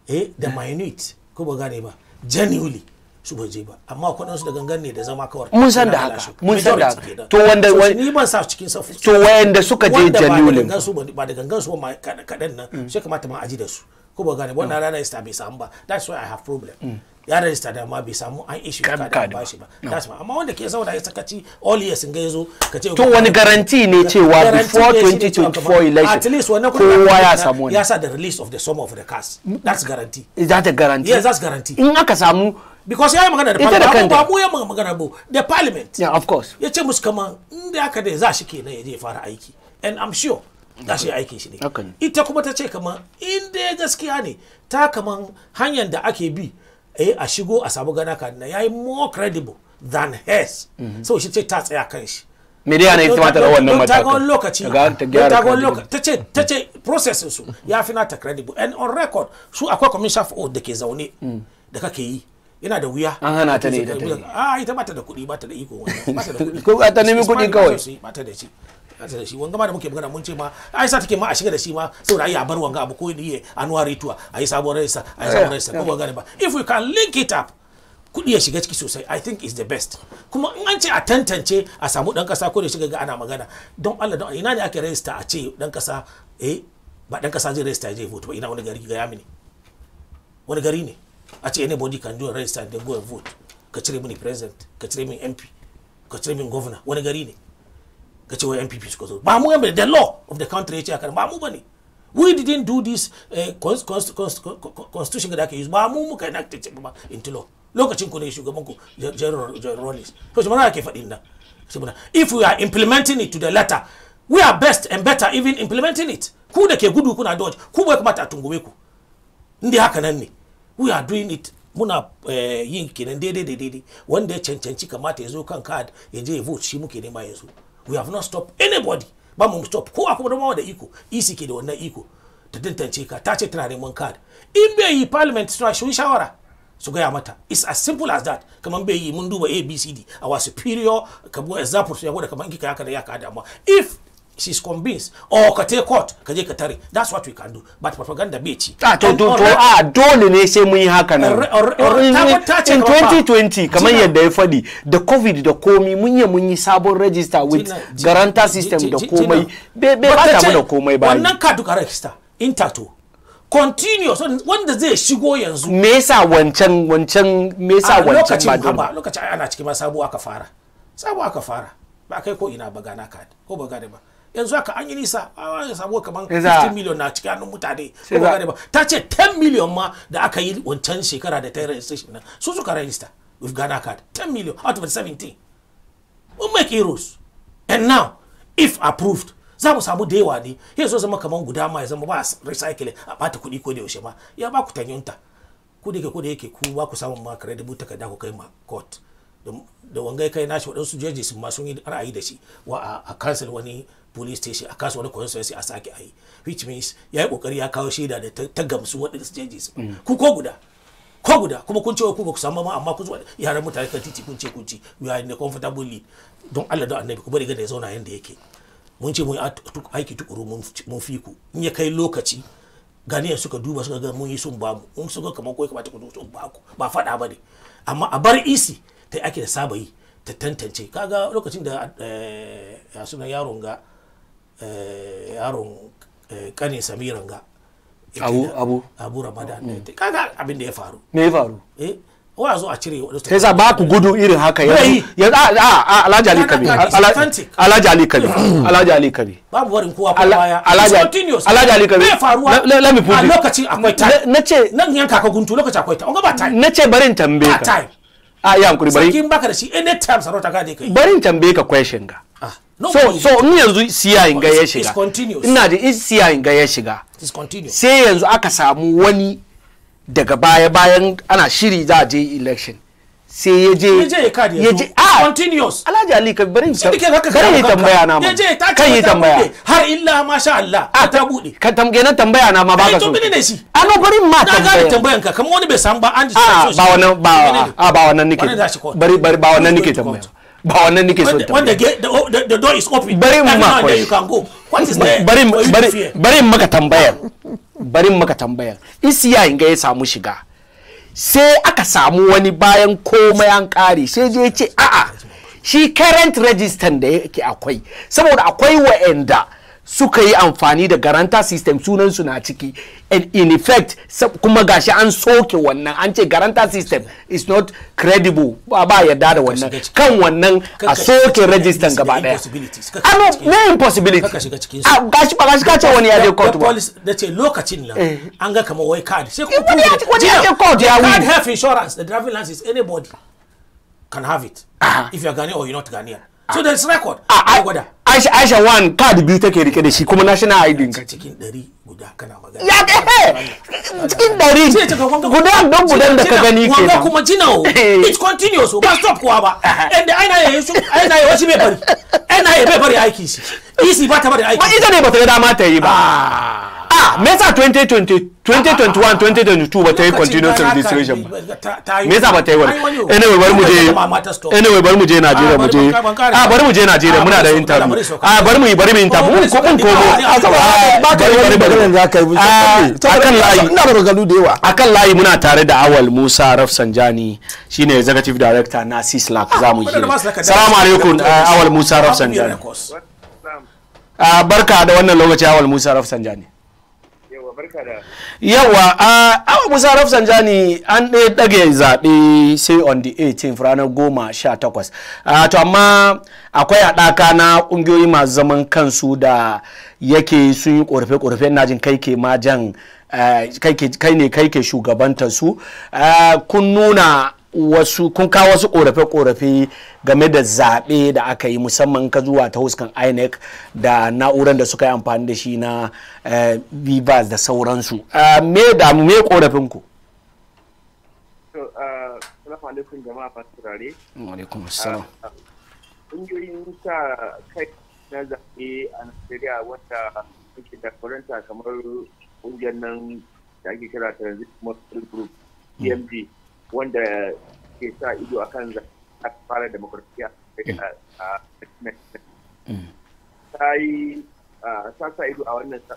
S6: eh da minute ko ba gane ba genuinely su ba je ba amma kuɗin su da gangan ne da zama kawar mun san da haka mun san da haka to wanda ni ban sa cikin safu to wayanda suka je genuinely wanda su ba da gangan su ba kadan nan mm. sai kamata ma aji da su ko ba gane wannan mm. rana ista bai samu ba that's why i have problem mm. ya rajista da ma bai samu an ishi ka da ba shi ba that's why amma wanda ke saboda ya sakaci all years ga yazo ka ce to wani garanti ne cewa before 2024 election at least wannan kowa ya samu ya sa the release of the sum of the cast that's guarantee is that a guarantee yes that's guarantee in aka samu because ya yi magana da parliament ba mu ya magana ba the parliament yeah of course ya ce musu kaman da aka da za shi kenan ya je fara aiki and i'm sure za shi aikin shi ne ita kuma ta ce kaman inda gaskiya ne ta kaman hanyar da ake bi eh a shigo a samu gana kaduna ya yi more credible than hers mhm. so shi ce ta tsaya kan shi media ne ita ta wannan matakan ta lokaci ta ga lokaci ta ce ta ce processing su ya fi nata credible and on record su akwai commission of oath da ke zaune mm. da kake yi yana da wuya an hana ta ne da ta a ah, ita ba da kuɗi ba ta da iko wannan ba da kuɗi ko ta nemi kuɗi kawai ba ta da shi da shi wanga ma da muke magana mun ce ma yi sa take ma a shiga da shi ma saboda ai a bar wanga abu ko ni anuwa rituwa ai sabon a yi sabon raisa ko ba ba if we can link it up kuɗi ya shiga ciki sosai i think is the best kuma in an ce a tantance a samu ɗan ƙasa ko da shiga ga ana magana don allah don ina ne ake rajista a ce ɗan ƙasa eh ba ɗan ƙasa zai rajista zai vote ba ina wani gari ga yami mini wani gari ne a ce anybody can do a register and then go and vote ka cire mini president ka cire mini mp ka cire mini governor wani gari ne ka cewa npp suka zo ba mu yan the law of the country ya ce haka ba mu bane we didn't do this eh, constitution da aka yi ba mu muka enact ba into law lokacin ku ne shugaban ku general rollins to shi mana ke faɗin nan if we are implementing it to the letter we are best and better even implementing it ku da ke gudu kuna dodge ku bai kamata a tungume ku ndi haka nan ne we are doing it muna eh, yin kenan daidai da daidai wanda ya cancanci kamata ya zo kan card ya je ya vote shi muke nema yanzu we have not stopped anybody ba mu stop ko akwai wani da iko isi e ke da wannan iko ta tantance ka ta ce tana neman card in bai yi parliament suna shi shawara su gaya mata it's as simple as that kamar bai yi mun duba abcd a superior kabo example su ya gwada kamar kika yaka da yaka damuwa if she's convinced or ka take court ka je ka tare that's what we can do but propaganda bai ci a ah, to to a ah,
S1: dole ne sai mun yi haka nan in 2020 kamar yadda ya fadi da covid da komi mun yi mun yi sabon register with garanta system da komai bai ba ta da komai ba wannan ka duka register
S6: interto continuous wanda zai shigo yanzu
S1: me yasa wancan wancan me yasa ah, wancan ba ba
S6: lokacin ana cikin ma sabuwa ka fara sabuwa ka fara ba kai ko ina ba gana ka ko ba gane ba yanzu haka an yi nisa a wani samu kamar 15 million na cikin hannun mutane ta ce 10 million ma da aka yi wancan shekara da ta yi registration nan su suka register with Ghana card 10 million out of the 17 we make heroes and now if approved za mu samu dewa ne ya zo zama kamar guda ma ya zama ba recycling a bata kuɗi ko da yaushe ma ya ba ku tanyunta ku da ku da yake ku ba ku samun ma credible takarda ku kai ma court da wangai kai nashi waɗansu judges ma sun yi ra'ayi da shi wa a council wani police station a kasu wani constituency a sake a yi which means ya yi kokari ya kawo shaida da ta gamsu waɗansu changes mm. ku ko guda ko guda kuma kun ce ku ba ku samu ma amma ku zuwa yaran mutane kan titi kun ce kun ci we are in a comfortable lead don Allah don annabi ku bari ga da ya zauna yanda yake mun ce mun aiki tukuru mun fi ku in ya kai lokaci ganiya suka duba suka ga mun yi sun bamu in suka kamar ko kamata ku sun ba ku ba faɗa ba ne amma a bar isi e ta ake da saba yi ta tantance kaga lokacin da eh, a sunan yaron ga Eh, yaron eh, kane samiran ga abu abu abu ramadan kaga abin da ya faru me ya faru eh wa zo a cire wadansu sai ba ku gudu
S5: irin haka ya a a alhaji ali kabi alhaji ali kabi alhaji ali kabi
S6: babu warin kowa ko baya alhaji alhaji ali kabi me faruwa let me put lokacin akwai time nace nan yanka ka guntu lokacin akwai time ba time nace barin tambaye ka a yi hankuri bari sakin baka da shi anytime sarauta ka dai kai
S1: barin tambaye ka question ga
S6: so so in yanzu siya inga ya shiga ina
S1: da in siya inga ya shiga sai yanzu aka samu wani daga baya bayan ana shiri za a je election sai ya je ya je a ah, continuous alhaji ali ka bari kan yi tambaya na ma kan yi tambaya har illa ma sha Allah a ah, ta bude ka tambaye na tambaya na ma eh, ka so a ah, no bari ma tambaya na tambayan
S6: ka kamar wani bai san ba an ji ba wannan ba a ba wannan nike bari
S1: bari ba wannan nike tambaya ba wannan nake so ta wanda the door is open bari mu ma you can go what is there bari bari maka tambayar bari maka tambayar isiya inga ya samu shiga sai aka samu wani bayan komai an kare sai je ce a'a shi current register da yake akwai saboda akwai wa'anda suka yi amfani da garanta system sunansu na ciki and in effect kuma gashi an soke wannan an ce garanta system is not credible ba ba yarda da wannan kan wannan a soke register gaba daya
S6: ano me impossibility ah, gashi ba gashi ce wani ya je court ba da ce lokacin nan eh. an ga kamar wai card sai kuma eh, wani ya je court ya win health insurance the driving license anybody can have it ah. if you are Ghanaian or you not Ghanaian so there's record a gwada Aisha Aisha one card
S1: biyu take rike da shi kuma national ID ka cikin
S6: guda kana magana ya ke cikin dari guda don gudan da ka gani ke kuma it ba stop kuwa ba and aina ya yi su ya bari ya bari aiki shi isi e ba ta bari aiki ba ita ne ba ta dama ta yi ba ah. ah me yasa 2020 2021
S5: 2022 ba ta
S8: yi continuous ba ba ta yi bari mu je bari mu je mu je bari mu je da bari mu bari mu
S1: mun ko layi ina da
S6: layi muna tare da Awal
S1: Musa na za mu yi Awal Musa barka da wannan lokaci Awal Musa Rafsanjani yawa a ah, awa musa jani an ɗaya ɗage zaɓe sai on the 18 ranar goma sha takwas ah, to amma akwai a haɗaka na ƙungiyoyi masu zaman kansu da yake sun yi ƙorafe-ƙorafe na jin kai ke ma eh, kai ne kai ke shugabantar su ah, kun nuna wasu kun kawo wasu korafe-korafe game da zaɓe da aka yi musamman ka zuwa ta huskan inec da na'urar da suka yi amfani da shi na eh, vivas da sauransu eh, me damu me korafinku
S9: eh, kai na zaɓe a najeriya wata suke jagoranta kamar ƙungiyar nan da ake kira transit muscle group pmg wanda ke sa ido a kan fara demokrasiya mm. mm. a ta yi sa ido a wannan sa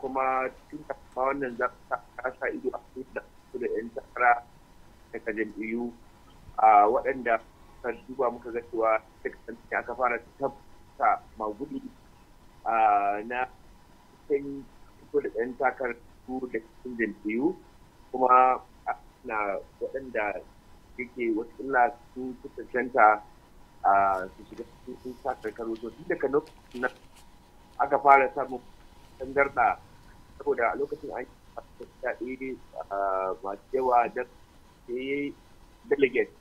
S9: kuma sa sa sa sa ta sa sa a da sa da sa sa daga sa a waɗanda sa sa muka sa sa sa aka fara tabbata magudi na sa sa sa takar da jam'iyyu kuma na waɗanda yake wasu su kusa canta a su shiga sun sa karkaro to tun daga lokacin nan aka fara samun da saboda a lokacin an yi masu yawa da sai delegate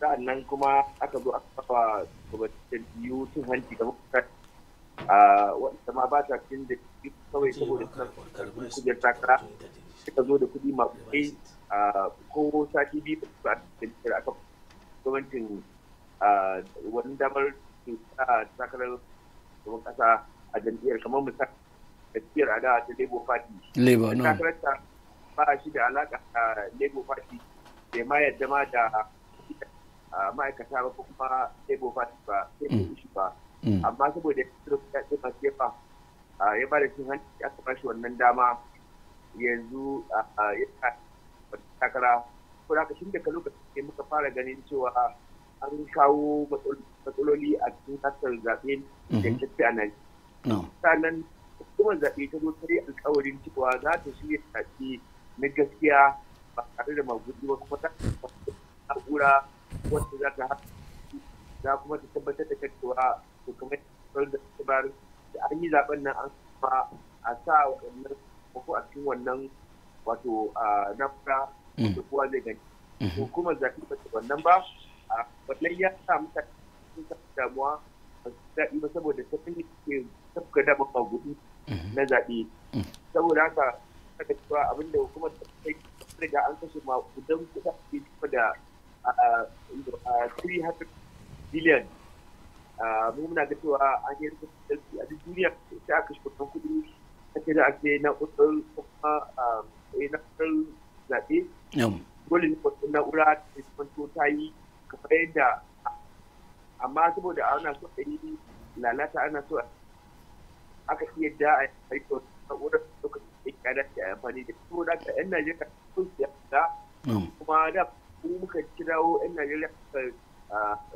S9: sa'annan kuma aka zo aka kafa gabatar biyu cin hanci da mutane a wanda ma ba ta cikin da kawai saboda suna kujerar takara suka zo da kuɗi masu kai ko sati biyu da su da aka gwamnatin wani damar takarar kuma kasa a jam'iyyar kamar misali tafiyar a ada ta labour party
S3: labour no takarar
S9: ta ba shi da alaƙa a labour party bai ma yadda ma da ma'aikata ba ko kuma labour party ba sai ba mm. shi ba mm. amma saboda ya tsira kuɗaɗe masu yawa ya ba da cin hanci aka ba shi wannan dama yanzu a takara ko da shi daga lokacin muka fara ganin cewa an kawo matsaloli a cikin kasar zaɓe da mhm. tafi a Najeriya. Sannan hukumar zaɓe ta zo ta yi alkawarin cewa za ta shirya tafi na gaskiya ba tare da magudi ba kuma ta na'ura wacce za ta haka za kuma ta tabbatar da cewa to da ta bayar da an yi zaɓen nan an a sa waɗannan ko a cikin wannan wato nafka mm. da kowa zai gani mm-hmm. hukumar zafi ba ta wannan ba a wannan ya sa mutane sun samu damuwa a su ba saboda ta kan ke tafka da mafagudu mm-hmm. na zaɓe mm. saboda haka aka cewa abinda hukumar ta kai riga an kashe makudan kuɗaɗe da 300 billion mu muna ga cewa an yi rikin a duk duniya ta aka shi kuɗin kuɗi ake da ake na'urar kudin kuma um, na kudin zaɓe dole ne kudin na'ura ta kwanto ta yi kamar yadda amma saboda ana so a yi lalata ana so aka iya da a yi na'ura lokacin da ya dace a amfani da saboda haka yan najeriya sun siyasa kuma da mu muka kirawo yan najeriya suka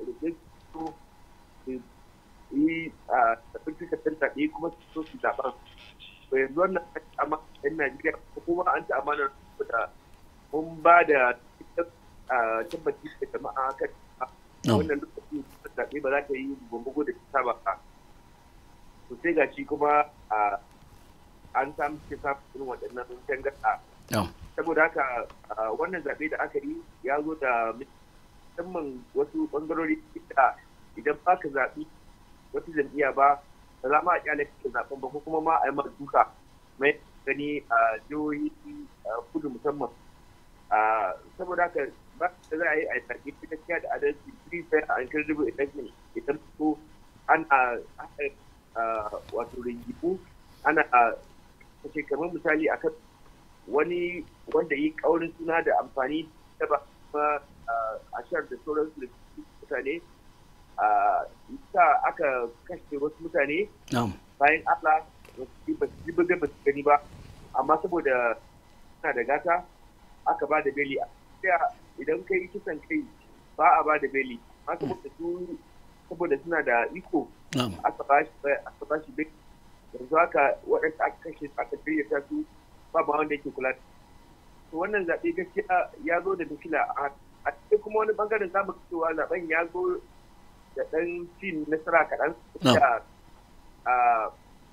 S9: rike su yi a tafi suka tantance kuma su so su zaɓa to yanzu wannan amma yan Najeriya kuma an ci amana da mun ba da tabbaci da jama'a kan wannan lokacin da zaɓe ba za ta yi gwamgwago da ta ba to sai ga shi kuma an samu cikin samun waɗannan tangarɗa saboda haka wannan zaɓe da aka yi ya zo da musamman wasu ɓangarori da idan ba ka zaɓi wata jam'iyya ba da za ma a kyale zaben ba ko kuma ma a yi mara duka mai gani a jihohi kudu musamman saboda haka ba da za a yi a sarki gaskiya da adalci free fair and credible election idan an ana wato rigibu ana kashe kamar misali akan wani wanda yi kaurin suna da amfani da ba a shar da sauransu da mutane sa aka kashe wasu mutane bayan Allah ba su ba su gani ba amma saboda suna da gata aka ba da beli a idan kai kisan kai ba a ba da beli masu hmm. mutu su saboda suna da iko aka ba shi beli yanzu aka waɗanda aka kashe aka ta su ba ba wanda yake kula to wannan zaɓe gaskiya ya zo da dukila a cikin kuma wani bangaren zamu cewa zaɓen ya zo da ɗan cin nasara kaɗan da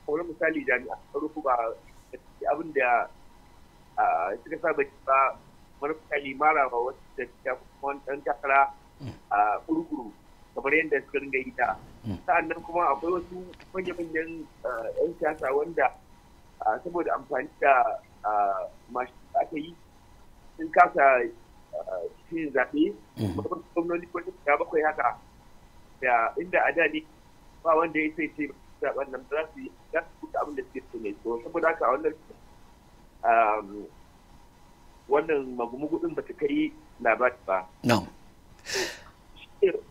S9: kawai misali jami'a tsaro ba abin da suka saba ba wani misali mara ba wasu da ta kuma ɗan takara mm. a kurkuru kamar yadda suka ringa yi ta mm. sa'an nan kuma akwai wasu manya-manyan 'yan siyasa wanda saboda amfani da mashi aka yi sun kasa cin zaɓe mm-hmm. gwamnoni ko ta bakwai haka da inda a da ne ba wanda ya sai ce zaben nan za su za su kuka abin da suke so ne to saboda haka wannan um, wannan magumugudin ba ta kai labari ba no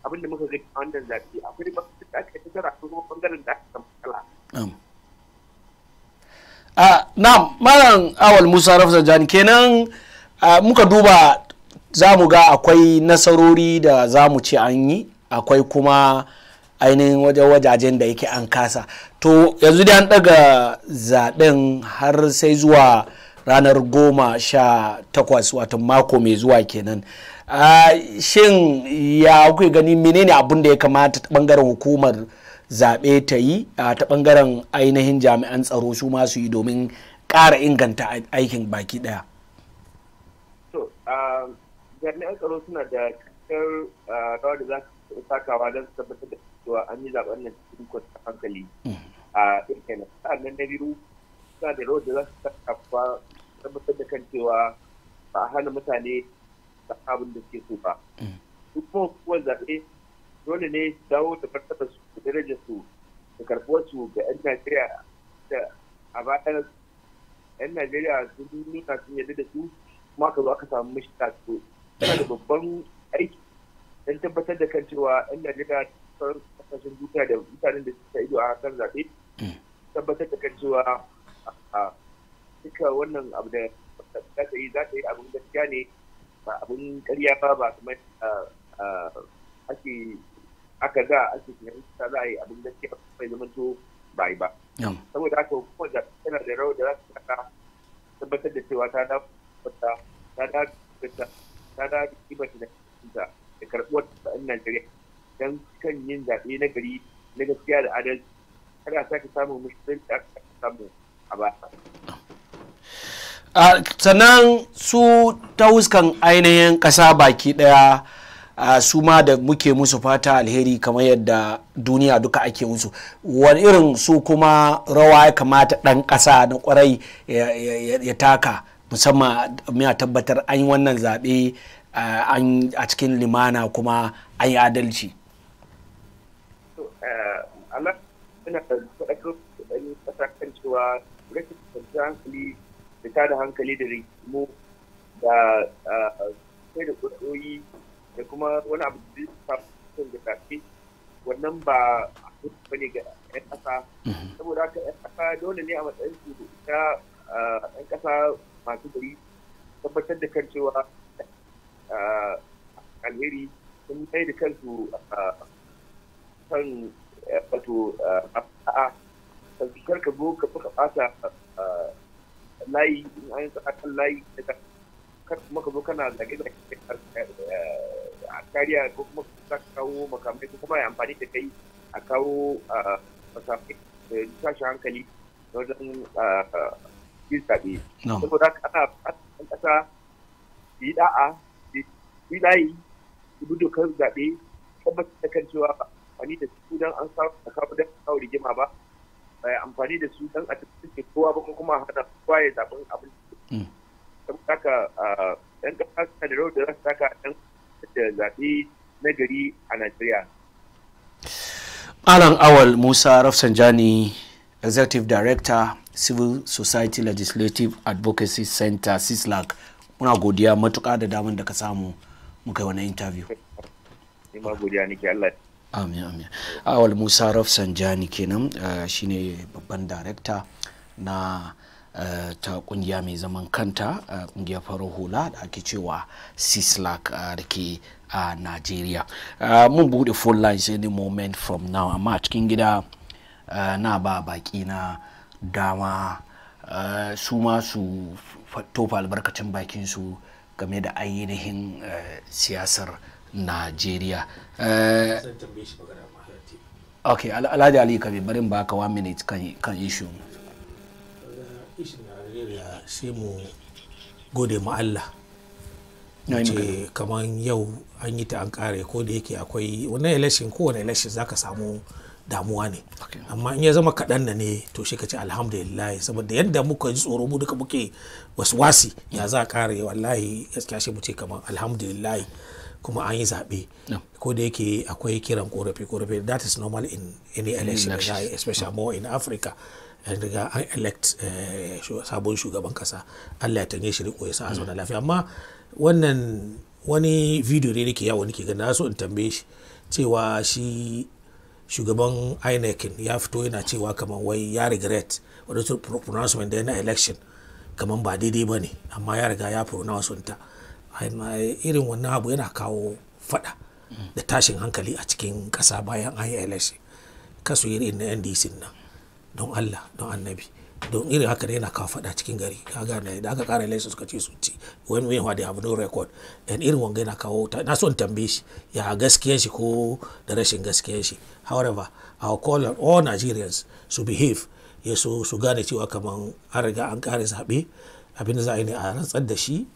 S9: abin da muka ga a wannan zafi akwai ba su da aka tattara su kuma bangaren da aka samu
S8: kala
S1: a ah, nam malam awal musa jani kenan ah, muka duba za mu ga akwai nasarori da za mu ce an yi akwai kuma ainihin wajen wajajen da yake an kasa to yanzu dai an daga zaben har sai zuwa ranar goma sha takwas wato mako mai zuwa kenan shin ya kuke gani menene abin da ya kamata ta bangaren hukumar zaɓe ta yi ta bangaren ainihin jami'an tsaro su masu yi domin ƙara inganta aikin baki ɗaya
S9: jami'an tsaro suna da cikar rawar da za su sake sakawa don su tabbatar da cewa an yi zaben nan cikin kwanciyar hankali mm. a irkaina sa'annan na biyu suna da rawar da za su sakawa tabbatar da kan cewa ba a hana mutane da abin da suke so ba duk mm. kuma kuwa zaɓe dole ne su dawo da martaba su da darajar su da karɓuwar su ga 'yan najeriya da a bayan 'yan najeriya sun nuna sun yadda da su kuma ka zo aka samu mashi tasu yana da babban aiki Dan tabbatar da kan cewa yan najeriya sun kasashen duniya da mutanen da suka ido a hasar zaɓe mm. tabbatar da kan cewa duka wannan abu da za ta yi za ta yi abin gaskiya ne ba abin karya ba ba kamar ake aka za a ake za a yi abin gaskiya mai zaman to ba yi ba saboda haka kuma da tana da rawar da za ta saka tabbatar da cewa ta da ta da ta da ta da ta da karɓuwar ɗan Najeriya don kan yin zaɓe na gari na gaskiya da adalci kada sake samun mushkilar da aka samu
S1: a sannan su ta huskan ainihin ƙasa baki ɗaya su ma da muke musu fata alheri kamar yadda duniya duka ake musu wani irin su kuma rawa ya kamata ɗan ƙasa na kwarai ya taka musamman a tabbatar an yi wannan zaɓe Eh, a cikin limana kuma an yi adalci
S9: eh, Allah suna kan cewa hankali da tada hankali da rikimu da eh, sai da da kuma wani abu da zai da tafi wannan ba ba ne ga 'yan ƙasa mhm. saboda haka 'yan ƙasa dole ne a matsayin su ta 'yan ƙasa masu gari tabbatar da kan cewa alheri sun mai da kansu kan eh, wato kan su karka zo ka fuka fata layi in an sa kan layi da kar kuma ka zo kana zage da eh, a kariya ko kuma ka kawo makamai ko kuma ya amfani da kai a kawo makamai da eh, ya tashi hankali wajen yin zaɓe. Saboda ana fata ƙasa yi da'a ku yi layi ku dokar zaɓe tabbatar da kan cewa amfani da su don an samu a kafa don kawo rigima ba bai amfani da su don a tafi kowa ba kuma hana kowa ya zaɓin abin da mm. haka ɗan ƙasa suna da rawar da za su ɗan da zaɓe na gari a Najeriya.
S1: Alan Awal Musa Rafsanjani, Executive Director, Civil Society Legislative Advocacy Center, CISLAC, muna godiya matuƙa da damar da ka samu. muka wani interview amin amin awal musa rafsanjani kenan eh, shine babban darekta na eh, ta kungiya mai zaman kanta eh, kungiyar farar hula da ake cewa sislak da ke a nigeria mun bude full lines any moment from now amma cikin gida na ba baki na dama su ma su tofa albarkacin bakin su game da ainihin eh, siyasar najeriya eh, ok alhaji ali kabi barin ka one minute kan ishu
S6: eh, sai mu gode ma Allah ce kamar yau an yi ta an kare ko da yake akwai wannan election kowane election zaka samu damuwa ne amma in ya zama kaɗan na ne to shi ka ce alhamdulillah saboda yadda muka ji tsoro mu duka muke wasu wasi ya za a kare wallahi gaskiya shi mu ce kamar alhamdulillah kuma an yi zaɓe ko da yake akwai kiran korafi korafi that is normal in any election especially more in Africa an riga an elect eh, sabon shugaban kasa Allah ya tanye shi riko ya sa a zauna mm. lafiya amma wannan wani video ne nake yawo nake gani na so in tambaye shi cewa shi shugaban inec ya fito yana cewa kamar wai ya regret wadatar pronouncement da yana election kamar ba daidai ba ne amma ya riga ya pronounce ta irin wannan abu yana kawo fada da tashin hankali a cikin kasa bayan an yi election kasu irin na ndc nan don allah don annabi don irin haka ne yana kawo faɗa cikin gari ka gane da aka kara laisa suka ce sun ci wani mewa da have no record and irin wanga yana kawo na son tambaye shi ya gaskiyan shi ko da rashin gaskiyan shi however our call on all Nigerians to behave ya so su gane cewa kamar an riga an kare zaɓe abin za a yi ne a rantsar da shi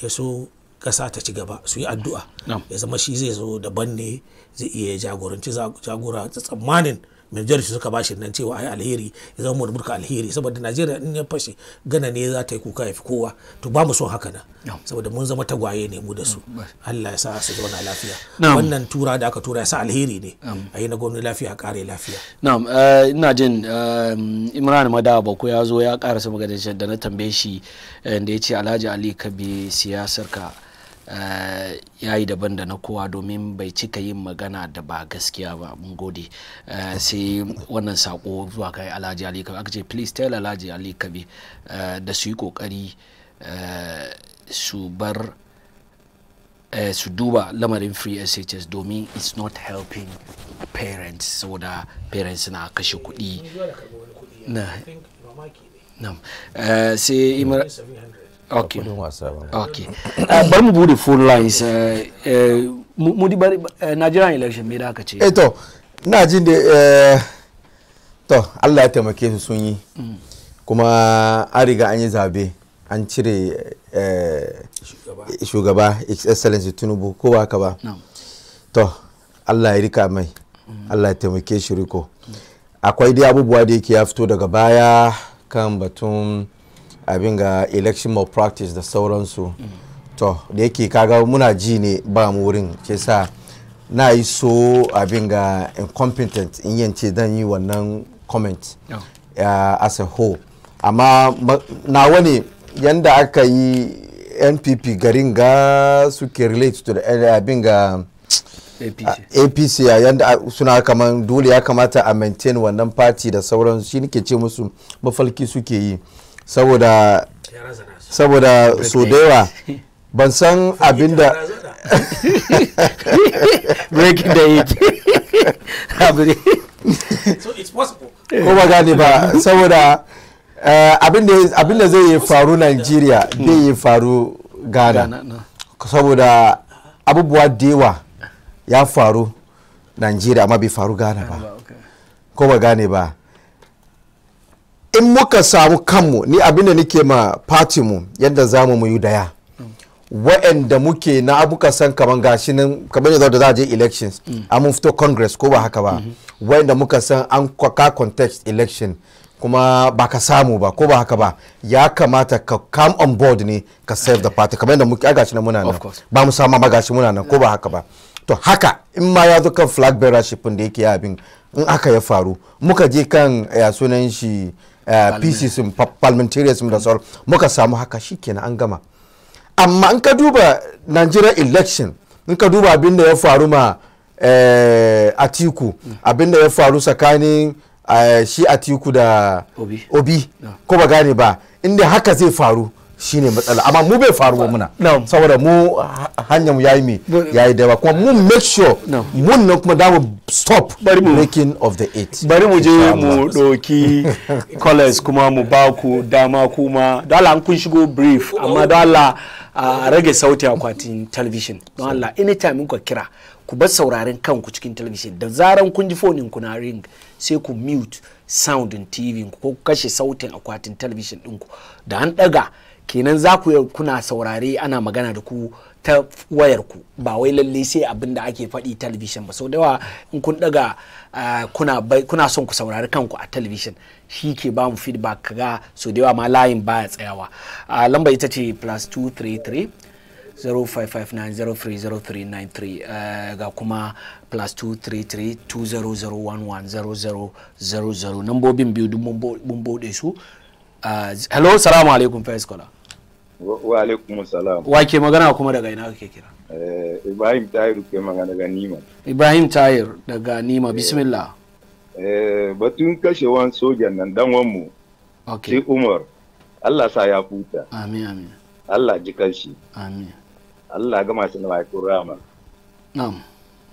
S6: ya so kasa ta ci gaba su yi addu'a ya zama shi zai zo daban ne zai iya jagoranci jagora tsammanin majority suka ba shi nan cewa ai alheri ya zama mu murka alheri saboda najeriya in ya fashe gana ne za ta yi kuka ya fi kowa to ba mu son haka na saboda mun zama tagwaye ne mu da su allah ya sa su zauna lafiya wannan tura da aka tura ya sa alheri ne a yi na gwamnati lafiya a kare lafiya
S1: na'am eh, ina jin eh, imran madawa bako ya zo ya karasa maganar da na tambaye shi eh, da ya ce alhaji ali ka bi siyasar ka Eh, ya yi daban da na kowa domin bai cika yin magana da ba gaskiya ba mun gode eh, sai wannan sako zuwa kai alhaji ali kabi aka ce please tell alhaji ali kabi eh, da su yi kokari su bar su duba lamarin free shs domin it's not helping parents saboda parents na kashe kuɗi na sai okay. kudin wasa ba okay. uh, bari mu bude phone lines uh, uh, mu di bari Nigerian election me da aka ce eh to
S5: na jin da to Allah ya taimake su sun yi mm. kuma an riga an yi zabe an cire shugaba excellency tinubu ko ba ka ba to Allah ya rika mai mm. Allah ya taimake shi riko akwai dai abubuwa da yake ya fito daga baya kan batun abin ga election malpractice da sauransu to da yake kaga muna ji ne ba mu wurin ke sa na yi so abin ga incompetent in yance dan yi wannan comment oh. as a whole amma na wani yanda aka yi npp garin ga suke relate to eh, abin ga apc a yanda suna kaman dole ya kamata a maintain wannan party da sauran shi nake ce musu mafalki suke yi saboda saboda so da yawa ban san abin da breaking da ko ba gane ba saboda eh, abin da zai yi faru nigeria zai yi faru ghana saboda abubuwa da ya faru nigeria amma bai faru ghana ba ah, ko ba gane ba in muka samu kanmu ni abinda nake ma mu yadda za mu yi daya wa'anda muke na abuka san kamar gashi nan kamar yanzu da za a je elections a mun fito congress ko ba haka ba wa'anda muka san an kwaka context election kuma ba ka samu ba ko ba haka ba ya kamata ka come on board ne ka save the party kamar yadda muke gashi nan muna nan ba mu samu ma gashi muna nan ko ba haka ba to haka in ma ya zo kan flag bearership da yake abin in aka ya faru muka je kan ya sunan shi Eh, pieces parliamentarism da sauran muka samu haka shikenan an gama amma in ka duba nigeria election in ka duba abin da ya faru ma eh, atiku abin da ya faru tsakanin eh, shi atiku da obi ko ba gane ba inda haka zai faru shine matsala amma mu bai faruwa muna saboda mu hanyar yayi yayi da ba kuma mu make sure mun nan kuma da mu stop breaking of the eight bari mu je mu doki college kuma mu ba ku dama kuma da Allah an kun shigo brief
S1: amma da Allah a rage sautin akwatin television don Allah anytime kun kira ku bar sauraren kanku cikin television da zaran kun ji fonin ku na ring sai ku mute sound tv ku ko kashe sautin akwatin television ɗinku da an ɗaga kenan za ku kuna saurare ana magana da ku ta wayar ku ba wai lalle sai abin da ake faɗi talabishin ba sau da yawa in kun daga ah, kuna son ku saurari kanku a talabishin shi ke ba mu feedback ga sau da yawa ma layin baya tsayawa ah, lamba ita ce plus 233 ah, ga kuma plus 233 nambobin biyu duk mun bude su hello salamu alaikum first caller
S4: wa alaikum salam wa ke magana kuma daga ina kake kira eh, ibrahim tahir ke magana daga nima
S1: ibrahim tahir daga nima eh. bismillah
S4: eh, batun kashewan sojan nan dan wanmu sai umar allah sa ya futa amin amin allah ji kanshi amin allah ga masu lafiya rama na'am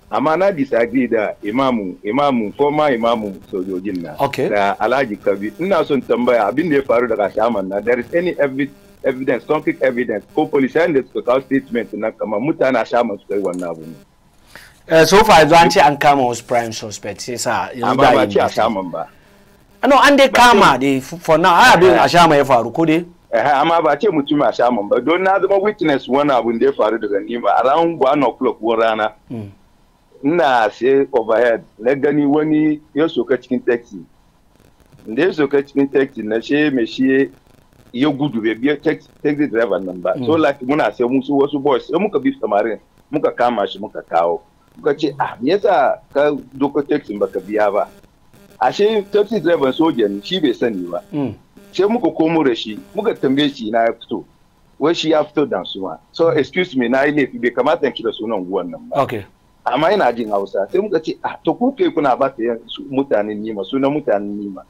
S4: amma na disagree da imamu imamu ma imamu sojojin na da alhaji kabi ina son tambaya abin da ya faru daga shaman na there is any evidence evidence concrete evidence ko polisayen da suka kawo statement na kama mutane a sha masu kai wannan abu ne eh, so far yanzu an ce
S1: an kama wasu prime suspect. sai sa yanzu da ba ce a
S4: saman ba ah, an dai kama dai for now eh. a abin a shama ya faru ko dai eh, amma ba ce mutum a shaman ba don na zama witness wani abu da ya faru daga ni ba around one o'clock wani rana hmm. ina sai overhead na gani wani ya soka cikin taxi da ya soka cikin taxi na she mai shi ya gudu bai biya taxi driver nan ba mm. so like muna sai musu wasu boys sai muka bi samarin muka kama shi muka kawo muka ce ah me yasa ka doko taxi baka biya ba ashe taxi driver soja ne shi bai sani ba mm. sai muka komo da shi muka tambaye shi na ya fito wai shi ya fito dan suma so mm. excuse me na yi laifi bai kamata in kira sunan guwan nan ba amma yana jin hausa sai muka ce ah to ku kai kuna ba ta mutanen nima sunan mutanen nima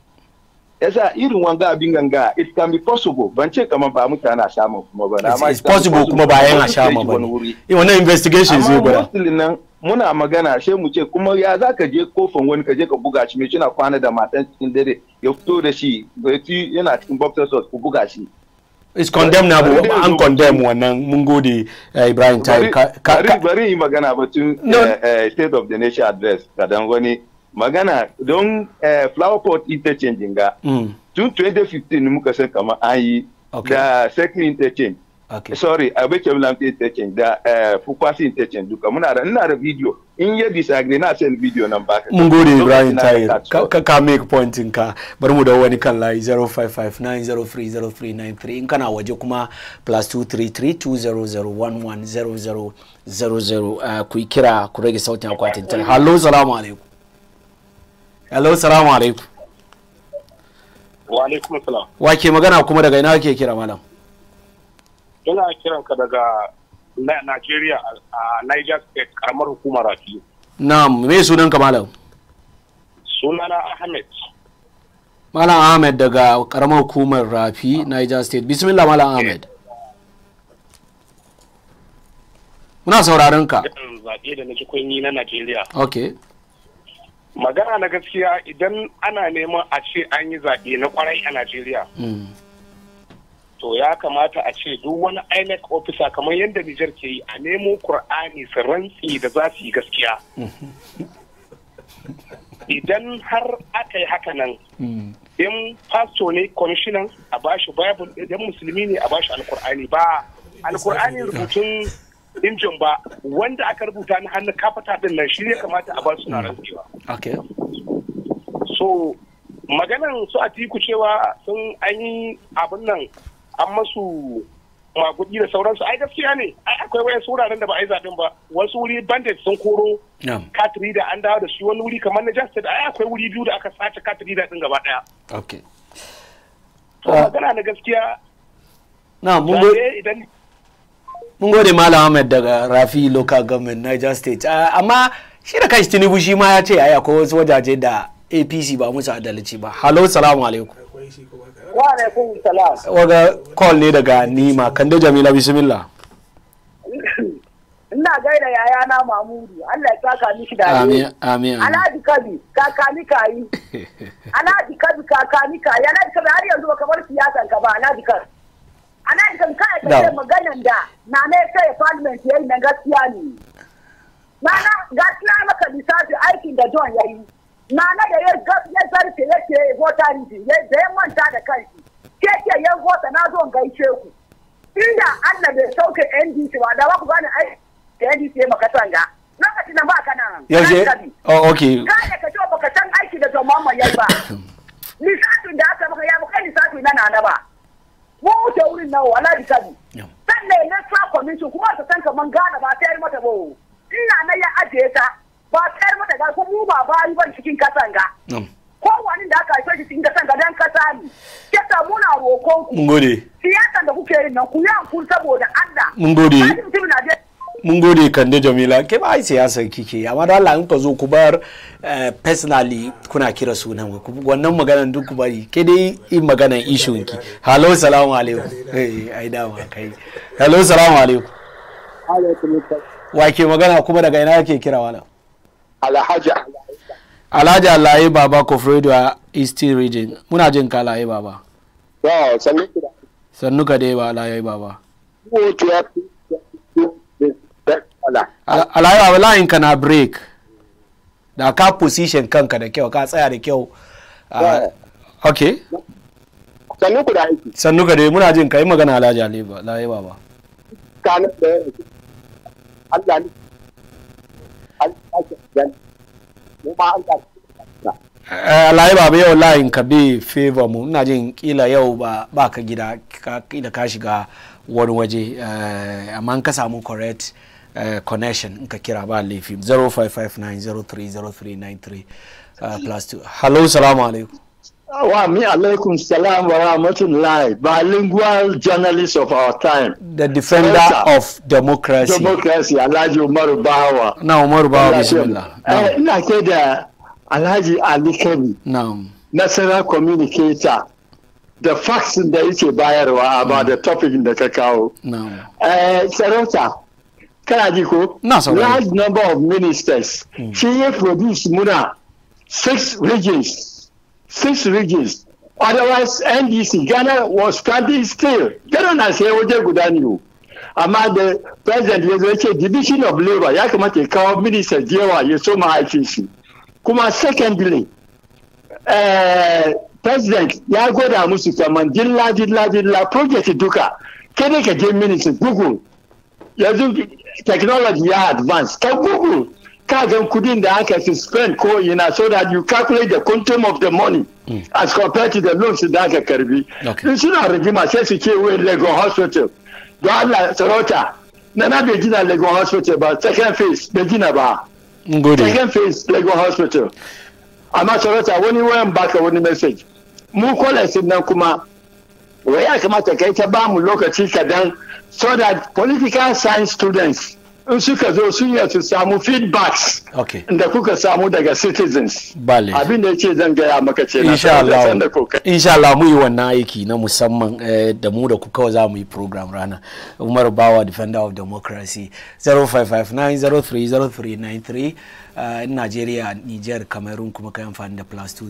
S4: yasa irin wanga abin ganga it can be possible ban ce kamar ba mutane a shama kuma ba amma it's possible kuma ba a shama ba eh wannan investigation zai gura nan muna magana sai mu ce kuma ya za ka je kofin wani ka je ka buga shi mai kina kwana da matan cikin dare ya fito da shi yana cikin boxer sauce ku buga shi
S1: is condemnable ba an condemn wannan mun gode eh, Ibrahim Tayyip
S4: bari bari magana batun eh, eh, state of the nation address kadan wani magana don uh, flower pot interchange ga mm. tun 2015 muka san kama an yi okay. da second interchange okay. sorry abeche blanc interchange da uh, fukwasi interchange duka muna da ina da video in ya disagree na send video nan ba mun gode Ibrahim Tahir
S1: ka ka make point in ka bari mu da wani kan layi 0559030393 in kana waje kuma plus +2332001100 eh, ku kira ku rage sautin akwatin hello salamu alaikum hello salamu alaikum
S9: wa alaikum salam wa ke
S1: magana kuma daga ina ke kira malam
S9: ina kiran ka daga Najeriya a Niger State karamar hukumar Rafi
S1: na'am me sunan ka malam
S9: sunana Ahmed
S1: Malam Ahmed daga karamar hukumar Rafi Niger State bismillah Malam eh. Ahmed
S3: muna sauraron ka
S6: zaɓe da na ji kunyi
S10: na Nigeria okay magana na gaskiya idan ana neman a ce an yi zaɓe na kwarai a najeriya hmm. to ya kamata a ce duk wani INEC ofisa kamar yadda Nijar ke yi a nemo Kur'ani su rantsi da za su yi gaskiya. Hmm. Idan har aka yi haka nan, hmm. in fasto ne kwamishinan a bashi Bible, idan musulmi ne a bashi Alkur'ani ba, Alkur'ani rubutun injin ba wanda aka rubuta na hannun kafata din nan shi ne kamata a ba su na mm. rantsewa so maganan su a tiku cewa sun an yi abin nan an masu magudi da sauransu ai gaskiya ne ai akwai wayan wuraren da ba a yi zaɓen ba wasu wuri bandit sun koro katiri da an dawo da shi wani wuri kamar na justice ai akwai wuri biyu da aka sace katiri da din gaba daya
S8: okay uh,
S10: magana na gaskiya
S8: na mun
S4: idan
S1: mun gode malam ahmed daga rafi local government niger state ah, amma shi da kanshi tinubu shi ma ya ce ya akwai wasu wajaje da apc ba musu adalci ba halo salamu alaikum
S13: wa alaikum salam
S1: waga call ne daga nima kande jamila bismillah
S13: ina gaida yaya na mamudu Allah ya saka miki da amin amin alhaji kabi kakani kayi alhaji kabi kakani kayi alhaji kabi har yanzu ba kamar siyasan ka ba alhaji kabi a nan kan kai da maganan da na ne sai parliament yayi na gaskiya ne mana gaskiya maka lissafi aikin da John yayi mana da ya gaskiya zarfe yake vota ni da ya manta da kanshi keke ya vota na zo gaishe ku inda Allah bai sauke NDC ba da ba ku gane ai NDC ya maka sanga lokacin da ba ka nan
S10: yaushe oh okay kada
S13: ka ce baka san aiki da John Muhammad yayi ba lissafin da aka maka ya maka lissafi na nana ba mun wuce wurin nawo alhaji kadi sannan electoral commission kuma ta san kaman gana ba sayar mata ba ina na ya ajiye ta ba sayar mata ga ko mu ba bayi ban cikin kasan ga kowane da aka haife shi cikin kasan ga dan kasa ne kesa muna roƙon ku mun gode siyasan da kuke yin nan ku yi hankuri saboda Allah mun gode
S1: mun gode kande jamila ke ba ai siyasar kike amma da Allah in ka zo ku bar eh, personally kuna kira sunan ku wannan maganan duk ku bari ke dai in maganan issue ki hello salamu alaikum eh ai dawa kai hello salamu alaikum wa ke magana kuma daga ina kake kira wala
S3: alhaji alhaji alaye
S1: baba kofredo a eastern region muna jin ka alaye baba sannu ka dai ba alaye baba
S3: alayawa layin ka
S1: na break da ka position kanka da kyau ka tsaya da kyau ok sannu ku da aiki sannu ka dai muna jin ka yi magana alhaji alaiba layi baba Allah Alayi eh, eh, ba yau layin ka bi favor mu ina jin kila yau ba ka gida kila ka shiga wani waje eh, amma ka samu correct Eh, connection in ka kira ba laifi 0559030393 uh, plus 2 hello salamu alaikum
S3: wa mi alaikum salam wa rahmatullahi bilingual journalist of our time the defender Elsa. of
S1: democracy democracy
S3: alhaji umar bawa na umar bawa bismillah eh, ina ke da alhaji ali kabi national communicator facts fax da yake bayarwa about the topic da ka kawo eh, sarauta kana large number of ministers hmm. shi ya produce muna six regions six regions otherwise ndc ghana was standing still ghana na sai Oje guda ne o amma da president ya zai division of labor ya kamata ya kawo minister da yawa ya so aikin shi kuma secondly eh, president ya goda musu kaman dilla dilla dilla project duka kada ka je minister google yanzu technology ya advance ka google ka gan kudin da aka fi spend ko ina so that you calculate the quantum of the money mm. as compared to the loans da aka karbi in suna rigima sai su ke wai lagos hospital don allah sarauta na na bai gina lagos hospital ba second phase bai gina ba second phase lagos hospital amma sarauta wani wayan baka wani message mu kwalasin nan kuma wai ya kamata kai ta bamu lokaci kadan so that political science students in suka zo sun yi su samu feedbacks da kuka samu daga citizens abin da ce zan gaya maka ce na insha Allah mu yi
S1: wannan aiki na musamman eh, da mu da kuka za mu yi program rana Umar Bawa defender of democracy 0559030393 eh, in Nigeria Niger Cameroon kuma kai amfani da plus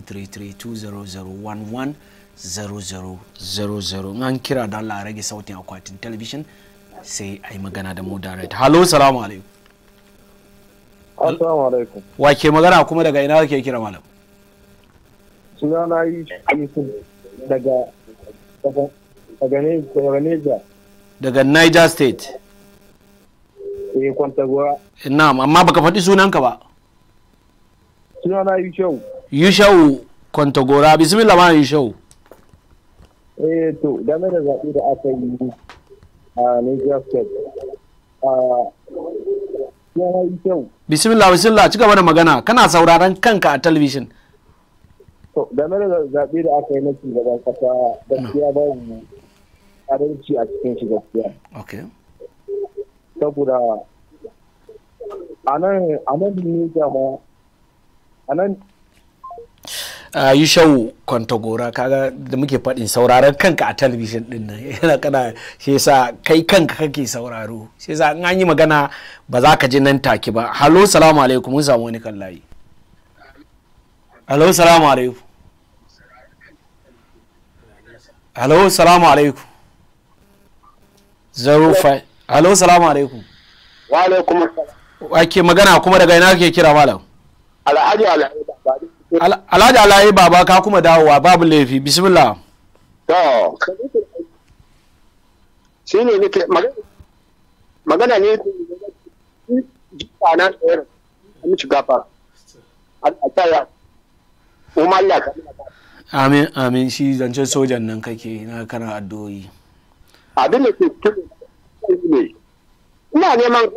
S1: one. 0000 nan kira da Allah rage sautin akwatin television sai a yi magana da mu direct halo salamu alaikum
S10: assalamu alaikum
S1: wa ke magana kuma daga ina kake kira malam
S10: suna na yi daga daga daga Niger
S1: daga Niger state
S10: eh kwanta gwa
S1: ina amma baka faɗi sunanka ba suna na yi sunana Yushau Yushau kwantagora bismillah ma Yushau eh
S10: to game da zaɓe da aka yi a Niger State ya yi kyau
S1: bismillah bismillah ci gaba da magana kana sauraron kanka a talabijin
S10: to game da zaɓe da aka yi na shugaban ƙasa gaskiya ba mu adalci a cikin shi gaskiya saboda a nan a nan Niger ma a nan
S1: a yi shau kwantagora kaga da muke faɗin sauraron kanka a talabijin din nan yana kana shi yasa kai kanka kake sauraro shi yasa in an yi magana ba za ka ji nan take ba halo salamu alaikum mun samu wani kan layi halo salamu alaikum halo salamu alaikum zero halo salamu alaikum
S3: wa alaikum
S1: ake magana kuma daga ina kake
S3: kira malam alhaji alhaji alhaji alayi baba ka kuma dawowa babu laifi bismillah to shi ne nake magana ne jikana tsayar a mici gafa al'ataya kuma Allah ka
S8: amin
S1: amin shi zancen sojan nan kake na kana addu'o'i
S3: abin da ke tuni ne ina neman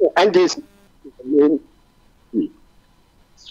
S3: ga NDC ne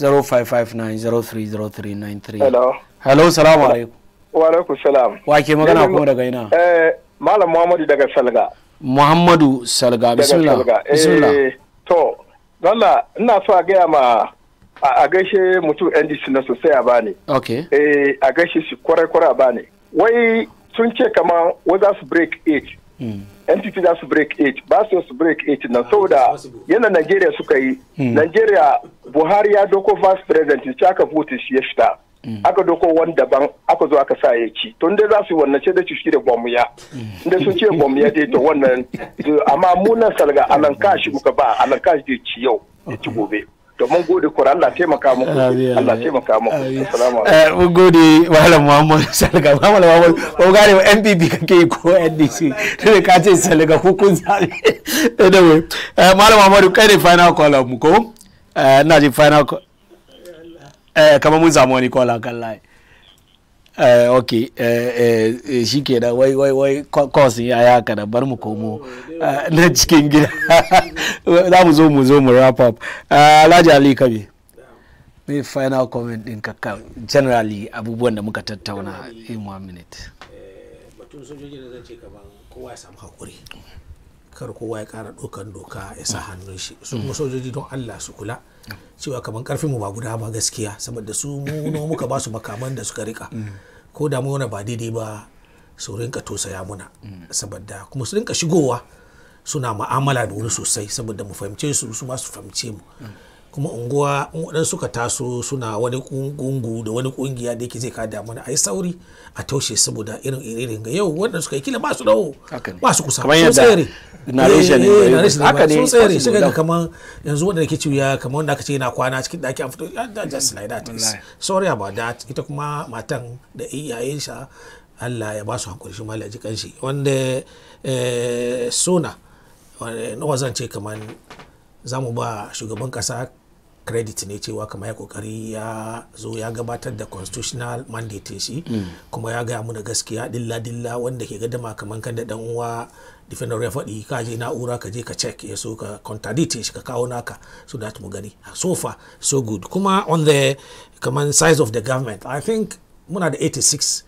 S1: 0559030393 hello hello salamu alaikum
S10: wa alaikum salam wa ke magana eh, kuma daga ina eh malam
S4: muhammadu daga salga
S1: muhammadu salga bismillah eh, bismillah
S4: to zalla ina so a gaya ma a gaishe mutum ndc na sosai a bani ok eh a gaishe shi kwarai kwarai a bani wai sun ce kama wai su break it NPP za su break 8 ba su su break 8 nan saboda ah, yana Najeriya suka yi hmm. Najeriya Buhari ya doko vice president ya aka vote shi ya shita hmm. aka doko wani daban aka zo aka sa ya ci to dai za su wannan ce da ci shi da bomuya inda sun ce bomuya dai to wannan amma munan salga alankashi muka ba alankashi dai ci yau ya ci gobe to mun gode ku Allah taimaka muku Allah taimaka muku assalamu alaikum eh,
S1: mun gode malam Muhammad Salga Muhammad Muhammad ko gare wa MPP kake ko NDC to ka ce Salga hukun zabe da wai eh, malam Muhammad kai ne final call mu ko eh, na ji final call kamar mun samu wani call kan line eh, ok eh, eh, eh shi ke da wai wai wai kwas ya yi haka da bar mu komo eh, na cikin gida za mu zo mu zo mu wrap up alhaji ali kabe mai final comment din kaka generally abubuwan da muka tattauna in one minute
S6: batun sojoji da zan ce kaman kowa ya samu hakuri kar kowa ya kara dokan doka ya sa hannun shi su kuma sojoji don Allah su kula cewa kamar karfin mu ba guda ba gaskiya saboda su mu muka ba su makaman da suka rika ko da mu wani ba daidai ba su rinka tosaya muna saboda kuma su rinka shigowa suna ma'amala da wani sosai saboda mu fahimce su su ma su fahimce mu kuma unguwa in suka taso suna wani gungu da wani kungiya da yake zai ka damu a yi sauri a taushe saboda irin irin ga yau waɗanda suka yi kila ba su dawo
S8: ba su kusa eh, eh, sun tsere haka ne sun tsere suka ga
S6: kamar yanzu waɗanda ke ciwo kamar wanda aka ce yana kwana cikin daki an fito just like that sorry about that ita kuma matan da iyayen sa Allah ya ba su hankuri shi mala ji kanshi wanda eh, suna wanda zan ce kamar za mu ba shugaban kasa credit ne cewa kamar ya kokari ya zo ya gabatar da constitutional mandate shi mm. kuma ya gaya muna gaskiya dilla dilla wanda ke dama kamar kan da dan uwa defender ya faɗi ka je na'ura ka je ka check ya so ka contradict shi ka kawo naka so that mu gani so far so good kuma on the kamar size of the government i think muna da 86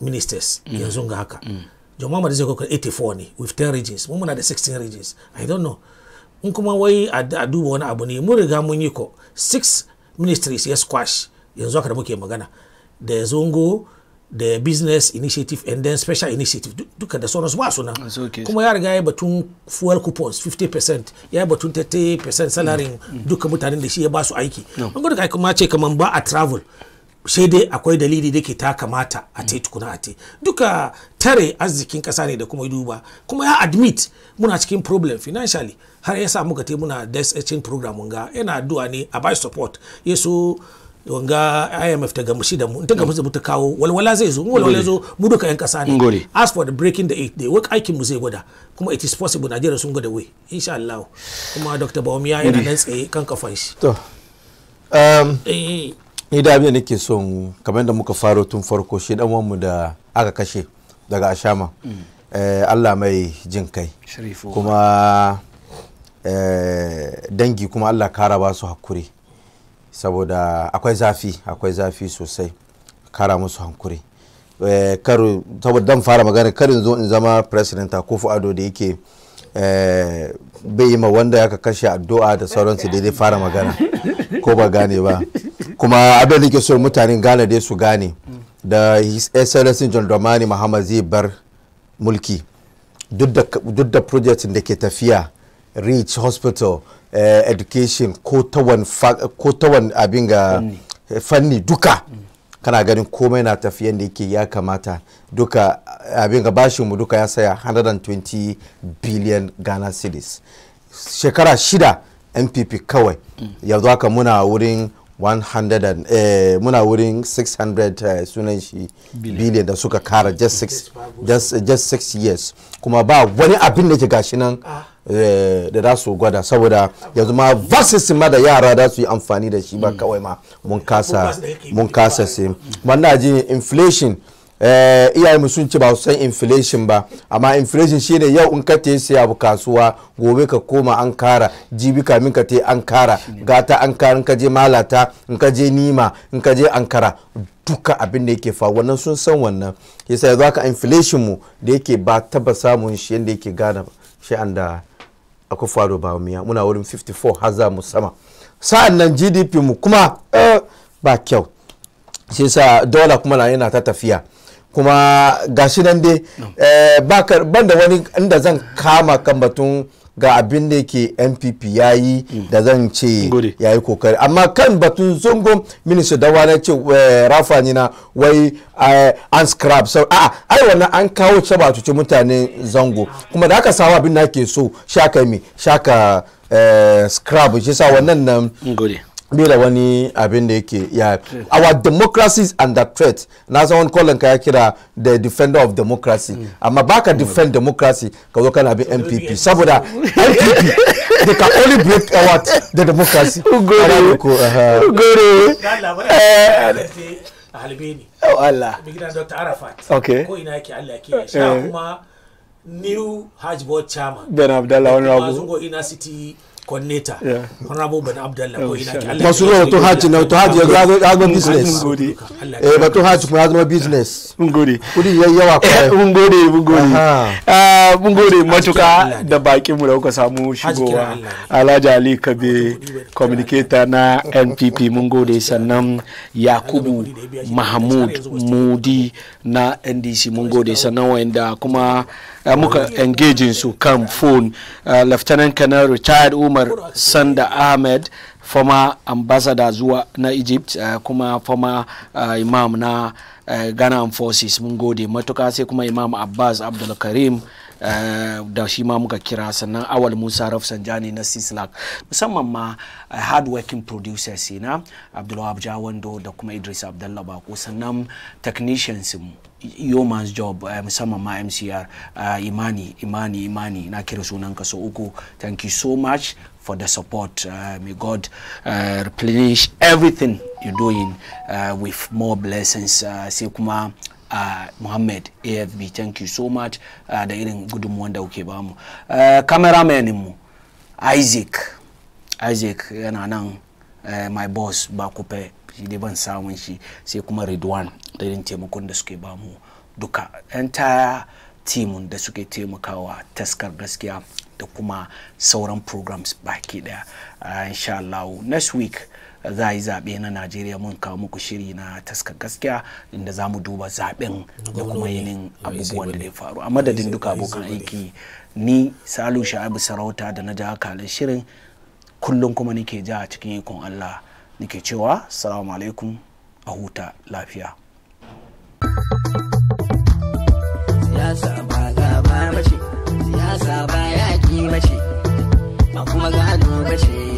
S6: ministers mm. yanzu ga haka mm. jama'a da zai 84 ne with 10 regions mu muna da 16 regions i don't know in kuma wai a duba wani abu ne mun riga mun yi ko six ministries ya squash yanzu haka da muke magana da zongo da business initiative and then special initiative duka da sauransu ba suna kuma ya riga ya batun fuel coupons 50% ya batun 30% salarin duka mutanen da shi ya ba su aiki an gudu kai kuma ce kaman ba a travel sai dai akwai dalili da ke ta kamata a te tukuna a te duka tare arzikin kasa ne da kuma duba kuma ya admit muna cikin problem financially har yasa muka te muna desecin program ga yana addu'a ne a bai support yeso wanga IMF ta gamshi da mu ta mu ta kawo walwala zai zo walwala zo mu duka yan kasa ne as for the breaking the eight day work aikin mu zai gwada kuma it is possible Najeriya sun gwada way insha Allah kuma Dr. Bawumia yana nan tsaye kan kafan shi
S5: to um eh, eh. ni da abin da nake son kamar da muka faro tun farko shi dan wanmu da aka kashe daga Ashama mm. eh, Allah mai jin kai kuma Eh, dangi kuma allah kara ba su hakuri saboda akwai zafi akwai zafi sosai kara musu hankuri eh, karu saboda dan fara magana karin zo in zama presidenta ko ado da yake eh, bai yi ma wanda ya kashe addu'a da sauransu daidai fara magana ko ba gane ba kuma abin da ke so mutanen gane dai su gane da sls john domani muhammad zai bar mulki duk da project da ke tafiya reach hospital uh, education ko ta wani abin ga fanni duka kana ganin komai na tafiyan da yake ya kamata duka abin ga bashinmu duka ya saya 120 billion ghana cedis shekara shida npp kawai yanzu haka muna wurin 100 eh, muna wurin 600 uh, eh, sunan shi billion da suka kara just 6 just, uh, just years kuma ba wani abin da ke gashi nan ah. Eh, da za su gwada saboda yanzu ma vaccines ma da yara da su yi amfani da shi ba mm. kawai ma mun kasa se wanda ji inflation eh, iyaye mu sun ci ba su san inflation ba amma inflation shi ne yau in ka te siya abu kasuwa gobe ka koma an kara jibi kamin ka te an kara gata an kara in ka je malata in ka je nima in ka je ankara duka abin da yake fa wannan sun san wannan yasa yanzu haka inflation mu da yake ba taba samun shi yanda yake gane ba shi an da akwai faro ba miya muna wurin 54 har za mu sama sa'an nan gdp mu kuma eh, ba kyau shi sa dola kuma na yana ta tafiya kuma gashi nan dai eh, ban da wani inda zan kama kan batun ga abin da yake npp ya yi mm. da zan ce ya yi kokari amma kan batun zongo minista dawa na ce eh, rafa nina wai eh, an scrap sau a ai wannan an kawo ce ba mutanen zango kuma da aka samu abin da ake so shaka mi shaka eh, scrap shi sa wannan nan bai wani abin da yake ya our democracy is under threat na san wani kolon ka ya kira the defender of democracy mm. amma baka defend democracy ka zo kana bin mpp saboda mpp they can only break our the democracy ugore ugore
S6: halbe oh Allah bigina Dr. Arafat okay. ko ina yake Allah yake sha eh. kuma new hajbot chairman Ben Abdallah honorable rabu inner city konneta honorable bani abdallah ko oh, ina ki Allah basu ne to haji na to haji ya zama business
S5: eh ba to haji kuma ya zama business mun gode kudi yayi yawa eh, ko mun gode mun gode ah,
S1: mun gode matuka da baki mu da kuka samu shigowa Alhaji Ali Kabe communicator na NPP mun gode sannan Yakubu Mahmud Mudi na NDC mun gode sannan wanda kuma Eh, muka engaging su kan phone eh, lieutenant colonel retired umar sanda ahmed former ambassador zuwa na egypt eh, kuma former imam na ghana forces mun gode matuka sai kuma imam abbas abdulkarim Eh, da shi ma muka kira sannan awal musa rafsanjani na sislak musamman ma eh, hard working producers na abdulwahab wando da kuma idris abdallah bako sannan technicians yeoman's job eh, musamman ma mcr imani imani imani na kira sunan kaso uku thank you so much for the support. Uh, may God uh, replenish everything you're doing with more blessings. sai kuma. uh, muhammad afb thank you so much uh, da irin gudunmuwan da kuke bamu uh, cameraman mu isaac isaac yana nan uh, my boss ba ku shi dai ban samun shi sai kuma ridwan da irin taimakon da suke bamu duka entire timun da suke taimakawa taskar gaskiya da kuma sauran programs baki daya uh, insha Allah next week za yi zaɓe na najeriya mun kawo muku shiri na taska gaskiya inda za mu duba zaɓen da kuma yinin abubuwan da ya faru a madadin duka abokan aiki ni salu sha'abu sarauta da na ja kalin shirin kullum kuma nike ja cikin ikon allah nike cewa salamu alaikum a huta lafiya
S2: siyasa ba siyasa ba ba kuma